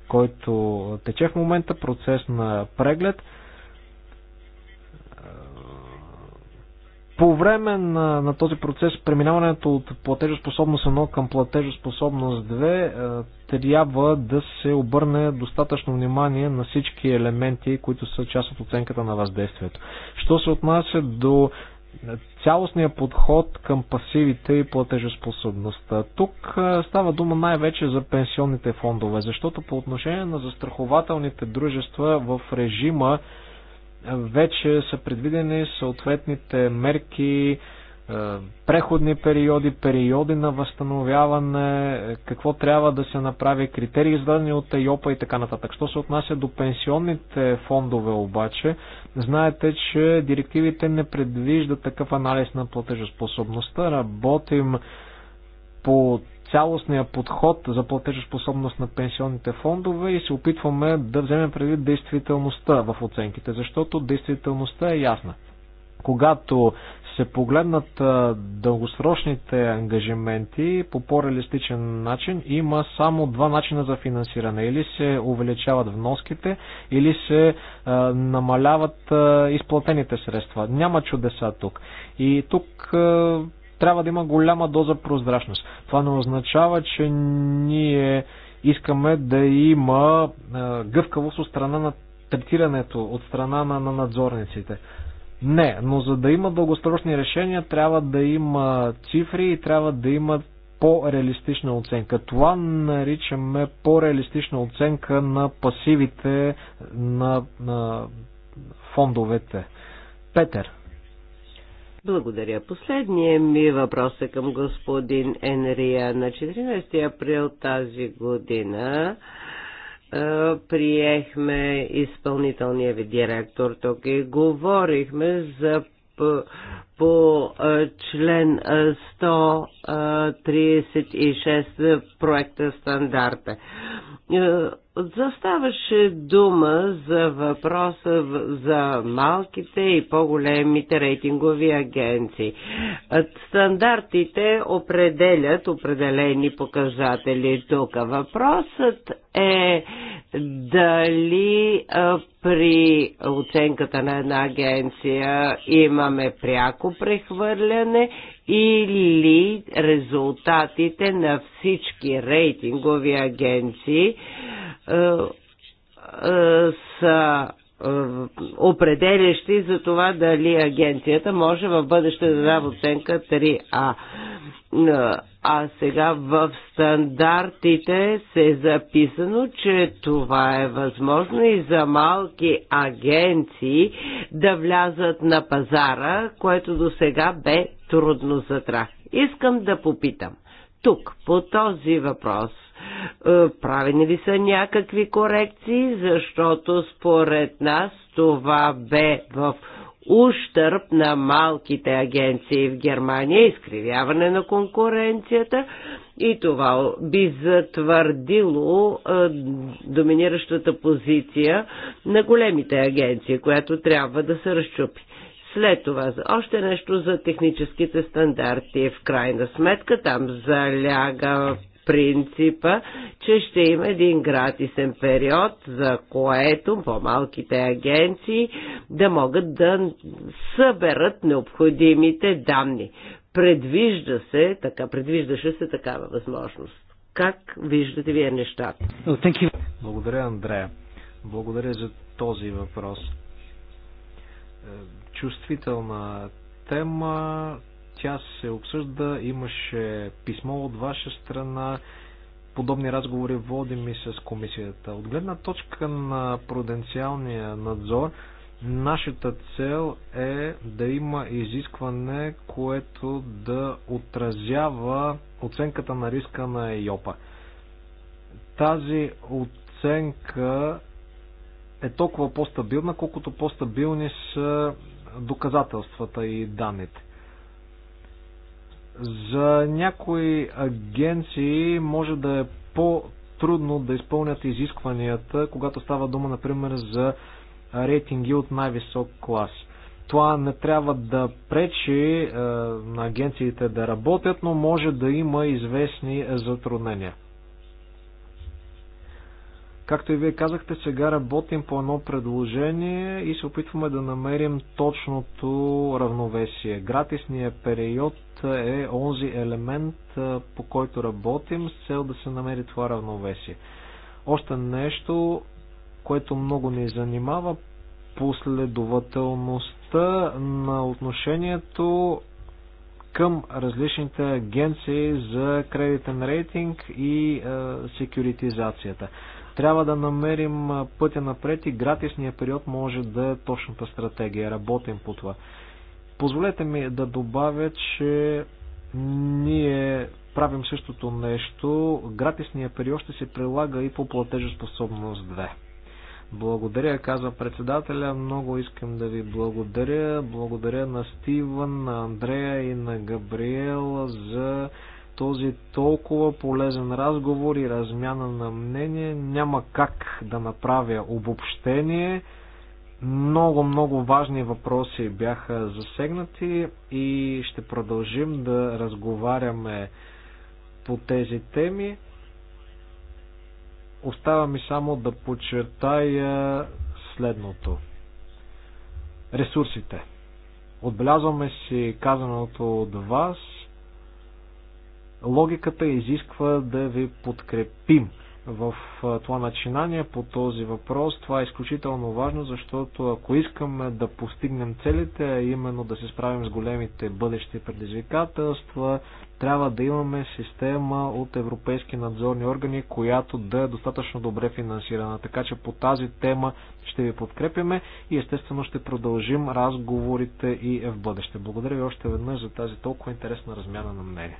D: който тече в момента, процес на преглед – По време на, на този процес, преминаването от платежоспособност 1 към платежоспособност 2 е, трябва да се обърне достатъчно внимание на всички елементи, които са част от оценката на въздействието. Що се отнася до цялостния подход към пасивите и платежеспособността. Тук е, става дума най-вече за пенсионните фондове, защото по отношение на застрахователните дружества в режима вече са предвидени съответните мерки, е, преходни периоди, периоди на възстановяване, какво трябва да се направи, критерии издадени от ЕЙОПА и така нататък. Що се отнася до пенсионните фондове обаче, знаете, че директивите не предвиждат такъв анализ на платежоспособността. Работим по цялостния подход за платежоспособност на пенсионните фондове и се опитваме да вземем предвид действителността в оценките, защото действителността е ясна. Когато се погледнат дългосрочните ангажименти по по-реалистичен начин, има само два начина за финансиране. Или се увеличават вноските, или се а, намаляват а, изплатените средства. Няма чудеса тук. И тук а, трябва да има голяма доза прозрачност. Това не означава, че ние искаме да има гъвкавост от страна на третирането, от страна на, на надзорниците. Не, но за да има дългосрочни решения, трябва да има цифри и трябва да има по-реалистична оценка. Това наричаме по-реалистична оценка на пасивите на, на фондовете. Петър.
B: Благодаря. Последният ми въпрос е към господин Енрия. На 14 април тази година приехме изпълнителния ви директор тук и говорихме за по, по член 136 проекта стандарта Заставаше дума за въпроса за малките и по-големите рейтингови агенции. Стандартите определят определени показатели тук. Въпросът е дали при оценката на една агенция имаме пряко прехвърляне или резултатите на всички рейтингови агенции е, е, са е, определящи за това дали агенцията може в бъдеще да дава оценка 3А.
E: Е,
B: а сега в стандартите се е записано, че това е възможно и за малки агенции да влязат на пазара, което до сега бе трудно за тях. Искам да попитам тук по този въпрос е, правени ли са някакви корекции, защото според нас това бе в ущърп на малките агенции в Германия, изкривяване на конкуренцията и това би затвърдило е, доминиращата позиция на големите агенции, която трябва да се разчупи. След това още нещо за техническите стандарти. В крайна сметка там заляга принципа, че ще има един гратисен период, за което по-малките агенции да могат да съберат необходимите данни. Предвижда се, така, предвиждаше се такава възможност. Как виждате вие нещата? Oh, Благодаря,
A: Андрея.
D: Благодаря за този въпрос. Е, чувствителна тема, тя се обсъжда, имаше писмо от ваша страна, подобни разговори водим и с комисията. От гледна точка на пруденциалния надзор, нашата цел е да има изискване, което да отразява оценката на риска на ЕЙОПА. Тази оценка е толкова по-стабилна, колкото по-стабилни са доказателствата и данните. За някои агенции може да е по-трудно да изпълнят изискванията, когато става дума, например, за рейтинги от най-висок клас. Това не трябва да пречи е, на агенциите да работят, но може да има известни затруднения. Както и вие казахте, сега работим по едно предложение и се опитваме да намерим точното равновесие. Гратисният период е онзи елемент, по който работим с цел да се намери това равновесие. Още нещо, което много ни занимава, последователността на отношението към различните агенции за кредитен рейтинг и е, секюритизацията. Трябва да намерим пътя напред и гратисния период може да е точната стратегия. Работим по това. Позволете ми да добавя, че ние правим същото нещо. Гратисния период ще се прилага и по платежеспособност 2. Благодаря, казва председателя. Много искам да ви благодаря. Благодаря на Стивън, на Андрея и на Габриел за този толкова полезен разговор и размяна на мнение. Няма как да направя обобщение. Много, много важни въпроси бяха засегнати и ще продължим да разговаряме по тези теми. Остава ми само да подчертая следното. Ресурсите. Отбелязваме си казаното от вас – Логиката изисква да ви подкрепим в това начинание по този въпрос. Това е изключително важно, защото ако искаме да постигнем целите, именно да се справим с големите бъдещи предизвикателства, трябва да имаме система от европейски надзорни органи, която да е достатъчно добре финансирана. Така че по тази тема ще ви подкрепяме и естествено ще продължим разговорите и в бъдеще. Благодаря ви още веднъж за тази толкова интересна размяна на мнение.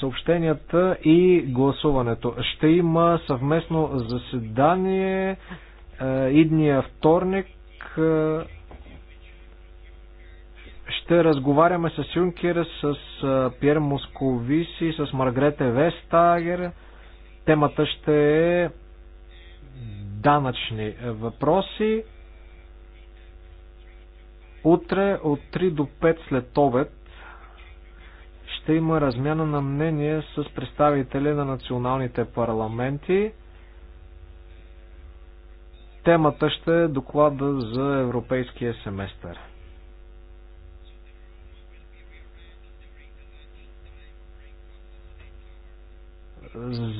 D: съобщенията и гласуването. Ще има съвместно заседание е, идния вторник. Е, ще разговаряме с Юнкер, с е, Пьер Московиси, с Маргрете Вестагер. Темата ще е данъчни въпроси. Утре от 3 до 5 след обед ще има размяна на мнение с представители на националните парламенти. Темата ще е доклада за европейския семестър.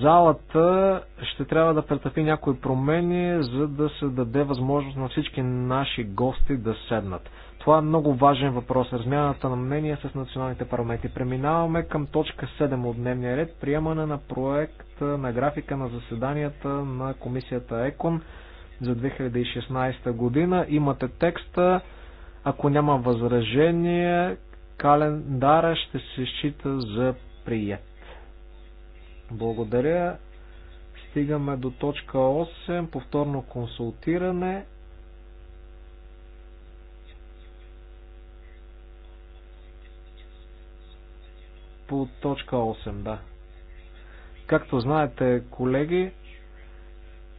D: залата ще трябва да претърпи някои промени, за да се даде възможност на всички наши гости да седнат. Това е много важен въпрос. Размяната на мнения с националните парламенти. Преминаваме към точка 7 от дневния ред. Приемане на проект на графика на заседанията на комисията ЕКОН за 2016 година. Имате текста. Ако няма възражение, календара ще се счита за прият. Благодаря. Стигаме до точка 8. Повторно консултиране. по точка 8, да. Както знаете, колеги,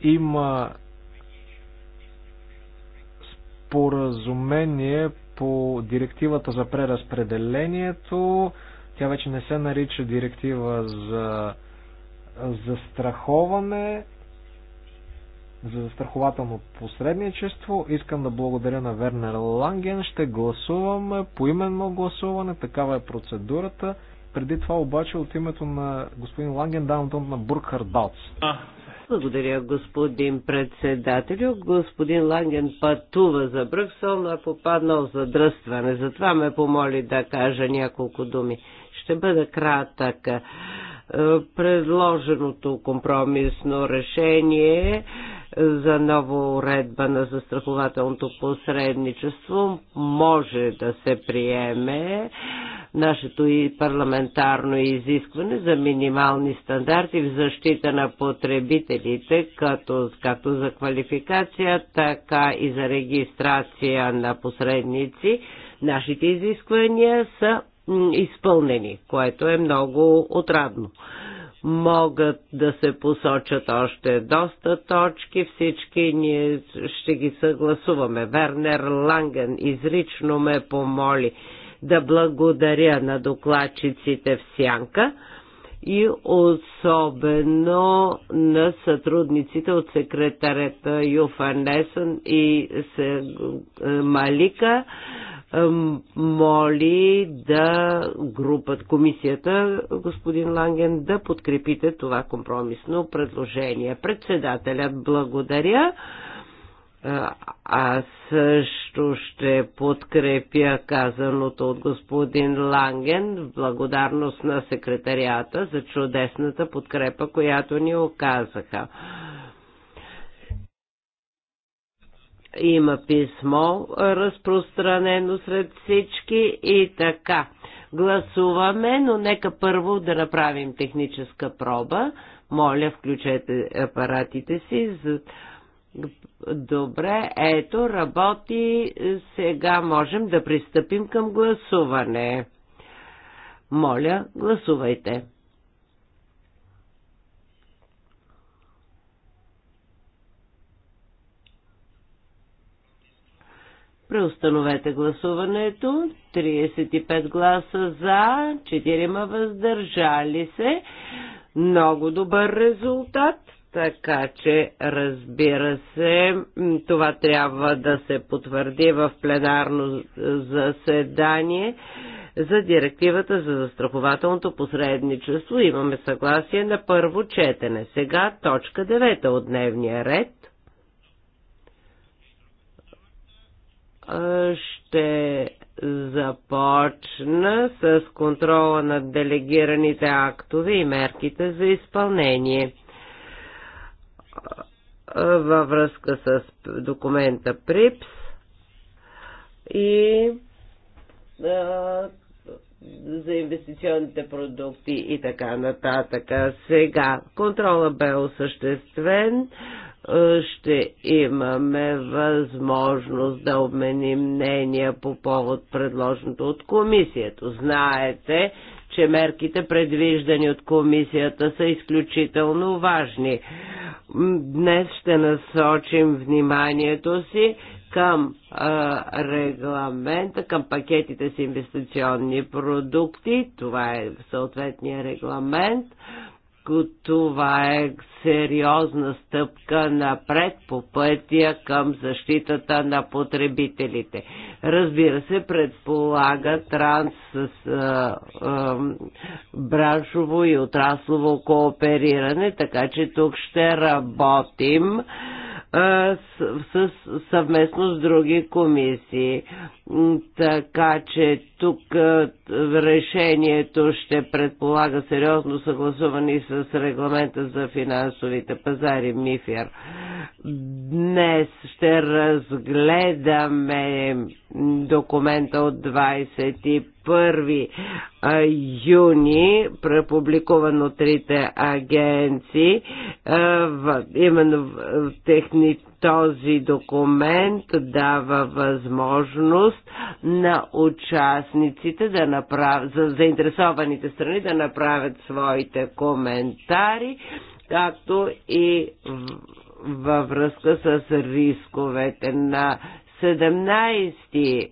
D: има споразумение по директивата за преразпределението. Тя вече не се нарича директива за застраховане, за застрахователно посредничество. Искам да благодаря на Вернер Ланген. Ще гласуваме по именно гласуване. Такава е процедурата. Преди това обаче от името на господин Ланген
B: Даунтон на Бургхард Балц. Благодаря, господин председателю. Господин Ланген пътува за Брюксел, но е попаднал за дръстване. Затова ме помоли да кажа няколко думи. Ще бъда кратък е, предложеното компромисно решение за нова уредба на застрахователното посредничество може да се приеме нашето и парламентарно изискване за минимални стандарти в защита на потребителите, като, както за квалификация, така и за регистрация на посредници. Нашите изисквания са изпълнени, което е много отрадно. Могат да се посочат още доста точки, всички ние ще ги съгласуваме. Вернер Ланген изрично ме помоли да благодаря на докладчиците в Сянка и особено на сътрудниците от секретарета Юфанесън и е, Малика моли да групат комисията, господин Ланген, да подкрепите това компромисно предложение. Председателят благодаря. Аз също ще подкрепя казаното от господин Ланген в благодарност на секретарията за чудесната подкрепа, която ни оказаха. Има писмо разпространено сред всички и така. Гласуваме, но нека първо да направим техническа проба. Моля, включете апаратите си. За Добре, ето, работи. Сега можем да пристъпим към гласуване. Моля, гласувайте. Преустановете гласуването. 35 гласа за, 4 въздържали се. Много добър резултат. Така че, разбира се, това трябва да се потвърди в пленарно заседание за директивата за застрахователното посредничество. Имаме съгласие на първо четене. Сега точка 9 от дневния ред. Ще започна с контрола на делегираните актове и мерките за изпълнение във връзка с документа ПРИПС и за инвестиционните продукти и така нататък. Сега контрола бе осъществен. Ще имаме възможност да обменим мнения по повод предложеното от комисията. Знаете, че мерките, предвиждани от комисията, са изключително важни. Днес ще насочим вниманието си към а, регламента, към пакетите с инвестиционни продукти. Това е съответния регламент това е сериозна стъпка напред по пътя към защитата на потребителите. Разбира се, предполага транс с а, а, браншово и отраслово коопериране, така че тук ще работим а, с, с, съвместно с други комисии. Така че тук а, решението ще предполага сериозно съгласуване с с регламента за финансовите пазари МИФИР. Днес ще разгледаме документа от 25 1 юни, препубликувано трите агенции, именно техни, този документ дава възможност на участниците да направят, за заинтересованите страни да направят своите коментари, както и във връзка с рисковете на 17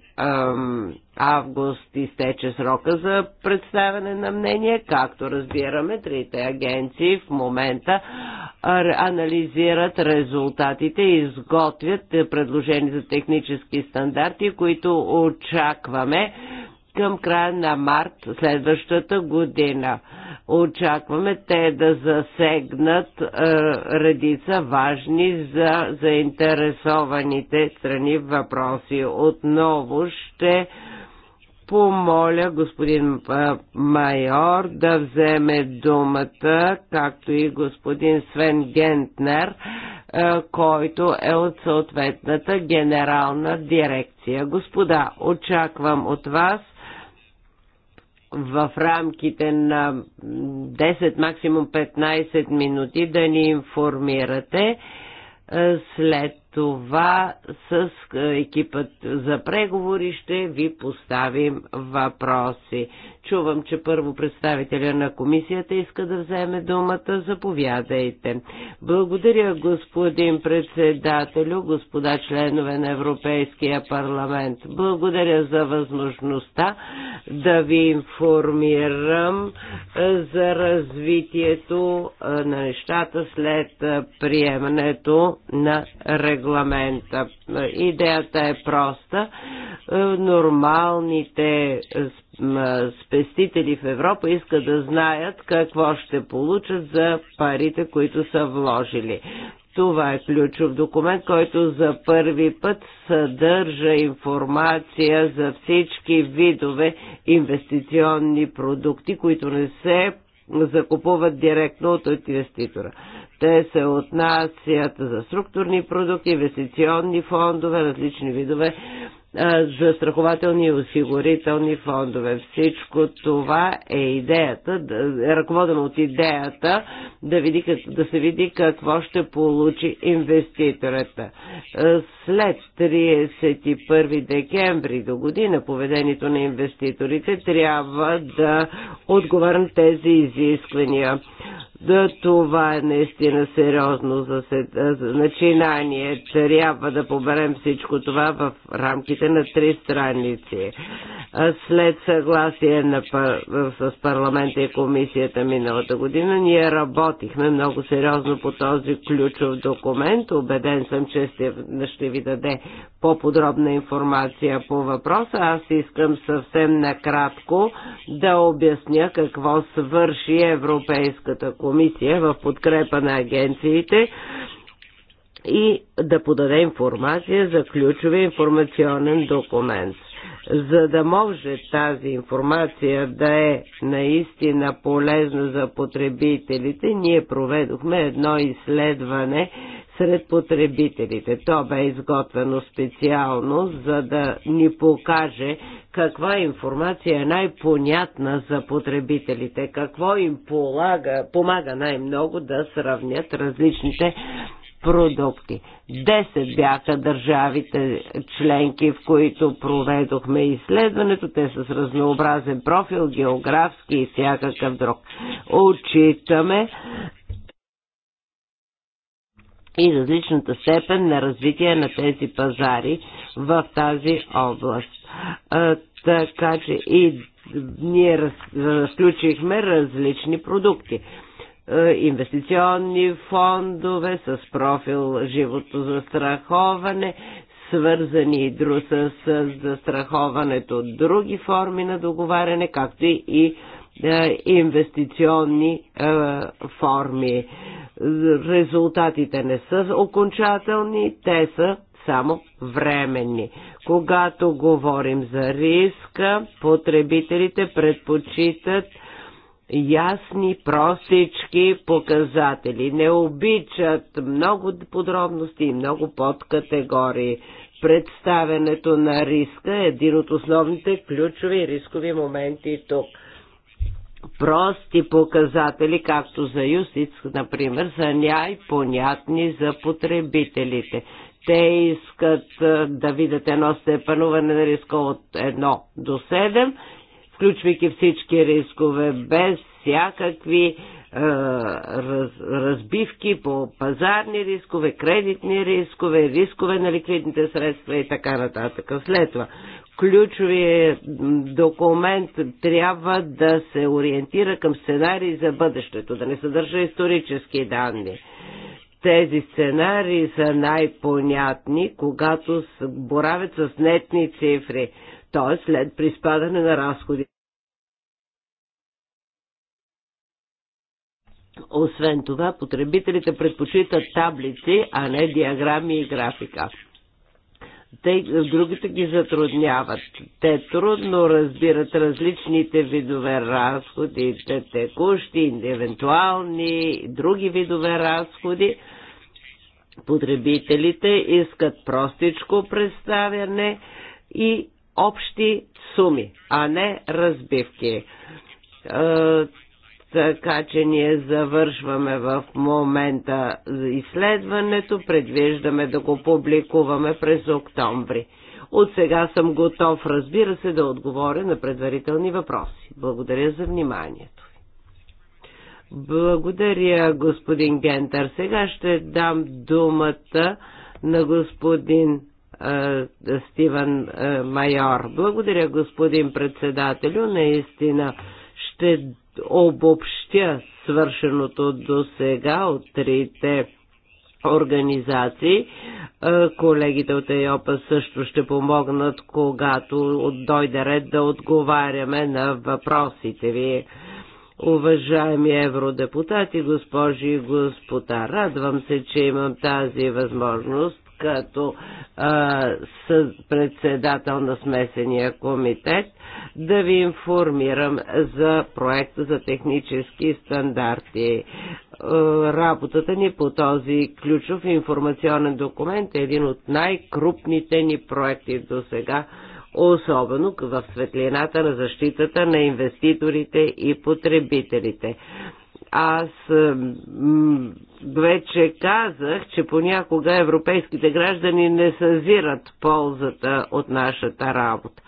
B: август изтече срока за представяне на мнение. Както разбираме, трите агенции в момента анализират резултатите и изготвят предложения за технически стандарти, които очакваме към края на март следващата година. Очакваме те да засегнат е, редица важни за заинтересованите страни въпроси. Отново ще помоля господин е, майор да вземе думата, както и господин Свен Гентнер, е, който е от съответната генерална дирекция. Господа, очаквам от вас в рамките на 10, максимум 15 минути да ни информирате след това с е, екипът за преговори ще ви поставим въпроси. Чувам, че първо представителя на комисията иска да вземе думата. Заповядайте. Благодаря, господин председателю, господа членове на Европейския парламент. Благодаря за възможността да ви информирам е, за развитието е, на нещата след приемането на регламента регламента. Идеята е проста. Е, нормалните спестители в Европа искат да знаят какво ще получат за парите, които са вложили. Това е ключов документ, който за първи път съдържа информация за всички видове инвестиционни продукти, които не се закупуват директно от инвеститора. Те се отнасят за структурни продукти, инвестиционни фондове, различни видове за страхователни и осигурителни фондове. Всичко това е идеята, е ръководено от идеята да, види, да се види какво ще получи инвеститората. След 31 декември до година поведението на инвеститорите трябва да отговаря тези изисквания. Да, това е наистина сериозно за начинание. Трябва да поберем всичко това в рамките рамките на три страници. След съгласие на, с парламента и комисията миналата година, ние работихме много сериозно по този ключов документ. Обеден съм, че ще ви даде по-подробна информация по въпроса. Аз искам съвсем накратко да обясня какво свърши Европейската комисия в подкрепа на агенциите и да подаде информация за ключови информационен документ. За да може тази информация да е наистина полезна за потребителите, ние проведохме едно изследване сред потребителите. То бе изготвено специално, за да ни покаже каква информация е най-понятна за потребителите, какво им полага, помага най-много да сравнят различните продукти. Десет бяха държавите членки, в които проведохме изследването. Те с разнообразен профил, географски и всякакъв друг. Отчитаме и различната степен на развитие на тези пазари в тази област. А, така че и ние разключихме различни продукти е, инвестиционни фондове с профил живото застраховане, свързани и друг с застраховането, други форми на договаряне, както и е, инвестиционни е, форми. Резултатите не са окончателни, те са само временни. Когато говорим за риска, потребителите предпочитат ясни, простички показатели. Не обичат много подробности и много подкатегории. Представянето на риска е един от основните ключови рискови моменти тук. Прости показатели, както за юстиц, например, са най-понятни за потребителите. Те искат да видят едно степенуване на риска от 1 до включвайки всички рискове, без всякакви е, раз, разбивки по пазарни рискове, кредитни рискове, рискове на ликвидните средства и така нататък. След това, ключовият документ трябва да се ориентира към сценарии за бъдещето, да не съдържа исторически данни. Тези сценарии са най-понятни, когато боравят с нетни цифри т.е. след приспадане на разходите. Освен това, потребителите предпочитат таблици, а не диаграми и графика. Те, другите ги затрудняват. Те трудно разбират различните видове разходи, те текущи, евентуални, други видове разходи. Потребителите искат простичко представяне и общи суми, а не разбивки. Е, така че ние завършваме в момента изследването, предвиждаме да го публикуваме през октомври. От сега съм готов, разбира се, да отговоря на предварителни въпроси. Благодаря за вниманието. Благодаря, господин Гентър. Сега ще дам думата на господин Стивън Майор. Благодаря, господин председателю. Наистина ще обобщя свършеното до сега от трите организации. Колегите от ЕОПА също ще помогнат, когато дойде ред да отговаряме на въпросите ви. Уважаеми евродепутати, госпожи и господа, радвам се, че имам тази възможност като а, председател на смесения комитет, да ви информирам за проекта за технически стандарти. Работата ни по този ключов информационен документ е един от най-крупните ни проекти до сега, особено в светлината на защитата на инвеститорите и потребителите. Аз вече казах, че понякога европейските граждани не съзират ползата от нашата работа.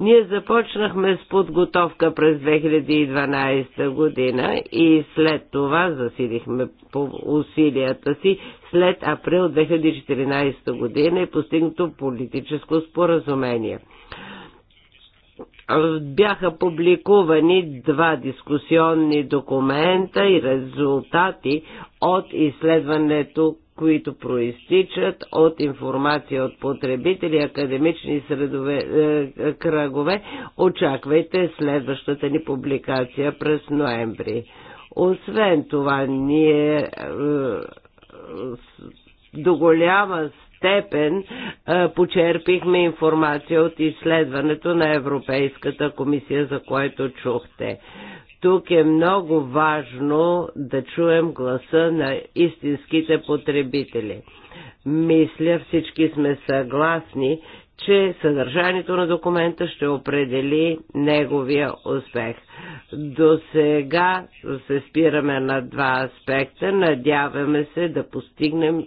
B: Ние започнахме с подготовка през 2012 година и след това засилихме по усилията си след април 2014 година и постигнато политическо споразумение бяха публикувани два дискусионни документа и резултати от изследването, които проистичат от информация от потребители, академични средове, е, е, кръгове. Очаквайте следващата ни публикация през ноември. Освен това, ние е, до голяма степен почерпихме информация от изследването на Европейската комисия, за което чухте. Тук е много важно да чуем гласа на истинските потребители. Мисля, всички сме съгласни, че съдържанието на документа ще определи неговия успех. До сега се спираме на два аспекта. Надяваме се да постигнем е,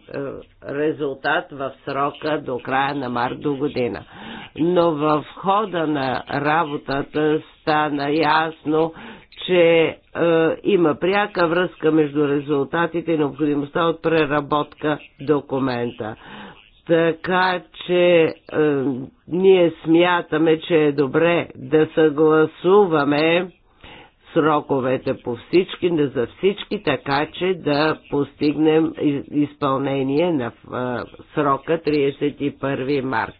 B: резултат в срока до края на март до година. Но в хода на работата стана ясно, че е, има пряка връзка между резултатите и необходимостта от преработка документа. Така че е, ние смятаме, че е добре да съгласуваме сроковете по всички, не за всички, така че да постигнем изпълнение на е, срока 31 март.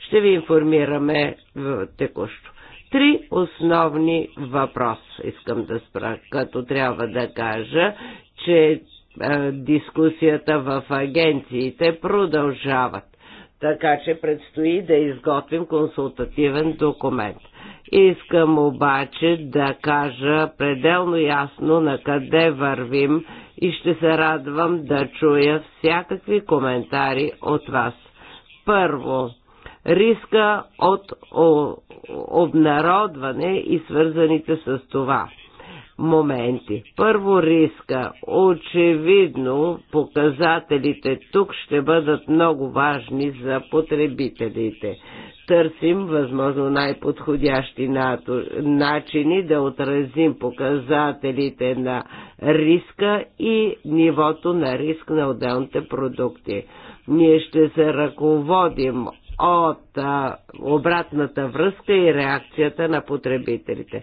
B: Ще ви информираме текущо. Три основни въпроса искам да спра, като трябва да кажа, че е, дискусията в агенциите продължават. Така че предстои да изготвим консултативен документ. Искам обаче да кажа пределно ясно на къде вървим и ще се радвам да чуя всякакви коментари от вас. Първо, риска от обнародване и свързаните с това моменти. Първо риска. Очевидно показателите тук ще бъдат много важни за потребителите. Търсим възможно най-подходящи начини да отразим показателите на риска и нивото на риск на отделните продукти. Ние ще се ръководим от обратната връзка и реакцията на потребителите.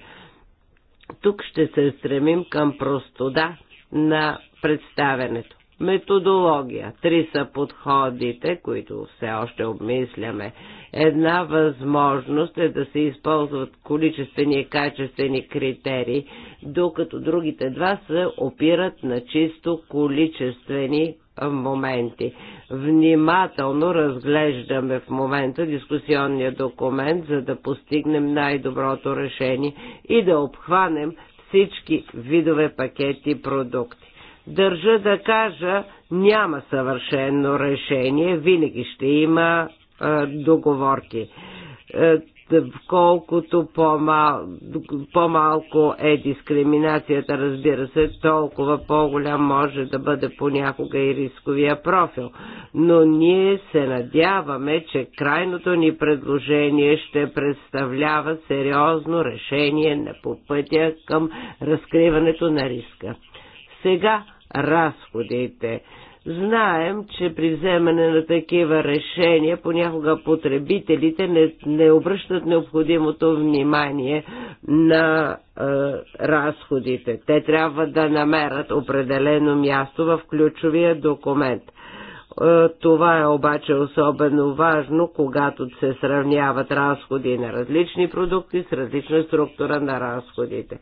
B: Тук ще се стремим към простода на представенето. Методология. Три са подходите, които все още обмисляме. Една възможност е да се използват количествени и качествени критерии, докато другите два се опират на чисто количествени моменти. Внимателно разглеждаме в момента дискусионния документ, за да постигнем най-доброто решение и да обхванем всички видове пакети продукти. Държа да кажа, няма съвършено решение, винаги ще има е, договорки колкото по-мал, по-малко е дискриминацията, разбира се, толкова по-голям може да бъде понякога и рисковия профил. Но ние се надяваме, че крайното ни предложение ще представлява сериозно решение на по пътя към разкриването на риска. Сега разходите. Знаем, че при вземане на такива решения понякога потребителите не, не обръщат необходимото внимание на е, разходите. Те трябва да намерят определено място в ключовия документ. Е, това е обаче особено важно, когато се сравняват разходи на различни продукти с различна структура на разходите.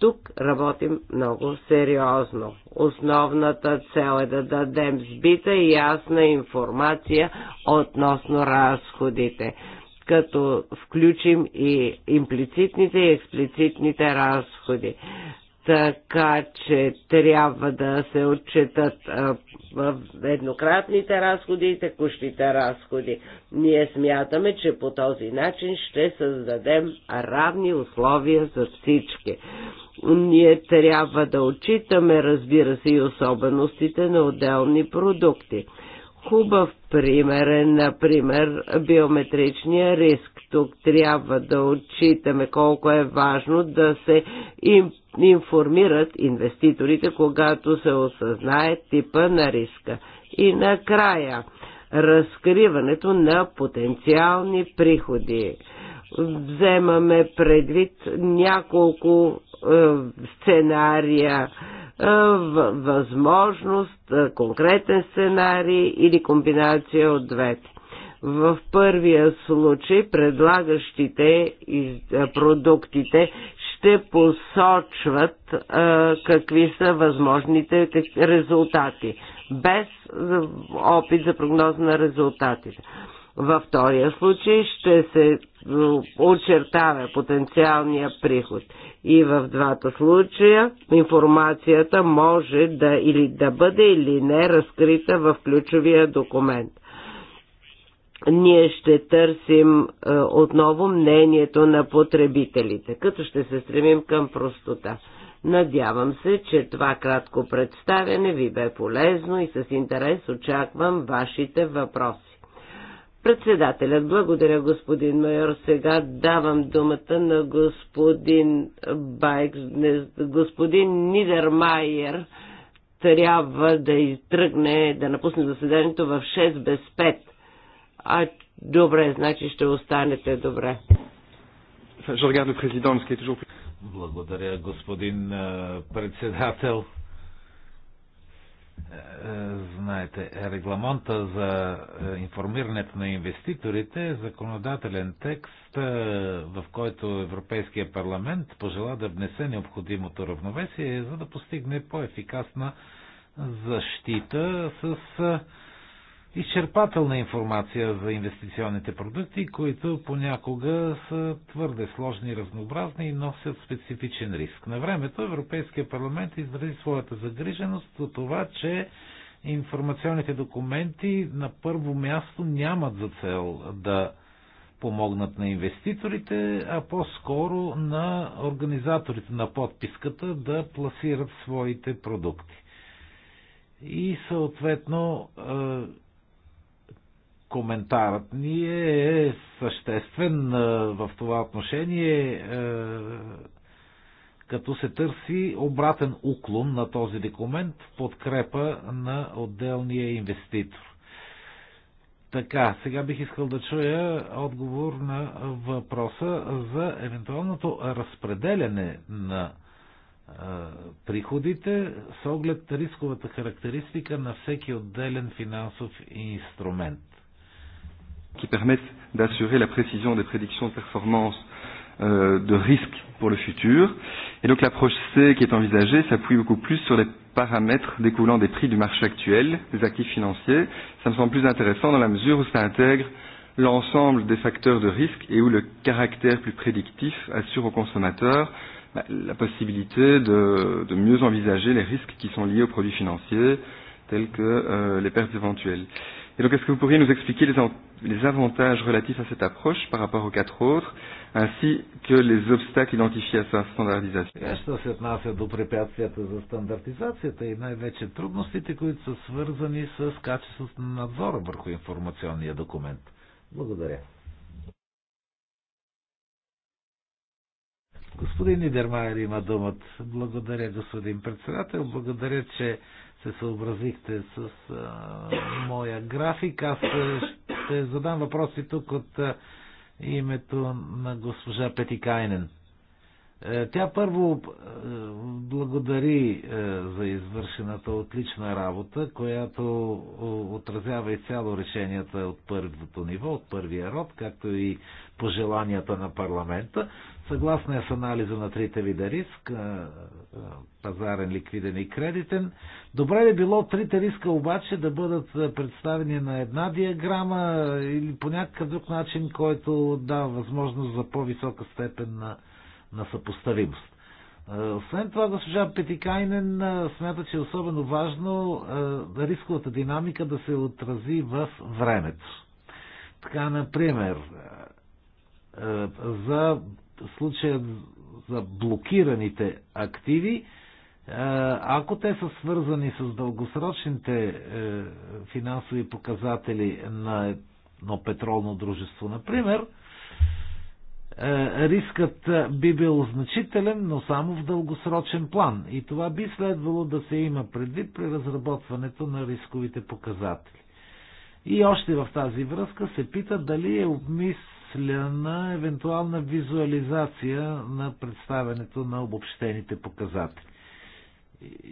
B: Тук работим много сериозно. Основната цел е да дадем сбита и ясна информация относно разходите, като включим и имплицитните и експлицитните разходи така че трябва да се отчитат еднократните разходи и текущите разходи. Ние смятаме, че по този начин ще създадем равни условия за всички. Ние трябва да отчитаме, разбира се, и особеностите на отделни продукти. Хубав пример е, например, биометричния риск. Тук трябва да отчитаме колко е важно да се им информират инвеститорите, когато се осъзнае типа на риска. И накрая, разкриването на потенциални приходи. Вземаме предвид няколко е, сценария възможност, конкретен сценарий или комбинация от двете. В първия случай предлагащите продуктите ще посочват какви са възможните резултати, без опит за прогноза на резултатите. Във втория случай ще се е, очертава потенциалния приход. И в двата случая информацията може да, или да бъде или не разкрита в ключовия документ ние ще търсим е, отново мнението на потребителите, като ще се стремим към простота. Надявам се, че това кратко представяне ви бе полезно и с интерес очаквам вашите въпроси. Председателят, благодаря господин майор. Сега давам думата на господин Байкс. Господин Нидермайер трябва да изтръгне, да напусне заседанието в 6 без 5. А, добре, значи ще останете добре.
A: Благодаря, господин председател. Е, знаете, регламента за е, информирането на инвеститорите е законодателен текст, е, в който Европейския парламент пожела да внесе необходимото равновесие, за да постигне по-ефикасна защита с изчерпателна информация за инвестиционните продукти, които понякога са твърде сложни и разнообразни и носят специфичен риск. На времето Европейския парламент изрази своята загриженост за това, че информационните документи на първо място нямат за цел да помогнат на инвеститорите, а по-скоро на организаторите на подписката да пласират своите продукти. И съответно е, коментарът ни е съществен в това отношение, е, като се търси обратен уклон на този документ в подкрепа на отделния инвеститор. Така, сега бих искал да чуя отговор на въпроса за евентуалното разпределяне на е, приходите с оглед рисковата характеристика на всеки отделен финансов инструмент
C: qui
D: permettent d'assurer la précision des prédictions de performance euh, de risque pour le futur. Et donc l'approche C qui est envisagée s'appuie beaucoup plus sur les paramètres découlant des prix du marché actuel des actifs financiers. Ça me semble plus intéressant dans la mesure où ça intègre l'ensemble des facteurs de risque et où le caractère plus prédictif assure aux consommateurs bah, la possibilité de, de mieux envisager les risques qui sont liés aux produits financiers, tels que euh, les pertes éventuelles. Euh, Et donc, est-ce que vous pourriez nous expliquer les, les avantages relatifs à cette approche par rapport aux quatre autres, ainsi que les obstacles identifiés à sa стандартизация? Сега,
A: що се отнася до препятствията за стандартизацията и най-вече трудностите, които са свързани с качеството на надзора върху информационния документ. Благодаря. Господин Нидермайер има думат. Благодаря, господин председател. Благодаря, че се съобразихте с а, моя график. Аз ще задам въпроси тук от а, името на госпожа Петикайнен. Е, тя първо е, благодари е, за извършената отлична работа, която отразява изцяло решенията от първото ниво, от първия род, както и пожеланията на парламента. Съгласно е с анализа на трите вида риск, пазарен, ликвиден и кредитен. Добре би било трите риска обаче да бъдат представени на една диаграма или по някакъв друг начин, който дава възможност за по-висока степен на, на съпоставимост. Освен това, госпожа Петикайнен смята, че е особено важно рисковата динамика да се отрази в времето. Така, например, за случая за блокираните активи, е, ако те са свързани с дългосрочните е, финансови показатели на едно петролно дружество, например, е, рискът би бил значителен, но само в дългосрочен план. И това би следвало да се има предвид при разработването на рисковите показатели. И още в тази връзка се пита дали е обмис обмисляна евентуална визуализация на представенето на обобщените показатели.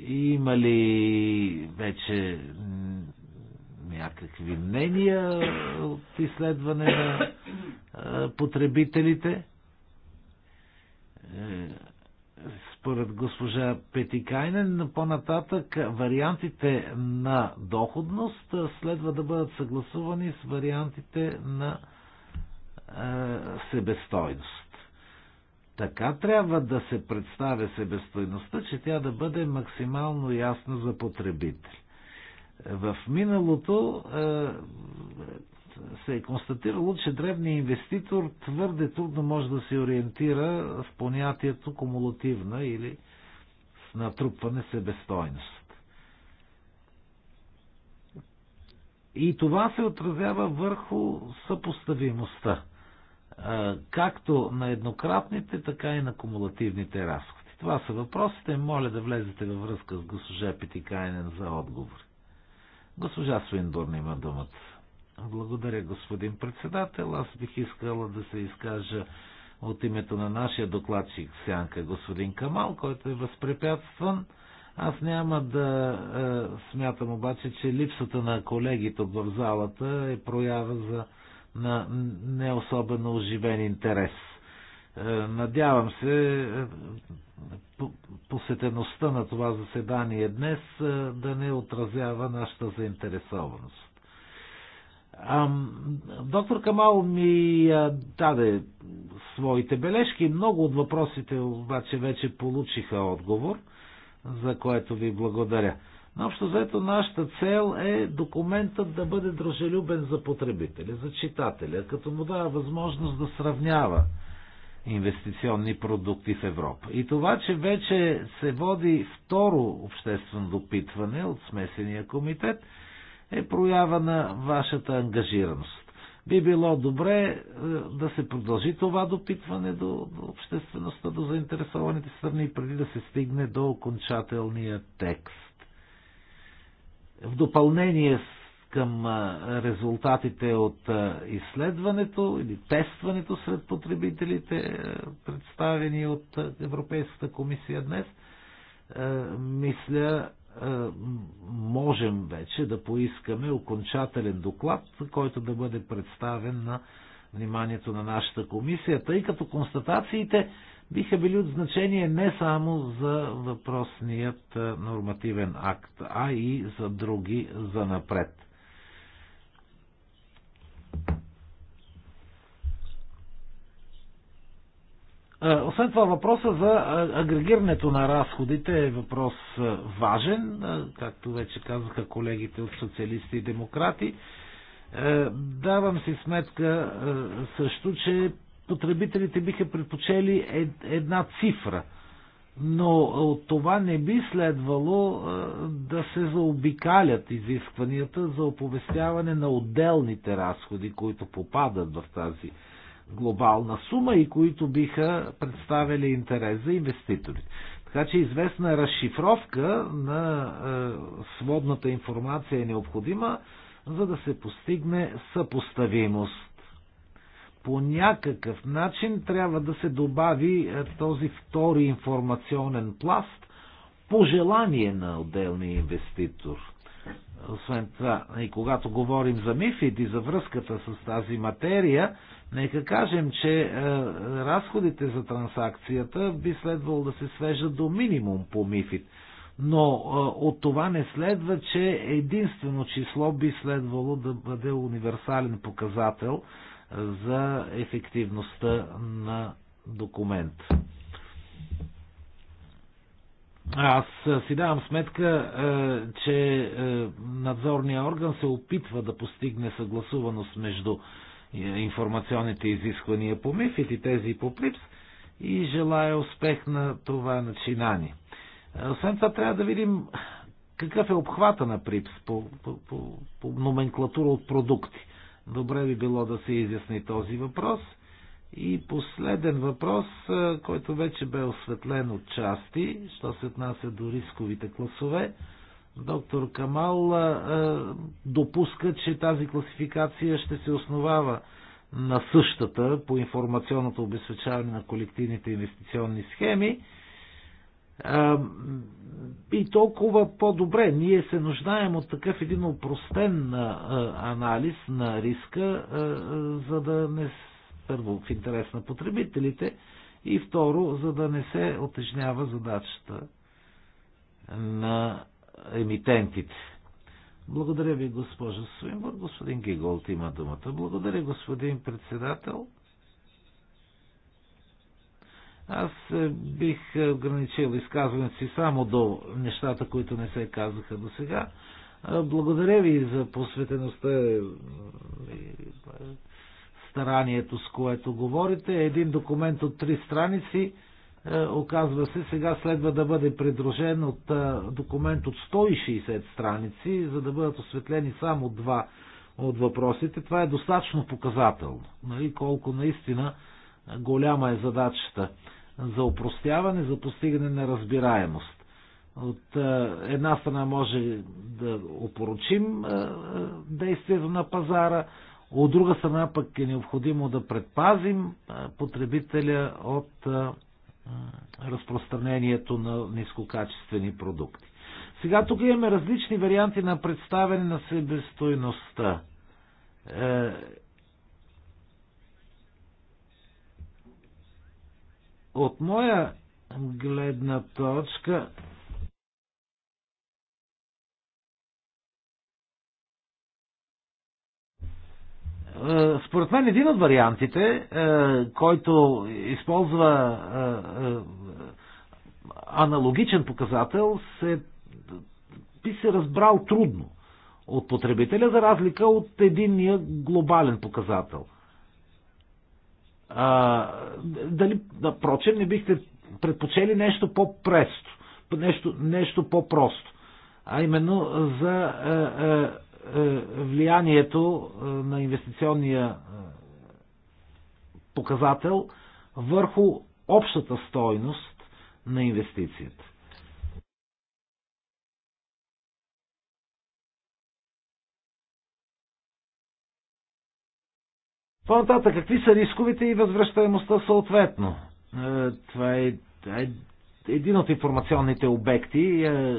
A: Има ли вече някакви мнения от изследване на потребителите? Е, според госпожа Петикайнен, по-нататък вариантите на доходност следва да бъдат съгласувани с вариантите на е, себестойност. Така трябва да се представя себестойността, че тя да бъде максимално ясна за потребител. В миналото е, се е констатирало, че древният инвеститор твърде трудно може да се ориентира в понятието кумулативна или с натрупване себестойност. И това се отразява върху съпоставимостта както на еднократните, така и на кумулативните разходи. Това са въпросите. Моля да влезете във връзка с госпожа Петикайнен за отговор. Госпожа Свинбурн има думата. Благодаря, господин председател. Аз бих искала да се изкажа от името на нашия докладчик Сянка, господин Камал, който е възпрепятстван. Аз няма да е, смятам обаче, че липсата на колегите в залата е проява за на не особено оживен интерес. Е, надявам се е, посетеността на това заседание днес е, да не отразява нашата заинтересованост. Доктор Камал ми даде своите бележки. Много от въпросите обаче вече получиха отговор, за което ви благодаря. Общо заето нашата цел е документът да бъде дружелюбен за потребителя, за читателя, като му дава възможност да сравнява инвестиционни продукти в Европа. И това, че вече се води второ обществено допитване от смесения комитет, е проява на вашата ангажираност. Би било добре е, да се продължи това допитване до, до обществеността, до заинтересованите страни, преди да се стигне до окончателния текст. В допълнение към резултатите от изследването или тестването сред потребителите, представени от Европейската комисия днес, мисля, можем вече да поискаме окончателен доклад, който да бъде представен на вниманието на нашата комисия, тъй като констатациите биха били от значение не само за въпросният е, нормативен акт, а и за други за напред. Е, освен това, въпроса за е, агрегирането на разходите е въпрос важен, както вече казаха колегите от социалисти и демократи. Давам си сметка също, че потребителите биха предпочели една цифра. Но от това не би следвало е, да се заобикалят изискванията за оповестяване на отделните разходи, които попадат в тази глобална сума и които биха представили интерес за инвеститорите. Така че известна разшифровка на е, сводната информация е необходима, за да се постигне съпоставимост по някакъв начин трябва да се добави е, този втори информационен пласт по желание на отделния инвеститор. Освен това, и когато говорим за МИФИД и за връзката с тази материя, нека кажем, че е, разходите за транзакцията би следвало да се свежат до минимум по мифит. Но е, от това не следва, че единствено число би следвало да бъде универсален показател за ефективността на документ. Аз си давам сметка, е, че е, надзорния орган се опитва да постигне съгласуваност между е, информационните изисквания по МИФИТ и тези по ПРИПС и желая успех на това начинание. Освен това трябва да видим какъв е обхвата на ПРИПС по, по, по, по номенклатура от продукти. Добре би било да се изясни този въпрос. И последен въпрос, който вече бе осветлен от части, що се отнася до рисковите класове. Доктор Камал допуска, че тази класификация ще се основава на същата по информационното обезпечаване на колективните инвестиционни схеми и толкова по-добре. Ние се нуждаем от такъв един опростен анализ на риска, за да не първо в интерес на потребителите и второ, за да не се отежнява задачата на емитентите. Благодаря ви, госпожо Суинбър. Господин Гиголт има думата. Благодаря, господин председател. Аз е, бих е, ограничил изказването си само до нещата, които не се казаха до сега. Е, благодаря ви за посветеността и старанието, с което говорите. Един документ от три страници, оказва се, сега следва да бъде придружен от документ от 160 страници, за да бъдат осветлени само два от въпросите. Това е достатъчно показателно. Нали? Колко наистина Голяма е задачата за упростяване, за постигане на разбираемост. От е, една страна може да опорочим е, е, действието на пазара, от друга страна пък е необходимо да предпазим потребителя от разпространението на нискокачествени продукти. Сега тук имаме различни варианти на представяне на себестойността. От моя гледна точка е, според мен един от вариантите, е, който използва е, аналогичен показател, се, би се разбрал трудно от потребителя, за разлика от единния глобален показател. А, дали, напрочем, не бихте предпочели нещо по-престо, нещо, нещо по-просто, а именно за е, е, е влиянието е, на инвестиционния е, показател върху общата стойност на инвестицията. По-нататък, какви са рисковете и възвръщаемостта съответно? Е, това е, е един от информационните обекти, е,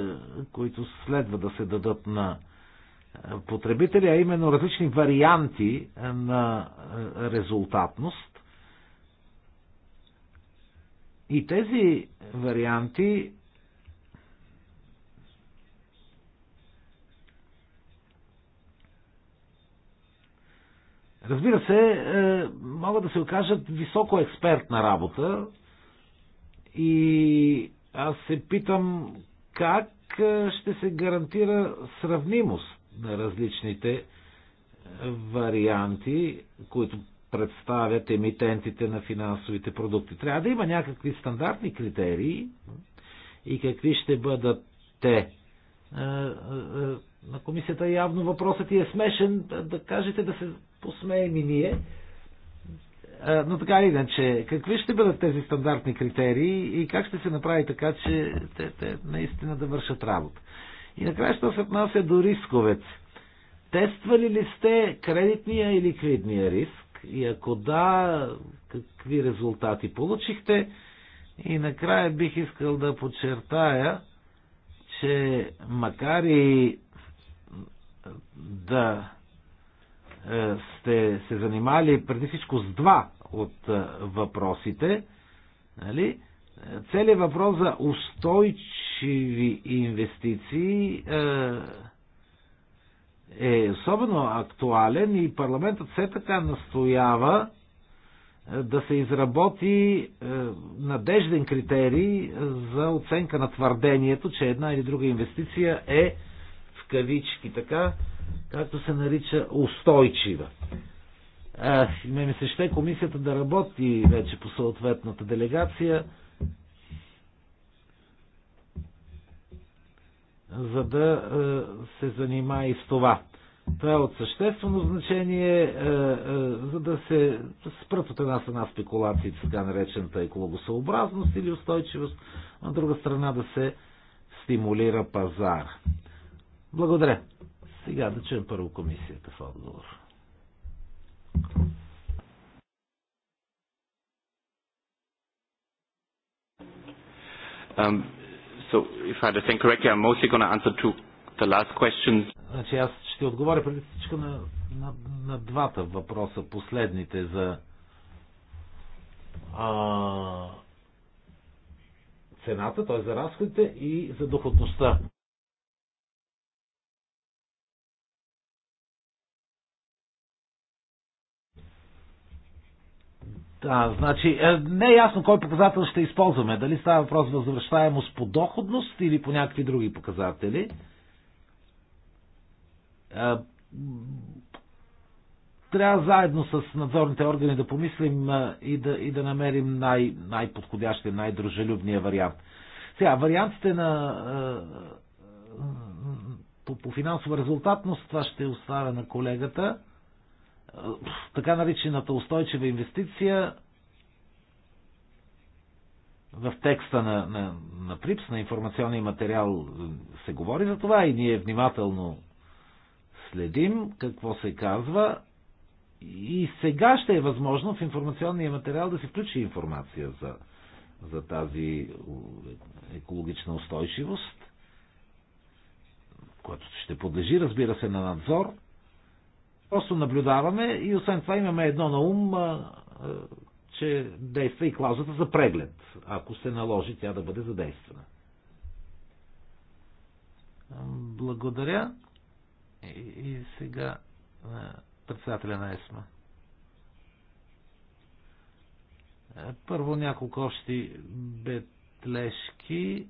A: които следва да се дадат на потребители, а именно различни варианти на резултатност. И тези варианти Разбира се, е, могат да се окажат високо експертна работа и аз се питам как е, ще се гарантира сравнимост на различните варианти, които представят емитентите на финансовите продукти. Трябва да има някакви стандартни критерии и какви ще бъдат те е, е, на комисията явно въпросът ти е смешен, да, да кажете да се посмеем и ние. Но така или иначе, какви ще бъдат тези стандартни критерии и как ще се направи така, че те, те наистина да вършат работа? И накрая, що се отнася до рисковец. Тествали ли сте кредитния и ликвидния риск? И ако да, какви резултати получихте? И накрая бих искал да подчертая, че макар и да е, сте се занимали преди всичко с два от е, въпросите. Нали? Е, целият въпрос за устойчиви инвестиции е особено актуален и парламентът все така настоява да се изработи надежден критерий за оценка на твърдението, че една или друга инвестиция е кавички, така, както се нарича, устойчива. А, ме ми се ще комисията да работи вече по съответната делегация, за да е, се занима и с това. Това е от съществено значение, е, е, за да се спрат от една страна спекулации, така наречената екологосъобразност или устойчивост, а от друга страна да се стимулира пазар. Благодаря. Сега да чуем първо комисията в отговор. Um, so if I understand correctly, I'm mostly going to answer to the last question. Значи аз ще отговоря преди всичко на, на, на двата въпроса, последните за а, цената, т.е. за разходите и за доходността. А, значи, е, не е ясно кой показател ще използваме. Дали става въпрос за възвръщаемост по доходност или по някакви други показатели. А, е, трябва заедно с надзорните органи да помислим е, и да, и да намерим най, най-подходящия, най-дружелюбния вариант. Сега, вариантите на по, по финансова резултатност, това ще оставя на колегата така наричената устойчива инвестиция в текста на, на, на ПРИПС, на информационния материал се говори за това и ние внимателно следим какво се казва. И сега ще е възможно в информационния материал да се включи информация за, за тази екологична устойчивост, която ще подлежи, разбира се, на надзор – Просто наблюдаваме и освен това имаме едно на ум, че действа и клаузата за преглед, ако се наложи тя да бъде задействана. Благодаря. И сега председателя на ЕСМА. Първо няколко общи бетлешки.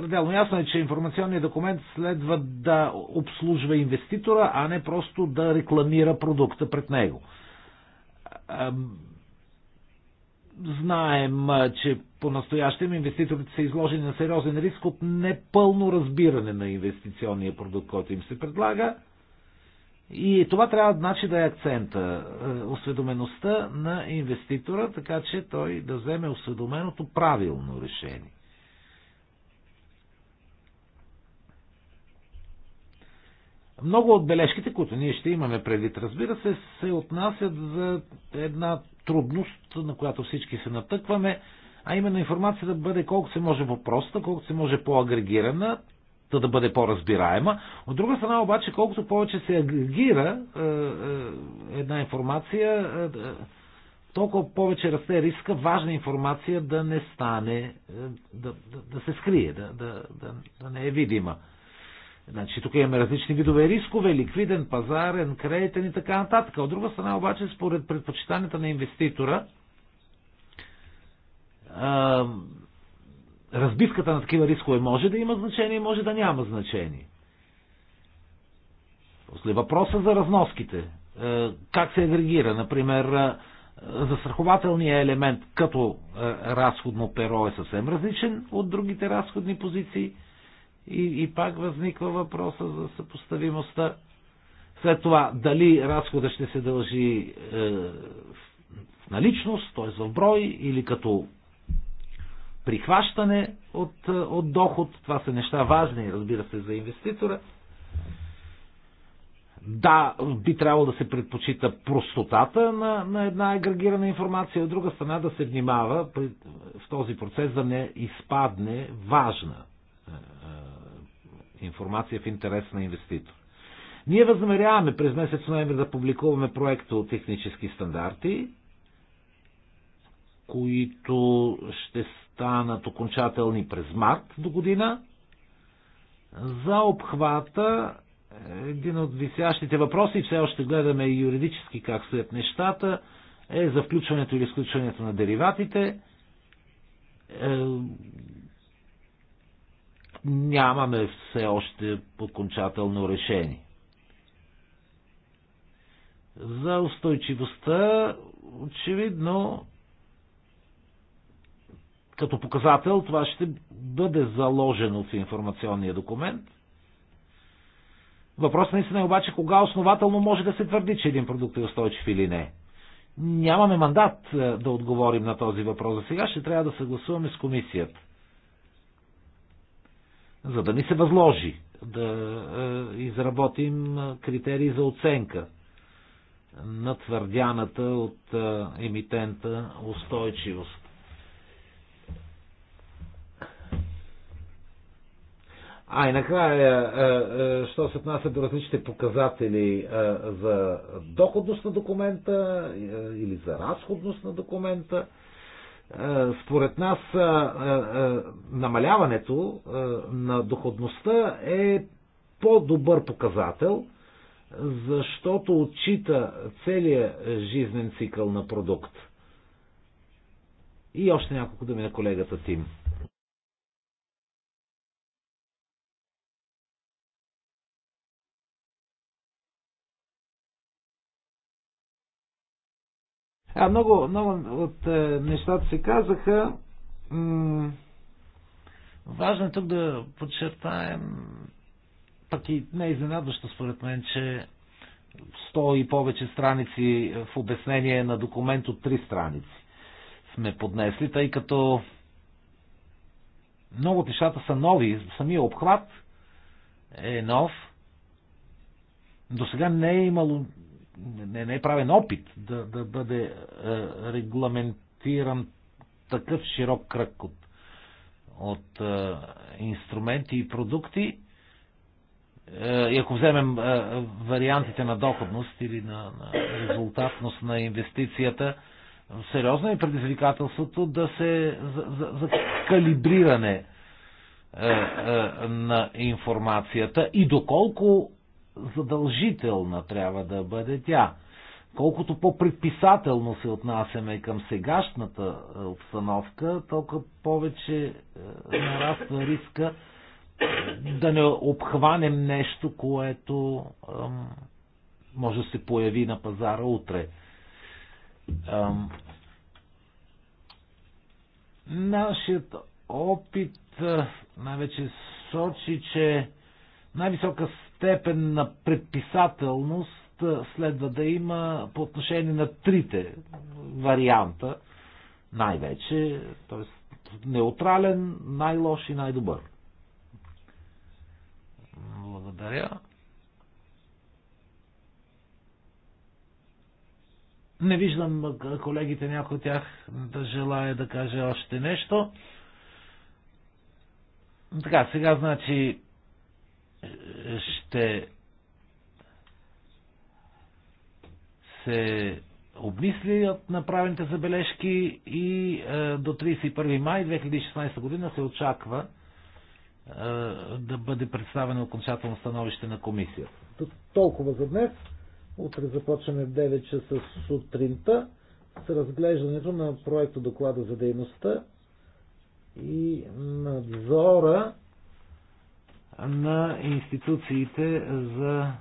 A: Пределно ясно е, че информационният документ следва да обслужва инвеститора, а не просто да рекламира продукта пред него. Знаем, че по-настоящем инвеститорите са изложени на сериозен риск от непълно разбиране на инвестиционния продукт, който им се предлага. И това трябва значи да е акцента, е, осведомеността на инвеститора, така че той да вземе осведоменото правилно решение. Много от бележките, които ние ще имаме предвид, разбира се, се отнасят за една трудност, на която всички се натъкваме, а именно информация да бъде колкото се може по-проста, колкото се може по-агрегирана, да, да бъде по-разбираема. От друга страна обаче, колкото повече се агрегира е, е, една информация, е, е толкова повече расте риска важна информация да не стане, е, да, да, да се скрие, да, да, да, да не е видима. Значи тук имаме различни видове рискове, ликвиден, пазарен, кредитен и така нататък. От друга страна обаче, според предпочитанията на инвеститора, разбивката на такива рискове може да има значение, може да няма значение. После въпроса за разноските. Как се агрегира? Например, застрахователният елемент като разходно перо е съвсем различен от другите разходни позиции – и, и пак възниква въпроса за съпоставимостта. След това, дали разхода ще се дължи е, в наличност, т.е. в брой, или като прихващане от, е, от доход. Това са неща важни, разбира се, за инвеститора. Да, би трябвало да се предпочита простотата на, на една агрегирана информация, от друга страна да се внимава при, в този процес да не изпадне важна информация в интерес на инвеститор. Ние възнамеряваме през месец ноември да публикуваме проекта от технически стандарти, които ще станат окончателни през март до година. За обхвата един от висящите въпроси, все още гледаме и юридически как стоят нещата, е за включването или изключването на дериватите. Е, нямаме все още окончателно решение. За устойчивостта, очевидно, като показател това ще бъде заложено в информационния документ. Въпрос наистина е обаче кога основателно може да се твърди, че един продукт е устойчив или не. Нямаме мандат е, да отговорим на този въпрос. За сега ще трябва да съгласуваме с комисията за да ни се възложи да е, изработим критерии за оценка на твърдяната от е, емитента устойчивост. А и накрая, е, що се отнася до различните показатели за доходност на документа или за разходност на документа, е, според нас е, е, намаляването на доходността е по-добър показател, защото отчита целият жизнен цикъл на продукт. И още няколко думи на колегата Тим. А много, много от е, нещата се казаха. Важно е тук да подчертаем, пък и не е изненадващо според мен, че 100 и повече страници в обяснение на документ от 3 страници сме поднесли, тъй като много от нещата са нови, самия обхват е нов. До сега не е имало не, не е правен опит да, да бъде е, регламентиран такъв широк кръг от, от е, инструменти и продукти. Е, и ако вземем вариантите на доходност или на, на резултатност на инвестицията, сериозно е предизвикателството да се за, за, за калибриране на информацията и доколко задължителна трябва да бъде тя. Колкото по-предписателно се отнасяме към сегашната е, обстановка, толкова повече е, нараства риска е, да не обхванем нещо, което може да се появи на пазара утре. Нашият опит най-вече сочи, че най-висока степен на предписателност следва да има по отношение на трите варианта, най-вече, т.е. неутрален, най-лош и най-добър. Благодаря. Не виждам колегите, някой от тях да желая да каже още нещо. Така, сега значи ще се обмисли от направените забележки и е, до 31 май 2016 година се очаква е, да бъде представено окончателно становище на комисията. Толкова за днес. Утре започваме в 9 часа сутринта с разглеждането на проекта доклада за дейността и надзора на институциите за